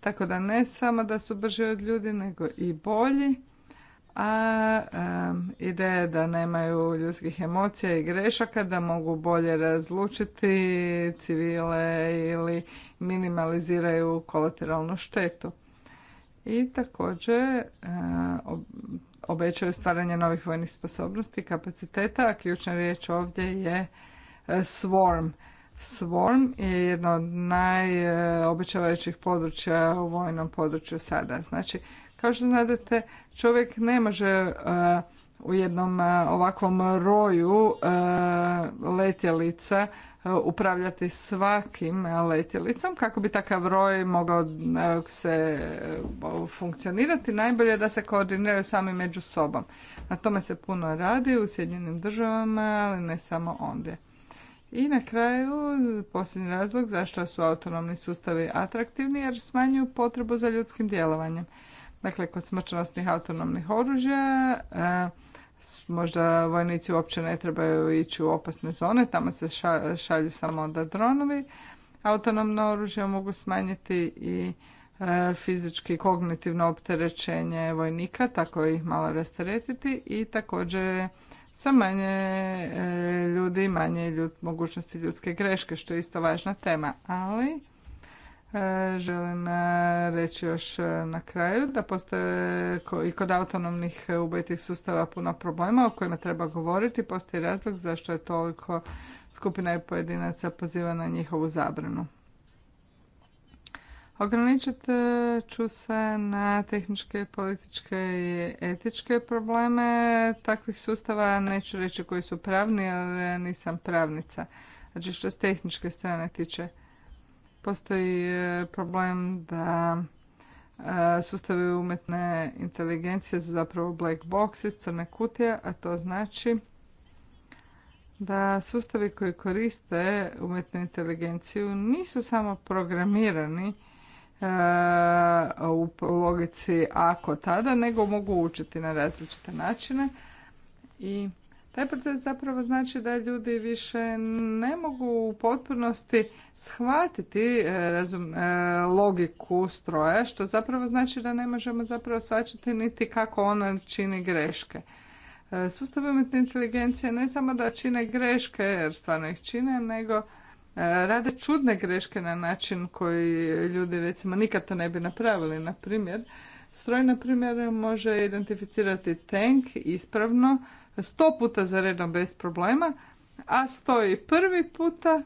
tako da ne samo da su brži od ljudi, nego i bolji a ideja da nemaju ljudskih emocija i grešaka, da mogu bolje razlučiti civile ili minimaliziraju kolateralnu štetu. I također obećaju stvaranje novih vojnih sposobnosti, i kapaciteta, a ključna riječ ovdje je e, swarm. Swarm je jedno od najobećavajućih e, područja u vojnom području sada. Znači, kao što znate, čovjek ne može e, u jednom e, ovakvom roju e, letjelica upravljati svakim letjelicom. Kako bi takav roj mogao se funkcionirati, najbolje je da se koordiniraju sami među sobom. Na tome se puno radi u Sjedinjenim državama, ali ne samo ondje. I na kraju, posljednji razlog zašto su autonomni sustavi atraktivni, jer smanjuju potrebu za ljudskim djelovanjem. Dakle, kod smrtonosnih autonomnih oružja e, možda vojnici uopće ne trebaju ići u opasne zone, tamo se šalju samo onda dronovi. Autonomno oružje mogu smanjiti i e, fizički i kognitivno opterećenje vojnika, tako ih malo rasteretiti i također sa manje e, ljudi, manje mogućnosti ljudske greške, što je isto važna tema. Ali E, želim e, reći još e, na kraju da postoje i kod autonomnih ubojitih sustava puno problema o kojima treba govoriti. Postoji razlog zašto je toliko skupina i pojedinaca poziva na njihovu zabranu. Ograničit ću se na tehničke, političke i etičke probleme takvih sustava. Neću reći koji su pravni, ali nisam pravnica. Znači što se tehničke strane tiče. Postoji e, problem da e, sustavi umjetne inteligencije su zapravo black boxes, crne kutije, a to znači da sustavi koji koriste umjetnu inteligenciju nisu samo programirani e, u logici ako tada, nego mogu učiti na različite načine i taj proces zapravo znači da ljudi više ne mogu u potpunosti shvatiti e, razum, e, logiku stroja, što zapravo znači da ne možemo zapravo shvaćati niti kako ona čini greške. E, sustav umjetne inteligencije ne samo da čine greške, jer stvarno ih čine, nego rade čudne greške na način koji ljudi recimo nikad to ne bi napravili. Na primjer, stroj na primjer može identificirati tank ispravno, sto puta za redom bez problema, a stoji prvi puta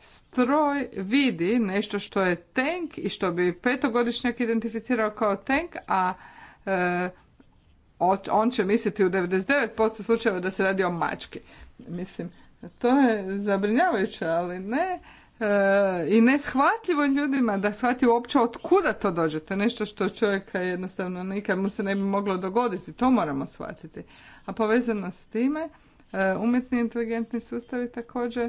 stroj vidi nešto što je tank i što bi petogodišnjak identificirao kao tank, a e, on će misliti u 99% slučajeva da se radi o mački. Mislim, to je zabrinjavajuće, ali ne i neshvatljivo ljudima da shvati uopće od kuda to dođe. To je nešto što čovjeka jednostavno nikad mu se ne bi moglo dogoditi. To moramo shvatiti. A povezano s time, e, umjetni inteligentni sustavi također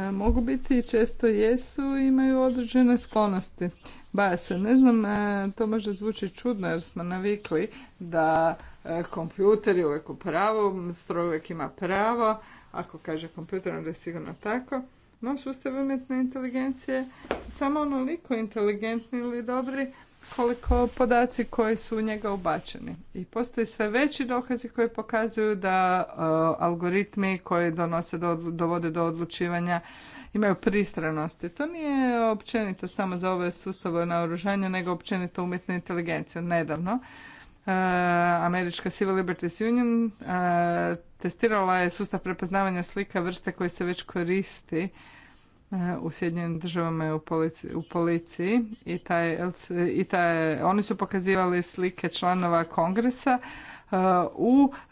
e, mogu biti i često jesu imaju određene sklonosti. Baja se, ne znam, e, to može zvuči čudno jer smo navikli da kompjuter je uvijek u pravu, stroj uvijek ima pravo, ako kaže kompjuter onda je sigurno tako. No, sustav umjetne inteligencije su samo onoliko inteligentni ili dobri koliko podaci koji su u njega ubačeni. I postoji sve veći dokazi koji pokazuju da e, algoritmi koji donose dovode do odlučivanja imaju pristranosti. To nije općenito samo za ove sustave naoružanja, nego općenito umjetne inteligencije. Nedavno e, američka Civil Liberties Union uh, testirala je sustav prepoznavanja slika vrste koji se već koristi e, u Sjedinjenim državama i u, policiji i, taj, i oni su pokazivali slike članova kongresa e,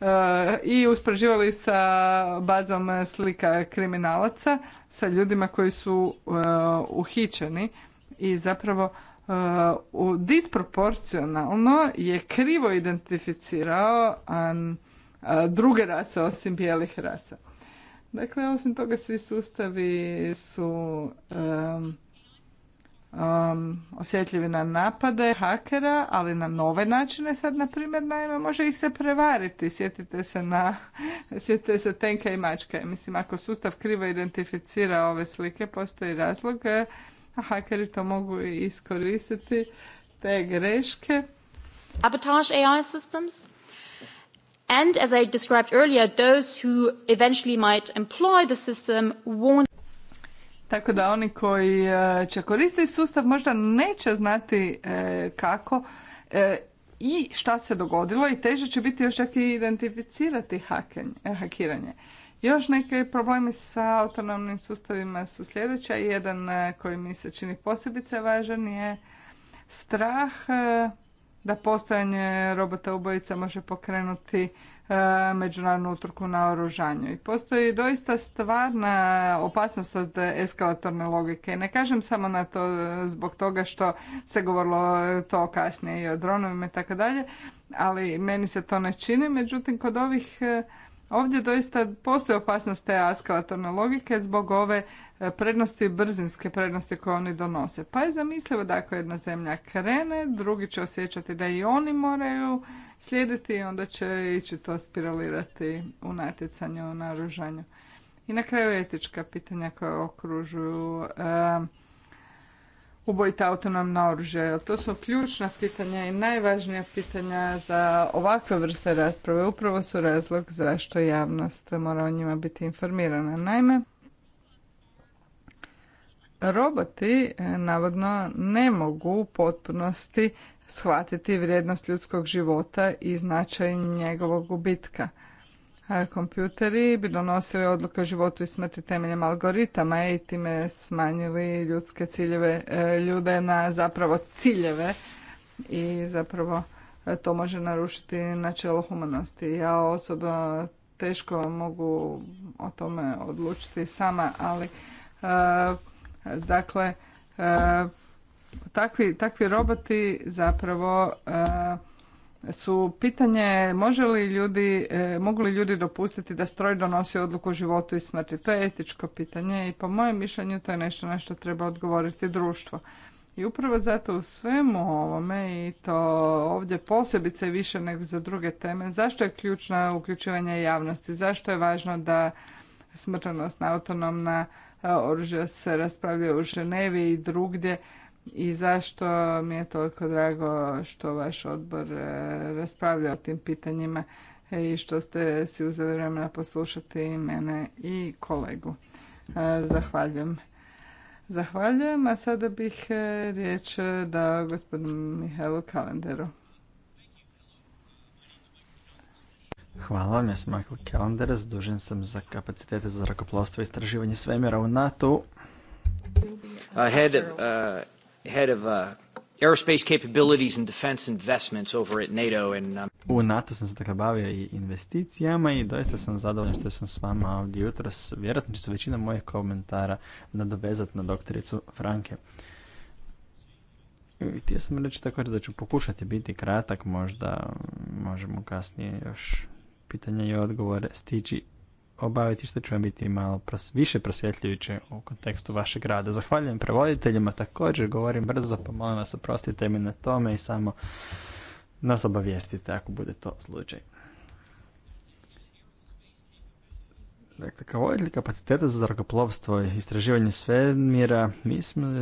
e, i uspraživali sa bazom slika kriminalaca sa ljudima koji su uhićeni i zapravo disproporcionalno je krivo identificirao druge rase osim bijelih rasa. Dakle, osim toga svi sustavi su um, osjetljivi na napade hakera, ali na nove načine sad, na primjer, naime, može ih se prevariti. Sjetite se na, [laughs] sjetite se tenka i mačka. Mislim, ako sustav krivo identificira ove slike, postoji razlog, e, a hakeri to mogu iskoristiti, te greške. Abotage AI systems? and as i described earlier those who eventually might employ the system tako da oni koji e, će koristiti sustav možda neće znati e, kako e, i šta se dogodilo i teže će biti još čak i identificirati hakiranje. Još neki problemi sa autonomnim sustavima su sljedeća. Jedan koji mi se čini posebice važan je strah da postojanje robota ubojica može pokrenuti e, međunarodnu utrku na oružanju. I postoji doista stvarna opasnost od eskalatorne logike. ne kažem samo na to zbog toga što se govorilo to kasnije i o dronovima i tako dalje, ali meni se to ne čini. Međutim, kod ovih e, Ovdje doista postoji opasnost te eskalatorne logike zbog ove prednosti, brzinske prednosti koje oni donose. Pa je zamislivo da ako jedna zemlja krene, drugi će osjećati da i oni moraju slijediti i onda će ići to spiralirati u natjecanju, u naružanju. I na kraju etička pitanja koja okružuju e, ubojita autonomna oružja. To su ključna pitanja i najvažnija pitanja za ovakve vrste rasprave. Upravo su razlog zašto javnost mora o njima biti informirana. Naime, Roboti e, navodno ne mogu u potpunosti shvatiti vrijednost ljudskog života i značaj njegovog gubitka. E, kompjuteri bi donosili odluke o životu i smrti temeljem algoritama i time smanjili ljudske ciljeve, e, ljude na zapravo ciljeve i zapravo to može narušiti načelo humanosti. Ja osobno teško mogu o tome odlučiti sama, ali Dakle, e, takvi, takvi roboti zapravo e, su pitanje može li ljudi, e, mogu li ljudi dopustiti da stroj donosi odluku o životu i smrti. To je etičko pitanje i po mojem mišljenju to je nešto na što treba odgovoriti društvo. I upravo zato u svemu ovome i to ovdje posebice više nego za druge teme, zašto je ključno uključivanje javnosti, zašto je važno da smrtonosna autonomna oružja se raspravlja u Ženevi i drugdje i zašto mi je toliko drago što vaš odbor e, raspravlja o tim pitanjima e, i što ste si uzeli vremena poslušati mene i kolegu. E, zahvaljujem. Zahvaljujem, a sada bih riječ dao gospodinu Mihajlu Kalenderu. Hvala vam, ja sam Michael sam za kapacitete za zrakoplovstvo i istraživanje svemira u NATO. U NATO sam se tako dakle bavio i investicijama i doista sam zadovoljan što sam s vama ovdje jutros. Vjerojatno će se većina mojih komentara nadovezati na doktoricu Franke. Htio sam reći također da ću pokušati biti kratak, možda možemo kasnije još pitanja i odgovore stići obaviti što će vam biti malo više prosvjetljujuće u kontekstu vašeg rada. Zahvaljujem prevoditeljima, također govorim brzo, pa molim vas oprostite mi na tome i samo nas obavijestite ako bude to slučaj. Dakle, kao voditelj kapaciteta za zrakoplovstvo i istraživanje svemira,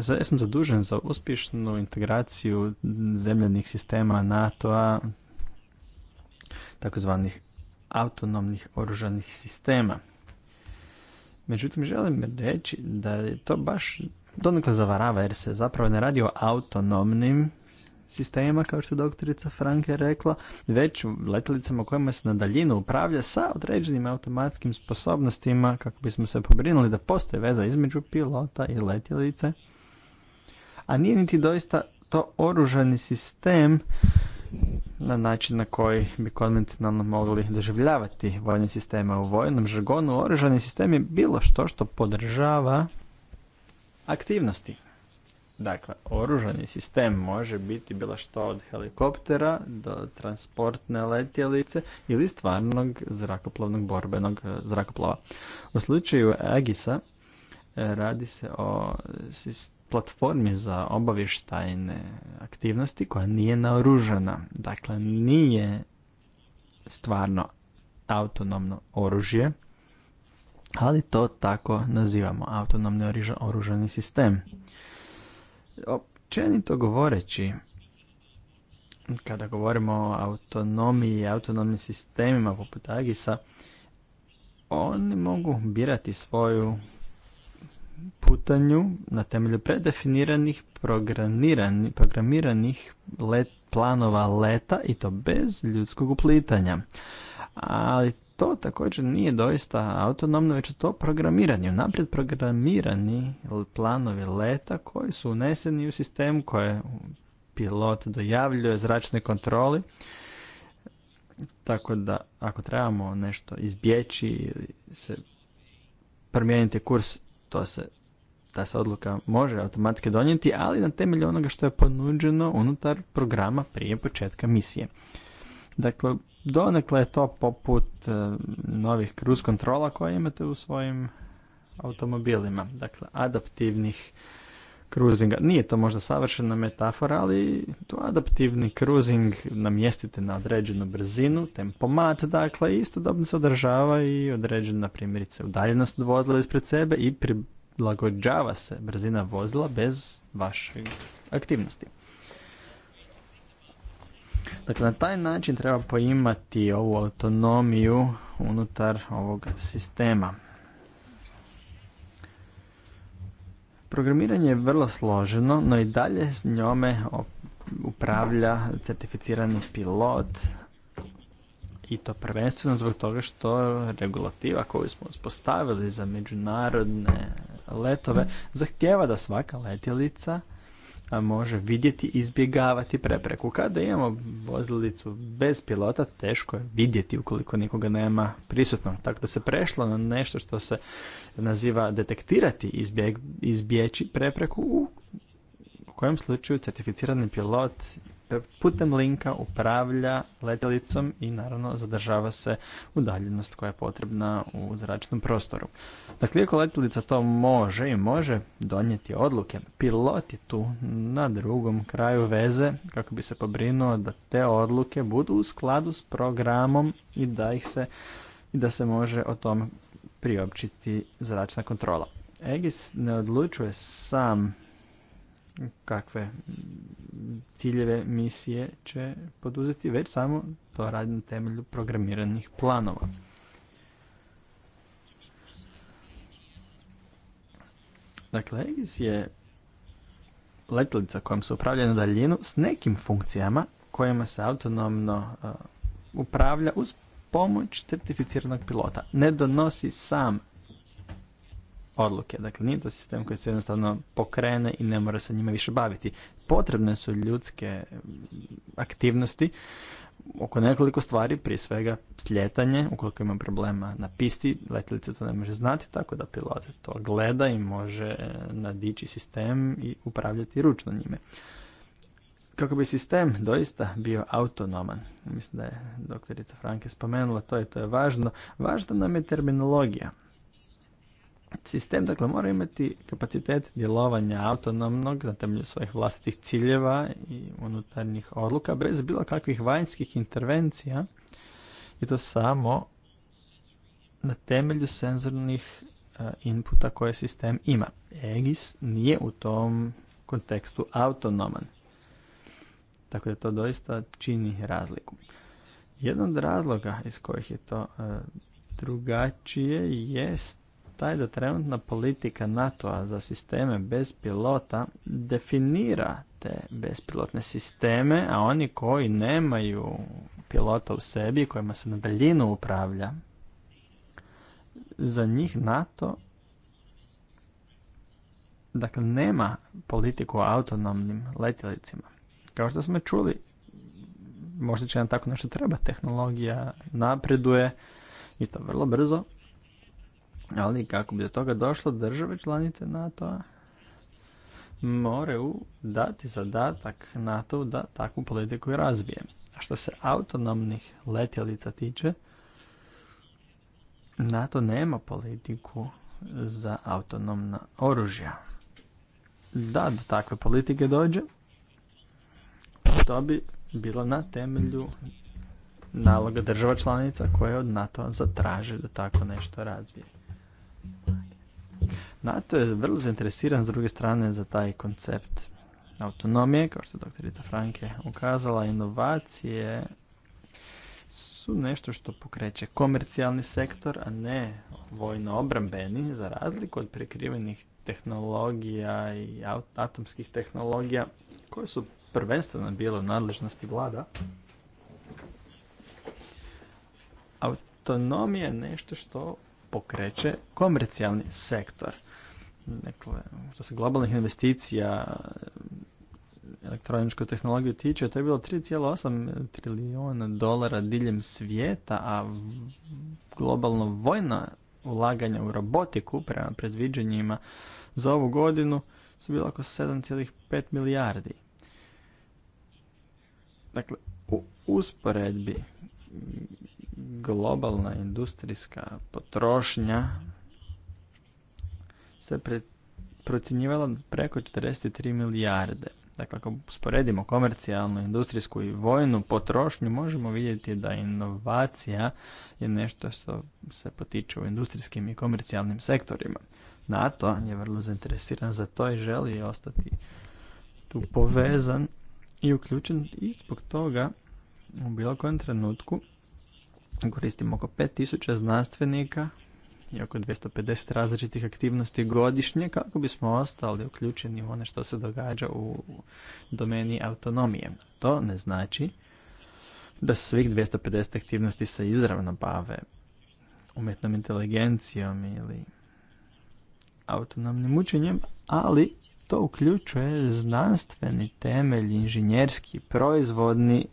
ja sam zadužen za uspješnu integraciju zemljenih sistema NATO-a, takozvanih autonomnih oružanih sistema. Međutim, želim reći da je to baš donekle zavarava jer se zapravo ne radi o autonomnim sistemima, kao što je doktorica Franke rekla, već u letjelicama kojima se na daljinu upravlja sa određenim automatskim sposobnostima kako bismo se pobrinuli da postoje veza između pilota i letjelice. A nije niti doista to oružani sistem na način na koji bi konvencionalno mogli doživljavati vojne sisteme u vojnom žargonu. Oružani sistem je bilo što što podržava aktivnosti. Dakle, oružani sistem može biti bilo što od helikoptera do transportne letjelice ili stvarnog zrakoplovnog borbenog e, zrakoplova. U slučaju Agisa e, radi se o sistemu platformi za obavještajne aktivnosti koja nije naoružana. Dakle, nije stvarno autonomno oružje, ali to tako nazivamo, autonomni oružani sistem. Općenito govoreći, kada govorimo o autonomiji i autonomnim sistemima poput Agisa, oni mogu birati svoju putanju na temelju predefiniranih programiranih let, planova leta i to bez ljudskog uplitanja. Ali to također nije doista autonomno, već je to programiranje, Naprijed programirani planovi leta koji su uneseni u sistem koje pilot dojavljuje zračne kontroli. Tako da ako trebamo nešto izbjeći ili se promijeniti kurs to se, ta se odluka može automatski donijeti, ali na temelju onoga što je ponuđeno unutar programa prije početka misije. Dakle, donekle je to poput e, novih cruise kontrola koje imate u svojim automobilima, dakle adaptivnih kruzinga. Nije to možda savršena metafora, ali to adaptivni kruzing namjestite na određenu brzinu, tempomat, dakle, istodobno se održava i određena primjerice udaljenost od vozila ispred sebe i prilagođava se brzina vozila bez vaše aktivnosti. Dakle, na taj način treba poimati ovu autonomiju unutar ovog sistema. Programiranje je vrlo složeno, no i dalje s njome upravlja certificirani pilot i to prvenstveno zbog toga što regulativa koju smo uspostavili za međunarodne letove zahtjeva da svaka letjelica može vidjeti i izbjegavati prepreku. Kada imamo vozilicu bez pilota, teško je vidjeti ukoliko nikoga nema prisutno. Tako da se prešlo na nešto što se naziva detektirati izbjeći prepreku u kojem slučaju certificirani pilot putem linka upravlja letjelicom i naravno zadržava se udaljenost koja je potrebna u zračnom prostoru. Dakle, ako letjelica to može i može donijeti odluke, pilot je tu na drugom kraju veze kako bi se pobrinuo da te odluke budu u skladu s programom i da ih se i da se može o tom priopćiti zračna kontrola. Egis ne odlučuje sam kakve ciljeve misije će poduzeti, već samo to radi na temelju programiranih planova. Dakle, Aegis je letelica kojom se upravlja na daljinu s nekim funkcijama kojima se autonomno uh, upravlja uz pomoć certificiranog pilota. Ne donosi sam odluke. Dakle, nije to sistem koji se jednostavno pokrene i ne mora se njima više baviti. Potrebne su ljudske mm, aktivnosti oko nekoliko stvari, prije svega sljetanje, ukoliko ima problema na pisti, to ne može znati, tako da pilot to gleda i može e, nadići sistem i upravljati ručno njime. Kako bi sistem doista bio autonoman, mislim da je doktorica Franke spomenula to i to je važno, važna nam je terminologija. Sistem dakle mora imati kapacitet djelovanja autonomnog na temelju svojih vlastitih ciljeva i unutarnjih odluka bez bilo kakvih vanjskih intervencija i to samo na temelju senzornih e, inputa koje sistem ima. EGIS nije u tom kontekstu autonoman. Tako da to doista čini razliku. Jedan od razloga iz kojih je to e, drugačije jest taj da trenutna politika NATO-a za sisteme bez pilota definira te bespilotne sisteme, a oni koji nemaju pilota u sebi, kojima se na daljinu upravlja, za njih NATO dakle nema politiku o autonomnim letjelicima. Kao što smo čuli, možda će nam tako nešto treba, tehnologija napreduje i to vrlo brzo. Ali kako bi do toga došlo, države članice NATO-a moraju dati zadatak NATO-u da takvu politiku i razvije. A što se autonomnih letjelica tiče, NATO nema politiku za autonomna oružja. Da, do takve politike dođe, to bi bilo na temelju naloga država članica koje od NATO zatraže da tako nešto razvije. NATO je vrlo zainteresiran s druge strane za taj koncept autonomije, kao što je doktorica Franke ukazala, inovacije su nešto što pokreće komercijalni sektor, a ne vojno-obrambeni, za razliku od prekrivenih tehnologija i atomskih tehnologija, koje su prvenstveno bile u nadležnosti vlada. Autonomija je nešto što pokreće komercijalni sektor. Dakle, što se globalnih investicija elektroničku tehnologiju tiče, to je bilo 3,8 trilijona dolara diljem svijeta, a globalno vojna ulaganja u robotiku prema predviđanjima za ovu godinu su bila oko 7,5 milijardi. Dakle, u usporedbi globalna industrijska potrošnja se procjenjivala preko 43 milijarde. Dakle, ako usporedimo komercijalnu, industrijsku i vojnu potrošnju, možemo vidjeti da inovacija je nešto što se potiče u industrijskim i komercijalnim sektorima. NATO je vrlo zainteresiran za to i želi ostati tu povezan i uključen i zbog toga u bilo kojem trenutku Koristimo oko 5000 znanstvenika i oko 250 različitih aktivnosti godišnje kako bismo ostali uključeni u one što se događa u domeni autonomije. To ne znači da svih 250 aktivnosti se izravno bave umjetnom inteligencijom ili autonomnim učenjem, ali to uključuje znanstveni temelj, inženjerski, proizvodni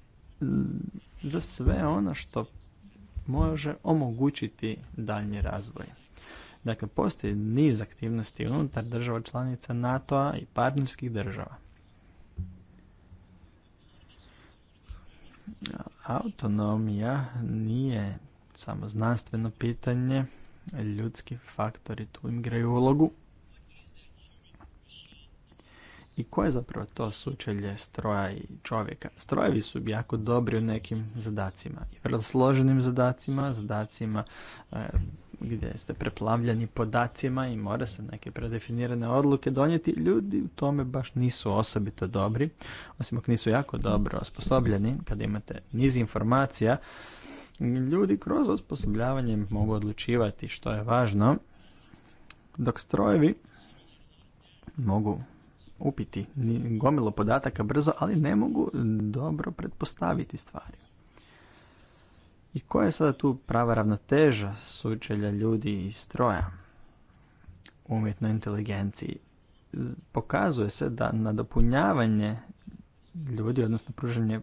za sve ono što može omogućiti daljnji razvoj. Dakle, postoji niz aktivnosti unutar država članica NATO-a i partnerskih država. Autonomija nije samo znanstveno pitanje, ljudski faktori tu igraju ulogu i koje je zapravo to sučelje stroja i čovjeka. Strojevi su jako dobri u nekim zadacima i vrlo složenim zadacima, zadacima eh, gdje ste preplavljeni podacima i mora se neke predefinirane odluke donijeti. Ljudi u tome baš nisu osobito dobri, osim ako nisu jako dobro osposobljeni, kada imate niz informacija, ljudi kroz osposobljavanje mogu odlučivati što je važno, dok strojevi mogu upiti gomilo podataka brzo, ali ne mogu dobro pretpostaviti stvari. I koja je sada tu prava ravnoteža sučelja ljudi i stroja u umjetnoj inteligenciji? Pokazuje se da nadopunjavanje ljudi, odnosno pružanje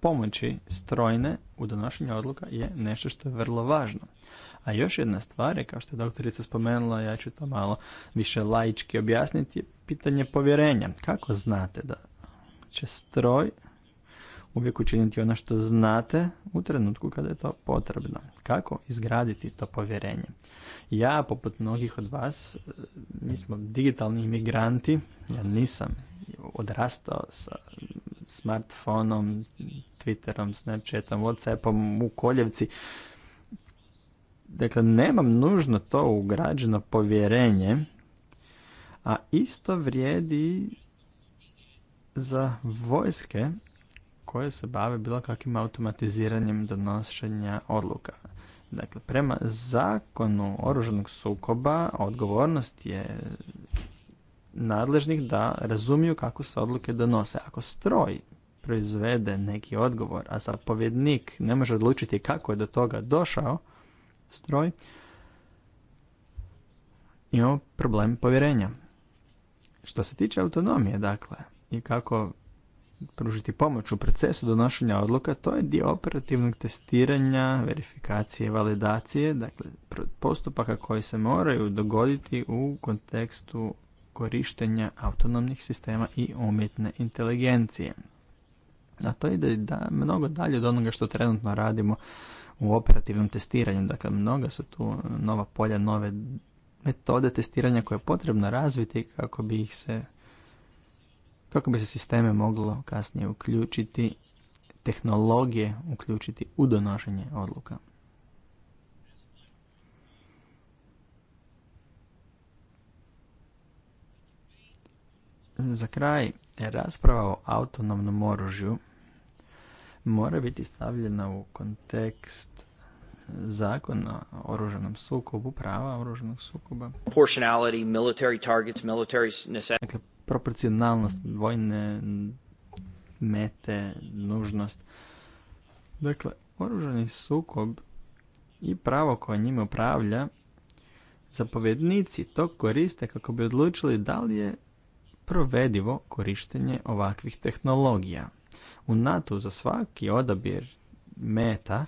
pomoći strojne u donošenju odluka je nešto što je vrlo važno. A još jedna stvar je, kao što je doktorica spomenula, ja ću to malo više laički objasniti, je pitanje povjerenja. Kako znate da će stroj uvijek učiniti ono što znate u trenutku kada je to potrebno. Kako izgraditi to povjerenje? Ja, poput mnogih od vas, mi smo digitalni imigranti, ja nisam odrastao sa smartfonom, Twitterom, Snapchatom, Whatsappom u koljevci. Dakle, nemam nužno to ugrađeno povjerenje, a isto vrijedi za vojske koje se bave bilo kakvim automatiziranjem donošenja odluka. Dakle, prema zakonu oružanog sukoba odgovornost je nadležnih da razumiju kako se odluke donose. Ako stroj proizvede neki odgovor, a zapovjednik ne može odlučiti kako je do toga došao, stroj, imamo problem povjerenja. Što se tiče autonomije, dakle, i kako pružiti pomoć u procesu donošenja odluka, to je dio operativnog testiranja, verifikacije, validacije, dakle postupaka koji se moraju dogoditi u kontekstu korištenja autonomnih sistema i umjetne inteligencije. A to ide da, mnogo dalje od onoga što trenutno radimo u operativnom testiranju. Dakle, mnoga su tu nova polja, nove metode testiranja koje je potrebno razviti kako bi ih se kako bi se sisteme moglo kasnije uključiti, tehnologije uključiti u donošenje odluka. Za kraj, rasprava o autonomnom oružju mora biti stavljena u kontekst zakona o oruženom sukobu, prava oruženog sukoba. Proportionality, military targets, military Dakle, proporcionalnost, vojne mete, nužnost. Dakle, oružani sukob i pravo koje njima upravlja, zapovjednici to koriste kako bi odlučili da li je provedivo korištenje ovakvih tehnologija. U NATO za svaki odabir meta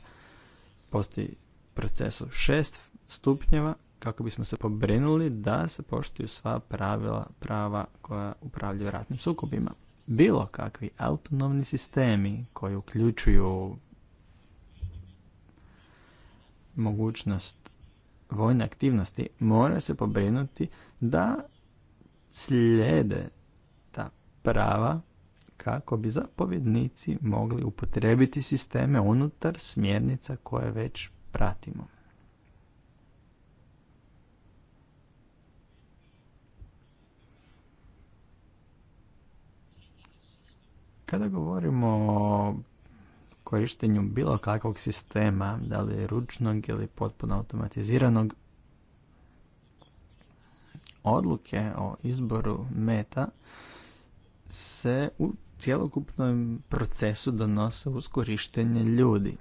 postoji proces od šest stupnjeva kako bismo se pobrinuli da se poštuju sva pravila prava koja upravljaju ratnim sukobima. Bilo kakvi autonomni sistemi koji uključuju mogućnost vojne aktivnosti mora se pobrinuti da slijede ta prava kako bi zapovjednici mogli upotrebiti sisteme unutar smjernica koje već pratimo. Kada govorimo o korištenju bilo kakvog sistema, da li ručnog ili potpuno automatiziranog, odluke o izboru meta se u cjelokupnom procesu donose uz korištenje ljudi.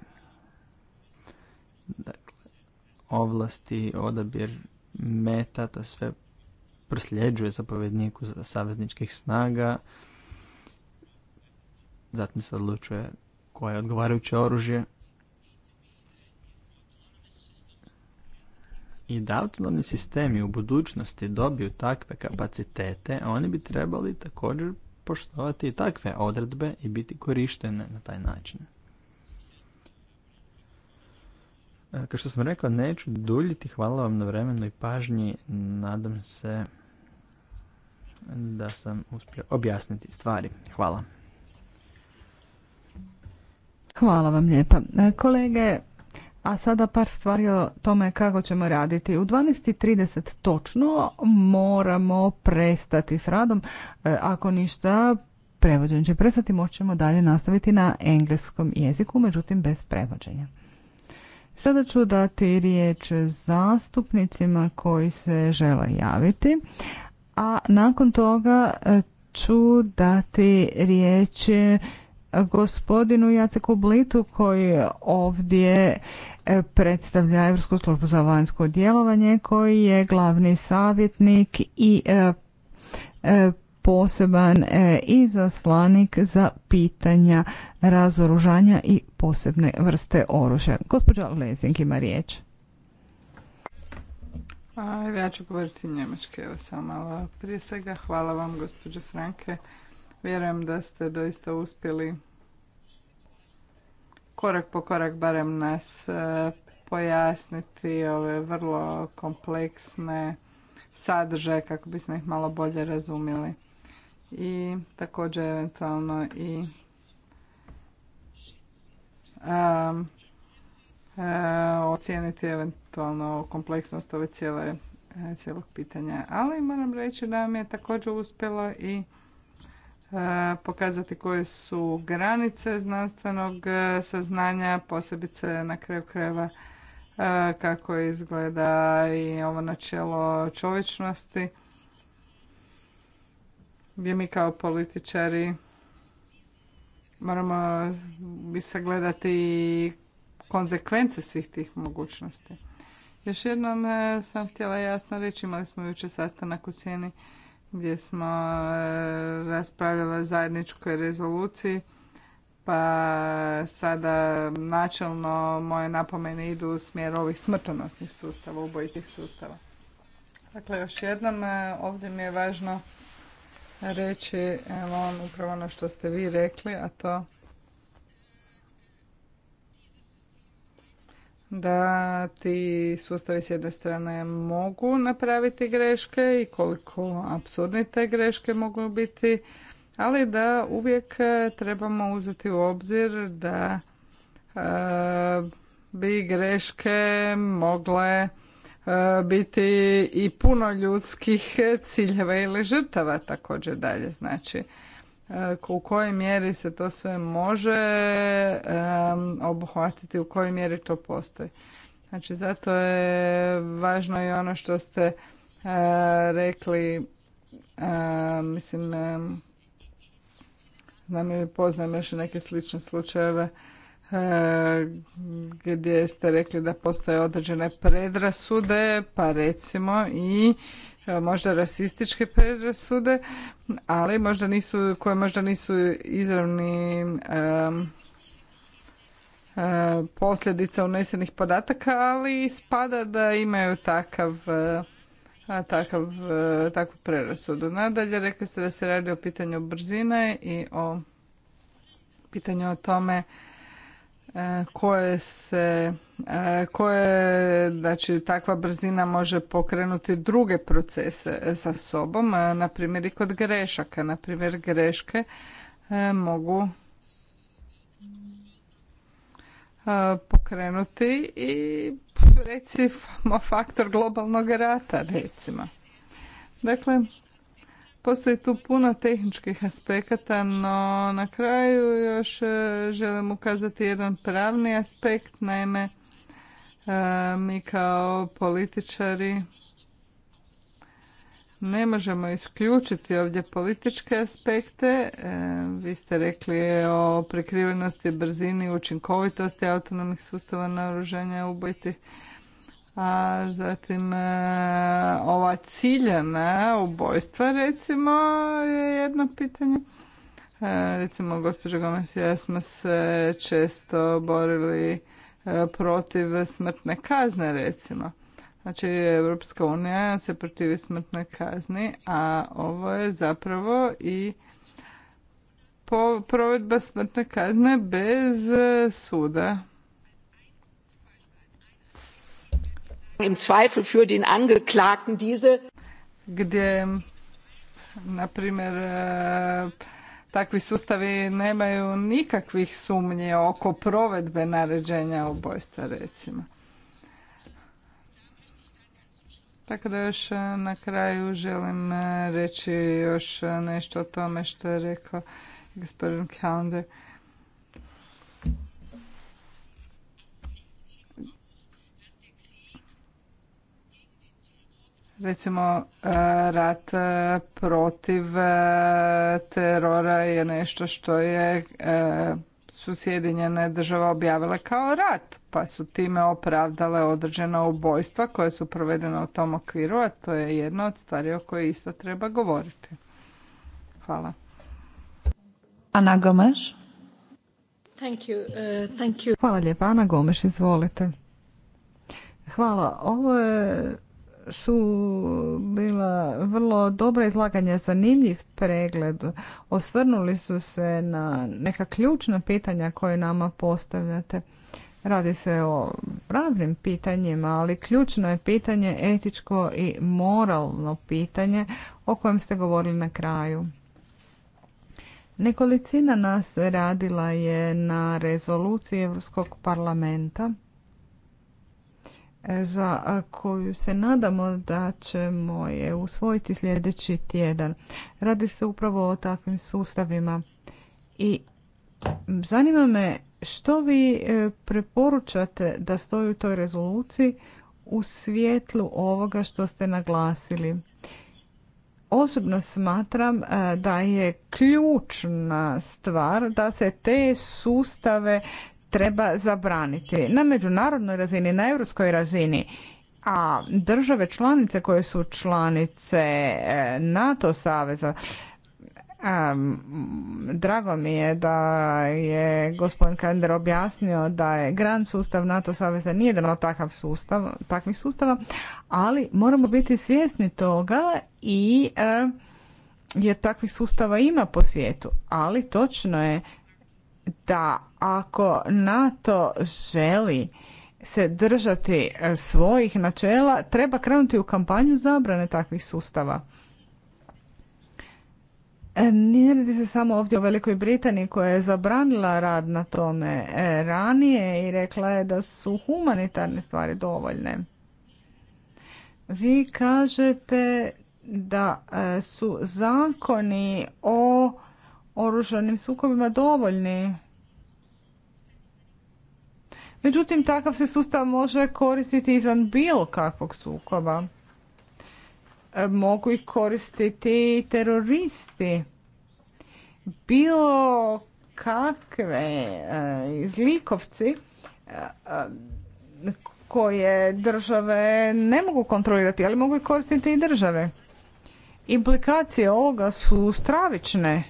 Dakle, ovlasti, odabir meta, to sve prosljeđuje zapovjedniku savezničkih snaga. Zatim se odlučuje koje odgovarajuće oružje. I da autonomni sistemi u budućnosti dobiju takve kapacitete, oni bi trebali također poštovati takve odredbe i biti korištene na taj način. E, kao što sam rekao, neću duljiti. Hvala vam na vremenu i pažnji. Nadam se da sam uspio objasniti stvari. Hvala. Hvala vam lijepa. E, kolege, a sada par stvari o tome kako ćemo raditi. U 12.30 točno moramo prestati s radom. E, ako ništa, prevođenje će prestati, moćemo dalje nastaviti na engleskom jeziku, međutim bez prevođenja. Sada ću dati riječ zastupnicima koji se žele javiti, a nakon toga e, ću dati riječ gospodinu Jaceku Blitu koji ovdje e, predstavlja Europsku službu za vanjsko djelovanje koji je glavni savjetnik i e, e, poseban izaslanik za pitanja razoružanja i posebne vrste oružja. Gospođa Lezing ima riječ. ja ću govoriti njemački, evo samo Prije svega hvala vam, gospođo Franke, Vjerujem da ste doista uspjeli korak po korak barem nas e, pojasniti ove vrlo kompleksne sadržaje kako bismo ih malo bolje razumjeli. I također eventualno i e, ocijeniti eventualno kompleksnost ove cijele e, cijelog pitanja. Ali moram reći da vam je također uspjelo i E, pokazati koje su granice znanstvenog e, saznanja, posebice na kraju krajeva e, kako izgleda i ovo načelo čovječnosti gdje mi kao političari moramo bi sagledati konzekvence svih tih mogućnosti. Još jednom sam htjela jasno reći, imali smo jučer sastanak u sjeni gdje smo e, raspravljali o zajedničkoj rezoluciji pa sada načelno moje napomene idu u smjeru ovih smrtonosnih sustava, ubojitih sustava. Dakle, još jednom, e, ovdje mi je važno reći, evo, upravo ono što ste vi rekli, a to da ti sustavi s jedne strane mogu napraviti greške i koliko apsurdne te greške mogu biti, ali da uvijek trebamo uzeti u obzir da e, bi greške mogle e, biti i puno ljudskih ciljeva ili žrtava također dalje. Znači, u kojoj mjeri se to sve može obuhvatiti, u kojoj mjeri to postoji. Znači, zato je važno i ono što ste eh, rekli, eh, mislim, nam i poznam još neke slične slučajeve eh, gdje ste rekli da postoje određene predrasude, pa recimo i možda rasističke predrasude, ali možda nisu, koje možda nisu izravni posljedica unesenih podataka, ali ispada da imaju takav takav, takvu prerasudu. Nadalje, rekli ste da se radi o pitanju brzine i o pitanju o tome E, koje se e, koje znači takva brzina može pokrenuti druge procese e, sa sobom na primjer i kod grešaka na primjer greške mogu pokrenuti i recimo faktor globalnog rata recimo dakle Postoji tu puno tehničkih aspekata, no na kraju još e, želim ukazati jedan pravni aspekt, naime e, mi kao političari ne možemo isključiti ovdje političke aspekte. E, vi ste rekli o prekrivenosti, brzini, učinkovitosti autonomnih sustava naoružanja ubojitih a zatim e, ova ciljena ubojstva recimo je jedno pitanje. E, recimo, gospođa Gomes ja smo se često borili e, protiv smrtne kazne, recimo. Znači, Europska unija se protivi smrtne kazni, a ovo je zapravo i provedba smrtne kazne bez suda. im Zweifel für den Angeklagten diese gdje na primjer e, takvi sustavi nemaju nikakvih sumnji oko provedbe naređenja ubojstva recimo. Tako da još e, na kraju želim e, reći još nešto o tome što je rekao gospodin Calendar. Recimo, e, rat e, protiv e, terora je nešto što je su Sjedinjene države objavile kao rat, pa su time opravdale određena ubojstva koje su provedena u tom okviru, a to je jedna od stvari o kojoj isto treba govoriti. Hvala. Ana Gomes. Thank you. Uh, thank you. Hvala lijepa. Ana Gomes, izvolite. Hvala. Ovo je su bila vrlo dobra izlaganja, zanimljiv pregled. Osvrnuli su se na neka ključna pitanja koje nama postavljate. Radi se o pravnim pitanjima, ali ključno je pitanje etičko i moralno pitanje o kojem ste govorili na kraju. Nekolicina nas radila je na rezoluciji Europskog parlamenta za koju se nadamo da ćemo je usvojiti sljedeći tjedan. Radi se upravo o takvim sustavima. I zanima me što vi e, preporučate da stoji u toj rezoluciji u svjetlu ovoga što ste naglasili. Osobno smatram e, da je ključna stvar da se te sustave treba zabraniti na međunarodnoj razini, na europskoj razini, a države članice koje su članice e, NATO saveza Drago mi je da je gospodin Kander objasnio da je gran sustav NATO saveza nije jedan od takav sustav, takvih sustava, ali moramo biti svjesni toga i e, jer takvih sustava ima po svijetu. Ali točno je da ako NATO želi se držati e, svojih načela, treba krenuti u kampanju zabrane takvih sustava. Nije radi se samo ovdje o Velikoj Britaniji koja je zabranila rad na tome e, ranije i rekla je da su humanitarne stvari dovoljne. Vi kažete da e, su zakoni o oružanim sukobima dovoljni. Međutim, takav se sustav može koristiti izvan bilo kakvog sukoba. E, mogu ih koristiti teroristi. Bilo kakve e, zlikovci e, koje države ne mogu kontrolirati, ali mogu ih koristiti i države. Implikacije ovoga su stravične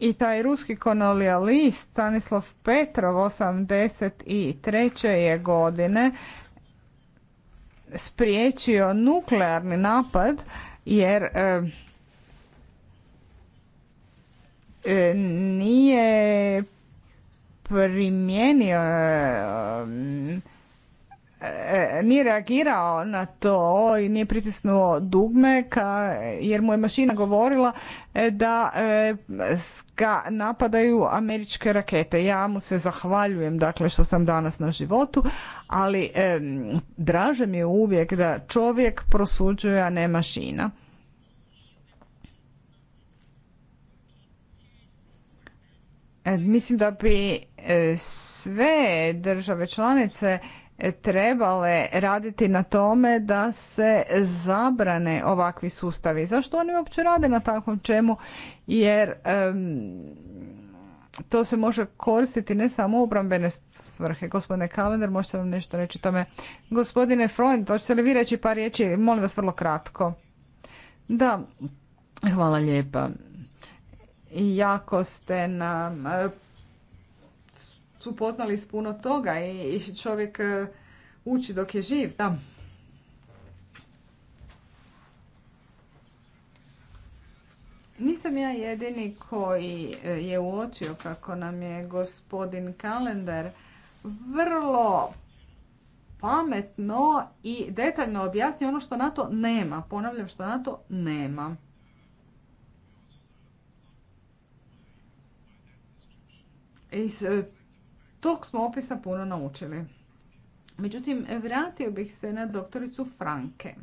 i taj ruski konolijalist Stanislav Petrov 83. je godine spriječio nuklearni napad jer e, e, nije primijenio e, nije reagirao na to i nije pritisnuo dugme ka, jer mu je mašina govorila da e, ga napadaju američke rakete. Ja mu se zahvaljujem dakle što sam danas na životu, ali e, draže mi je uvijek da čovjek prosuđuje, a ne mašina. E, mislim da bi e, sve države članice trebale raditi na tome da se zabrane ovakvi sustavi. Zašto oni uopće rade na takvom čemu? Jer to se može koristiti ne samo u obrambene svrhe. Gospodine Kalender, možete vam nešto reći o tome. Gospodine Freund, hoćete li vi reći par riječi? Molim vas vrlo kratko. Da, hvala lijepa. Jako ste nam su poznali s puno toga i čovjek e, uči dok je živ, da. Nisam ja jedini koji e, je uočio kako nam je gospodin Kalender vrlo pametno i detaljno objasnio ono što na to nema. Ponavljam što na to nema. I Tog smo opisa puno naučili. Međutim, vratio bih se na doktoricu Franke.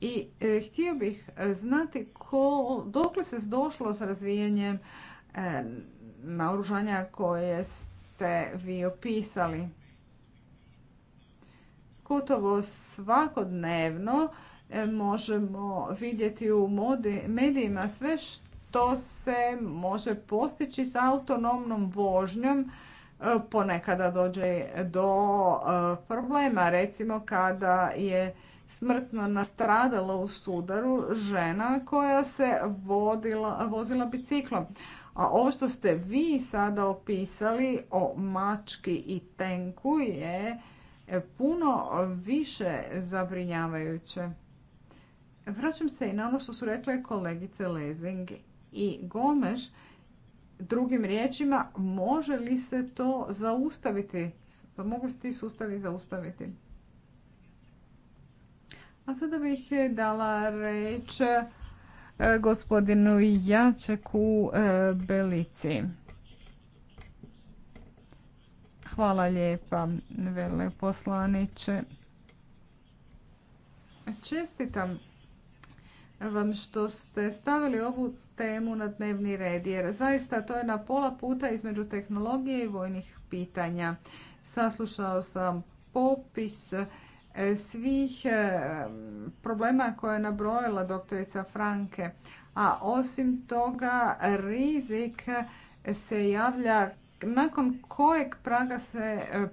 I e, htio bih e, znati ko, dokle se došlo s razvijanjem e, naoružanja koje ste vi opisali. Gotovo svakodnevno možemo vidjeti u medijima sve što to se može postići s autonomnom vožnjom e, ponekada dođe do e, problema. Recimo kada je smrtno nastradala u sudaru žena koja se vozila biciklom. A ovo što ste vi sada opisali o mački i tenku je puno više zabrinjavajuće. Vraćam se i na ono što su rekle kolegice Lezing i Gomeš, drugim riječima, može li se to zaustaviti? Mogu se ti sustavi zaustaviti? A sada bih eh, dala reč eh, gospodinu Jačeku eh, Belici. Hvala lijepa, veleposlaniče. Čestitam vam što ste stavili ovu temu na dnevni red, jer zaista to je na pola puta između tehnologije i vojnih pitanja. Saslušao sam popis e, svih e, problema koje je nabrojila doktorica Franke, a osim toga rizik se javlja nakon kojeg praga se e,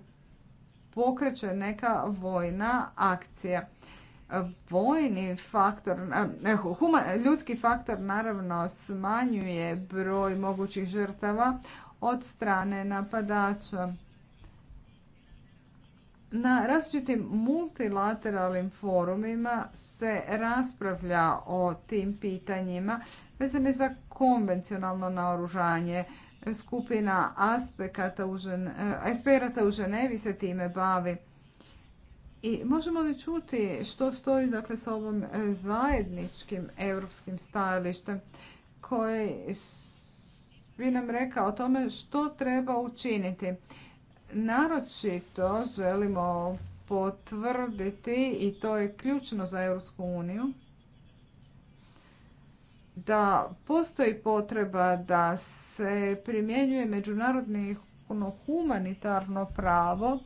pokreće neka vojna akcija vojni faktor, eh, ljudski faktor naravno smanjuje broj mogućih žrtava od strane napadača. Na različitim multilateralnim forumima se raspravlja o tim pitanjima vezane za konvencionalno naoružanje. Skupina aspekata eh, eksperata u Ženevi se time bavi. I možemo li čuti što stoji dakle, sa ovom e, zajedničkim europskim stajalištem koje bi nam rekao o tome što treba učiniti. Naročito želimo potvrditi i to je ključno za Europsku uniju da postoji potreba da se primjenjuje međunarodno humanitarno pravo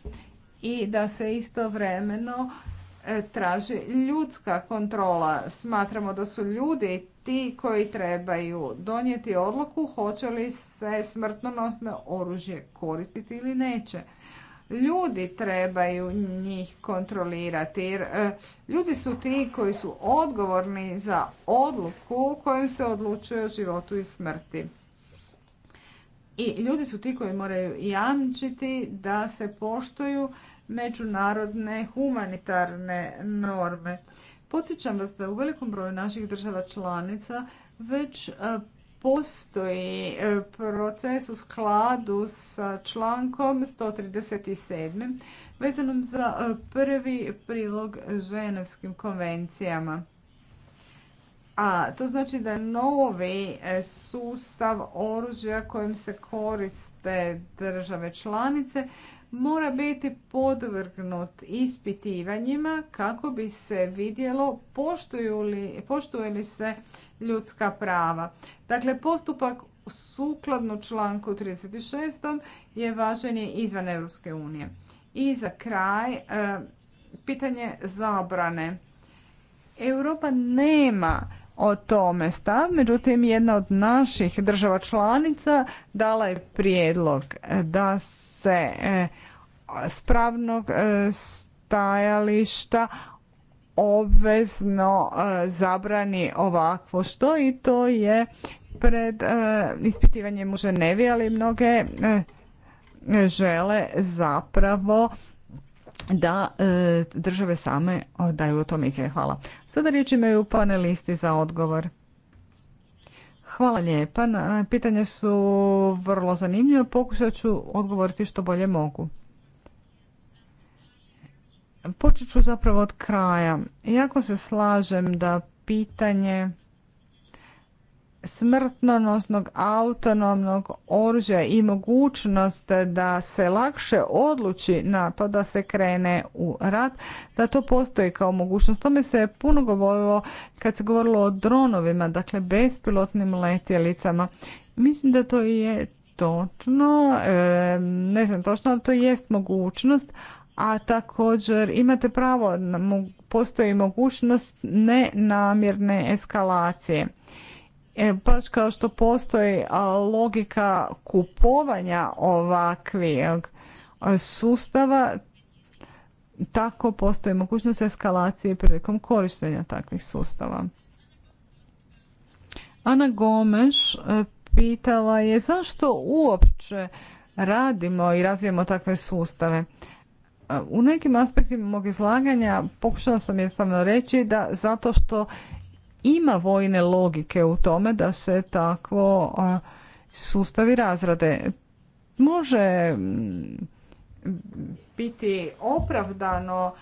i da se istovremeno e, traži ljudska kontrola. Smatramo da su ljudi ti koji trebaju donijeti odluku hoće li se smrtonosno oružje koristiti ili neće. Ljudi trebaju njih kontrolirati jer e, ljudi su ti koji su odgovorni za odluku kojom se odlučuje o životu i smrti. I ljudi su ti koji moraju jamčiti da se poštuju međunarodne humanitarne norme. Potičam vas da u velikom broju naših država članica već e, postoji e, proces u skladu sa člankom 137. vezanom za e, prvi prilog ženevskim konvencijama. A to znači da novi sustav oružja kojim se koriste države članice mora biti podvrgnut ispitivanjima kako bi se vidjelo poštuju li, se ljudska prava. Dakle, postupak sukladno članku 36. je važan je izvan Europske unije. I za kraj, e, pitanje zabrane. Europa nema o tome stav, međutim jedna od naših država članica dala je prijedlog da se se e, spravnog e, stajališta obvezno e, zabrani ovakvo što i to je pred ispitivanjem u Ženevi, ali mnoge žele zapravo da države same daju o tome izjave. Hvala. Sada riječ imaju panelisti za odgovor. Hvala lijepa. Pitanje su vrlo zanimljive. Pokušat ću odgovoriti što bolje mogu. Počet ću zapravo od kraja. Jako se slažem da pitanje smrtnonosnog autonomnog oružja i mogućnost da se lakše odluči na to da se krene u rat, da to postoji kao mogućnost. Tome se je puno govorilo kad se govorilo o dronovima, dakle bespilotnim letjelicama. Mislim da to je točno, ne znam točno, ali to jest mogućnost, a također imate pravo, postoji mogućnost nenamjerne eskalacije. E, baš kao što postoji logika kupovanja ovakvih e, sustava, tako postoji mogućnost eskalacije prilikom korištenja takvih sustava. Ana Gomes e, pitala je zašto uopće radimo i razvijemo takve sustave. U nekim aspektima mog izlaganja pokušala sam jednostavno reći da zato što ima vojne logike u tome da se takvo sustavi razrade. Može biti opravdano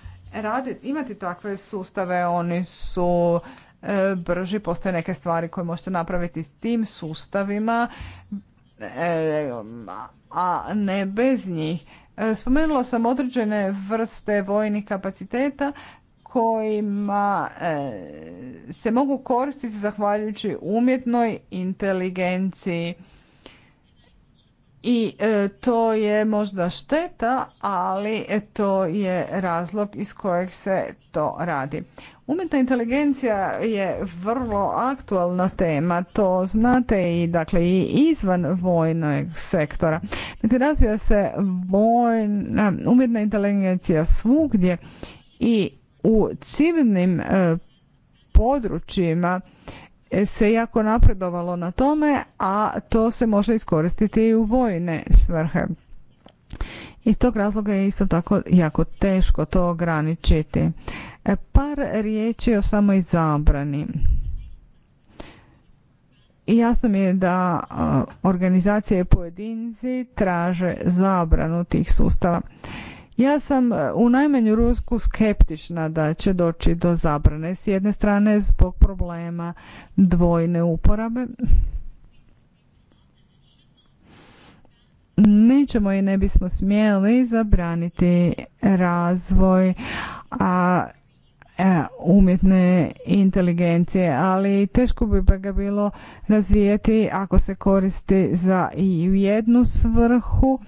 imati takve sustave, oni su e, brži, postoje neke stvari koje možete napraviti s tim sustavima, e, a ne bez njih. E, spomenula sam određene vrste vojnih kapaciteta kojima e, se mogu koristiti zahvaljujući umjetnoj inteligenciji. I e, to je možda šteta, ali e, to je razlog iz kojeg se to radi. Umjetna inteligencija je vrlo aktualna tema, to znate i dakle i izvan vojnog sektora. Dakle, razvija se umjetna inteligencija svugdje i u civilnim e, područjima e, se jako napredovalo na tome, a to se može iskoristiti i u vojne svrhe. Iz tog razloga je isto tako jako teško to ograničiti. E, par riječi o samoj zabrani. I jasno mi je da organizacije pojedinci traže zabranu tih sustava. Ja sam e, u najmanju rusku skeptična da će doći do zabrane. S jedne strane zbog problema dvojne uporabe. Nećemo i ne bismo smjeli zabraniti razvoj a, e, umjetne inteligencije, ali teško bi ga bilo razvijeti ako se koristi za i u jednu svrhu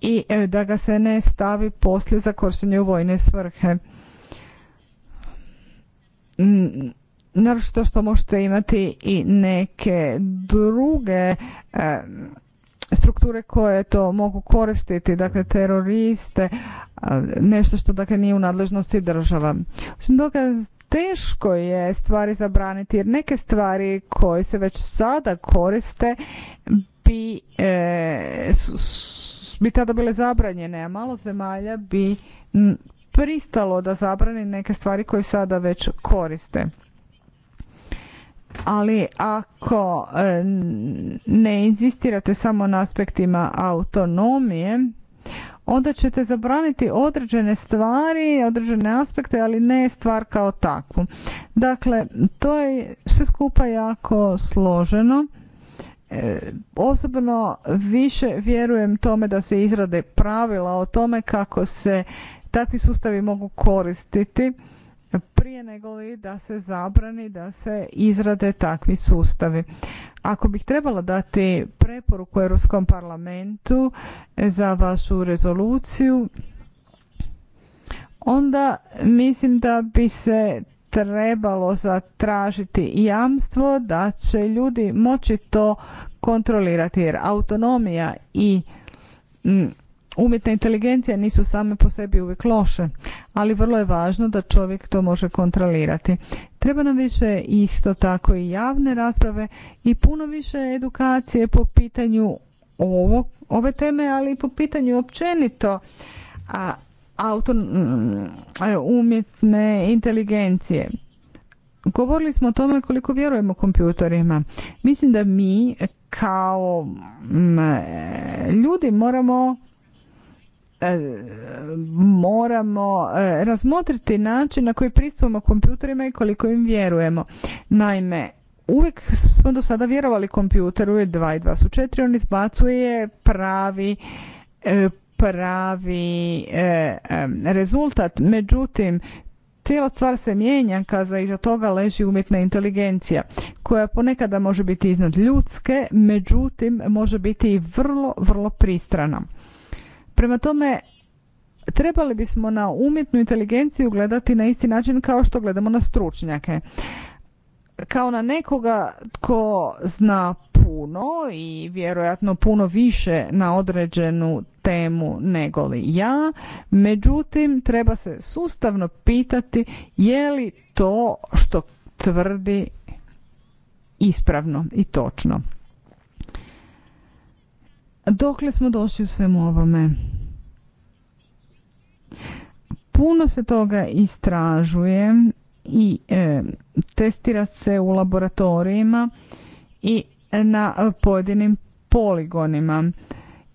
i e, da ga se ne stavi poslije za korištenje u vojne svrhe. Naravno što možete imati i neke druge e, strukture koje to mogu koristiti, dakle teroriste, nešto što dakle nije u nadležnosti država. Osim Teško je stvari zabraniti jer neke stvari koje se već sada koriste bi, e, bi tada bile zabranjene, a malo zemalja bi pristalo da zabrani neke stvari koje sada već koriste. Ali ako e, ne inzistirate samo na aspektima autonomije, onda ćete zabraniti određene stvari, određene aspekte, ali ne stvar kao takvu. Dakle, to je sve skupa jako složeno. E, osobno više vjerujem tome da se izrade pravila o tome kako se takvi sustavi mogu koristiti prije nego li da se zabrani da se izrade takvi sustavi. Ako bih trebala dati preporuku Europskom parlamentu e, za vašu rezoluciju, onda mislim da bi se trebalo zatražiti jamstvo da će ljudi moći to kontrolirati jer autonomija i umjetna inteligencija nisu same po sebi uvijek loše, ali vrlo je važno da čovjek to može kontrolirati. Treba nam više isto tako i javne rasprave i puno više edukacije po pitanju ovo, ove teme, ali i po pitanju općenito a, auto, e, umjetne inteligencije. Govorili smo o tome koliko vjerujemo kompjutorima. Mislim da mi kao e, ljudi moramo E, moramo e, razmotriti način na koji pristupamo kompjuterima i koliko im vjerujemo. Naime, uvijek smo do sada vjerovali kompjuteru je 2 i 2 su 4, on izbacuje pravi e, pravi rezultat. Međutim, cijela stvar se mijenja kada iza toga leži umjetna inteligencija koja ponekada može biti iznad ljudske, međutim može biti i vrlo, vrlo pristrana. Prema tome, trebali bismo na umjetnu inteligenciju gledati na isti način kao što gledamo na stručnjake. Kao na nekoga tko zna puno i vjerojatno puno više na određenu temu nego li ja, međutim treba se sustavno pitati je li to što tvrdi ispravno i točno. Dokle smo došli u svemu ovome? Puno se toga istražuje i e, testira se u laboratorijima i na pojedinim poligonima.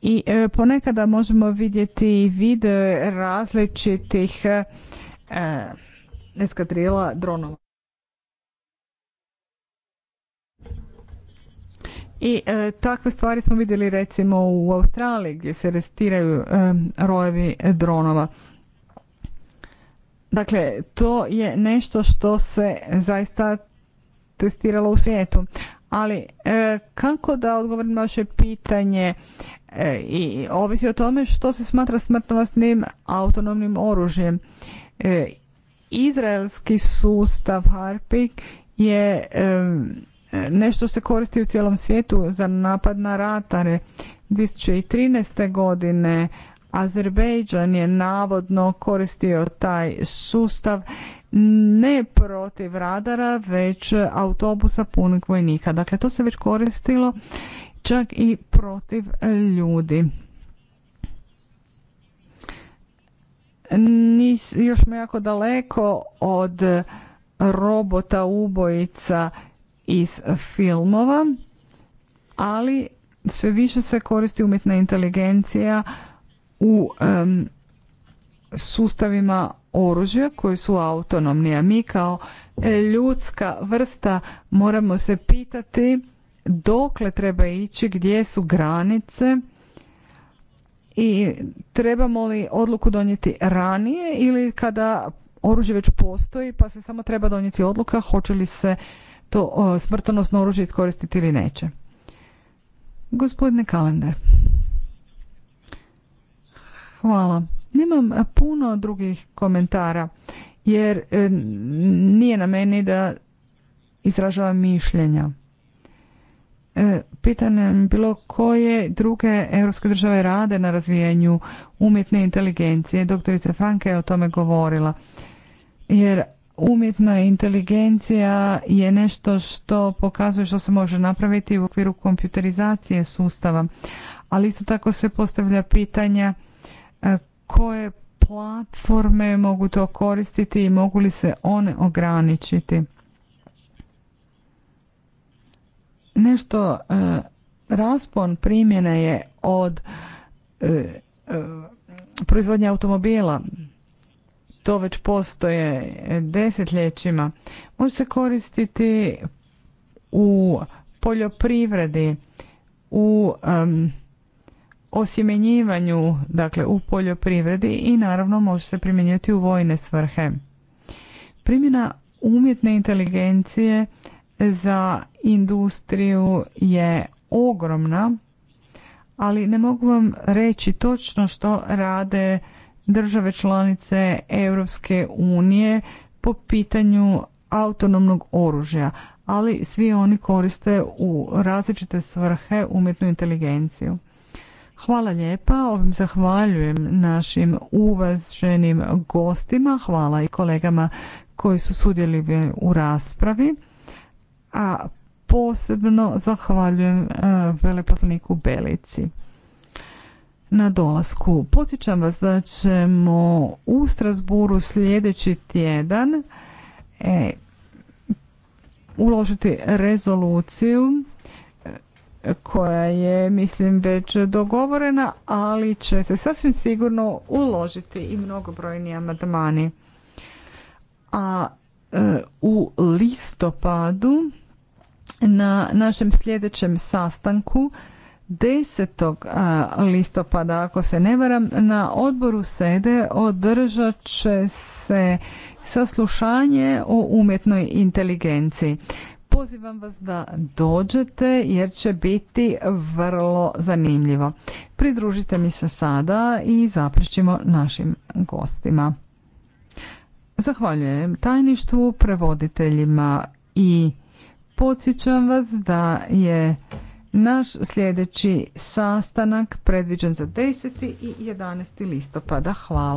I e, ponekada možemo vidjeti vide različitih e, eskadrila dronova. I e, takve stvari smo vidjeli recimo u Australiji gdje se restiraju e, rojevi dronova. Dakle, to je nešto što se zaista testiralo u svijetu. Ali e, kako da odgovorim vaše pitanje e, i ovisi o tome što se smatra smrtnostnim autonomnim oružjem. E, izraelski sustav Harpik je nešto se koristi u cijelom svijetu za napad na ratare. 2013. godine Azerbejdžan je navodno koristio taj sustav ne protiv radara, već autobusa punih vojnika. Dakle, to se već koristilo čak i protiv ljudi. Nis, još me jako daleko od robota ubojica iz filmova, ali sve više se koristi umjetna inteligencija u sustavima oružja koji su autonomni, a mi kao e, ljudska vrsta moramo se pitati dokle treba ići, gdje su granice i trebamo li odluku donijeti ranije ili kada oružje već postoji pa se samo treba donijeti odluka hoće li se to smrtonosno oružje iskoristiti ili neće. Gospodine Kalendar. Hvala. Nemam puno drugih komentara jer e, nije na meni da izražavam mišljenja. E, pitanje je bilo koje druge europske države rade na razvijenju umjetne inteligencije. Doktorica Franke je o tome govorila. Jer umjetna inteligencija je nešto što pokazuje što se može napraviti u okviru kompjuterizacije sustava, ali isto tako se postavlja pitanja e, koje platforme mogu to koristiti i mogu li se one ograničiti. Nešto e, raspon primjene je od e, proizvodnje automobila to već postoje desetljećima, može se koristiti u poljoprivredi, u um, osjemenjivanju, dakle u poljoprivredi i naravno može se primjenjati u vojne svrhe. Primjena umjetne inteligencije za industriju je ogromna, ali ne mogu vam reći točno što rade države članice Europske unije po pitanju autonomnog oružja, ali svi oni koriste u različite svrhe umjetnu inteligenciju. Hvala lijepa, ovim zahvaljujem našim uvaženim gostima, hvala i kolegama koji su sudjeli u raspravi, a posebno zahvaljujem e, veleposlaniku Belici na dolasku. Podsjećam vas da ćemo u Strasburu sljedeći tjedan e, uložiti rezoluciju e, koja je mislim već dogovorena, ali će se sasvim sigurno uložiti i mnogobrojni amandmani. A e, u listopadu na našem sljedećem sastanku 10. listopada, ako se ne varam, na odboru sede održat će se saslušanje o umjetnoj inteligenciji. Pozivam vas da dođete jer će biti vrlo zanimljivo. Pridružite mi se sada i zaprećimo našim gostima. Zahvaljujem tajništvu, prevoditeljima i podsjećam vas da je naš sljedeći sastanak predviđen za 10. i 11. listopada. Hvala.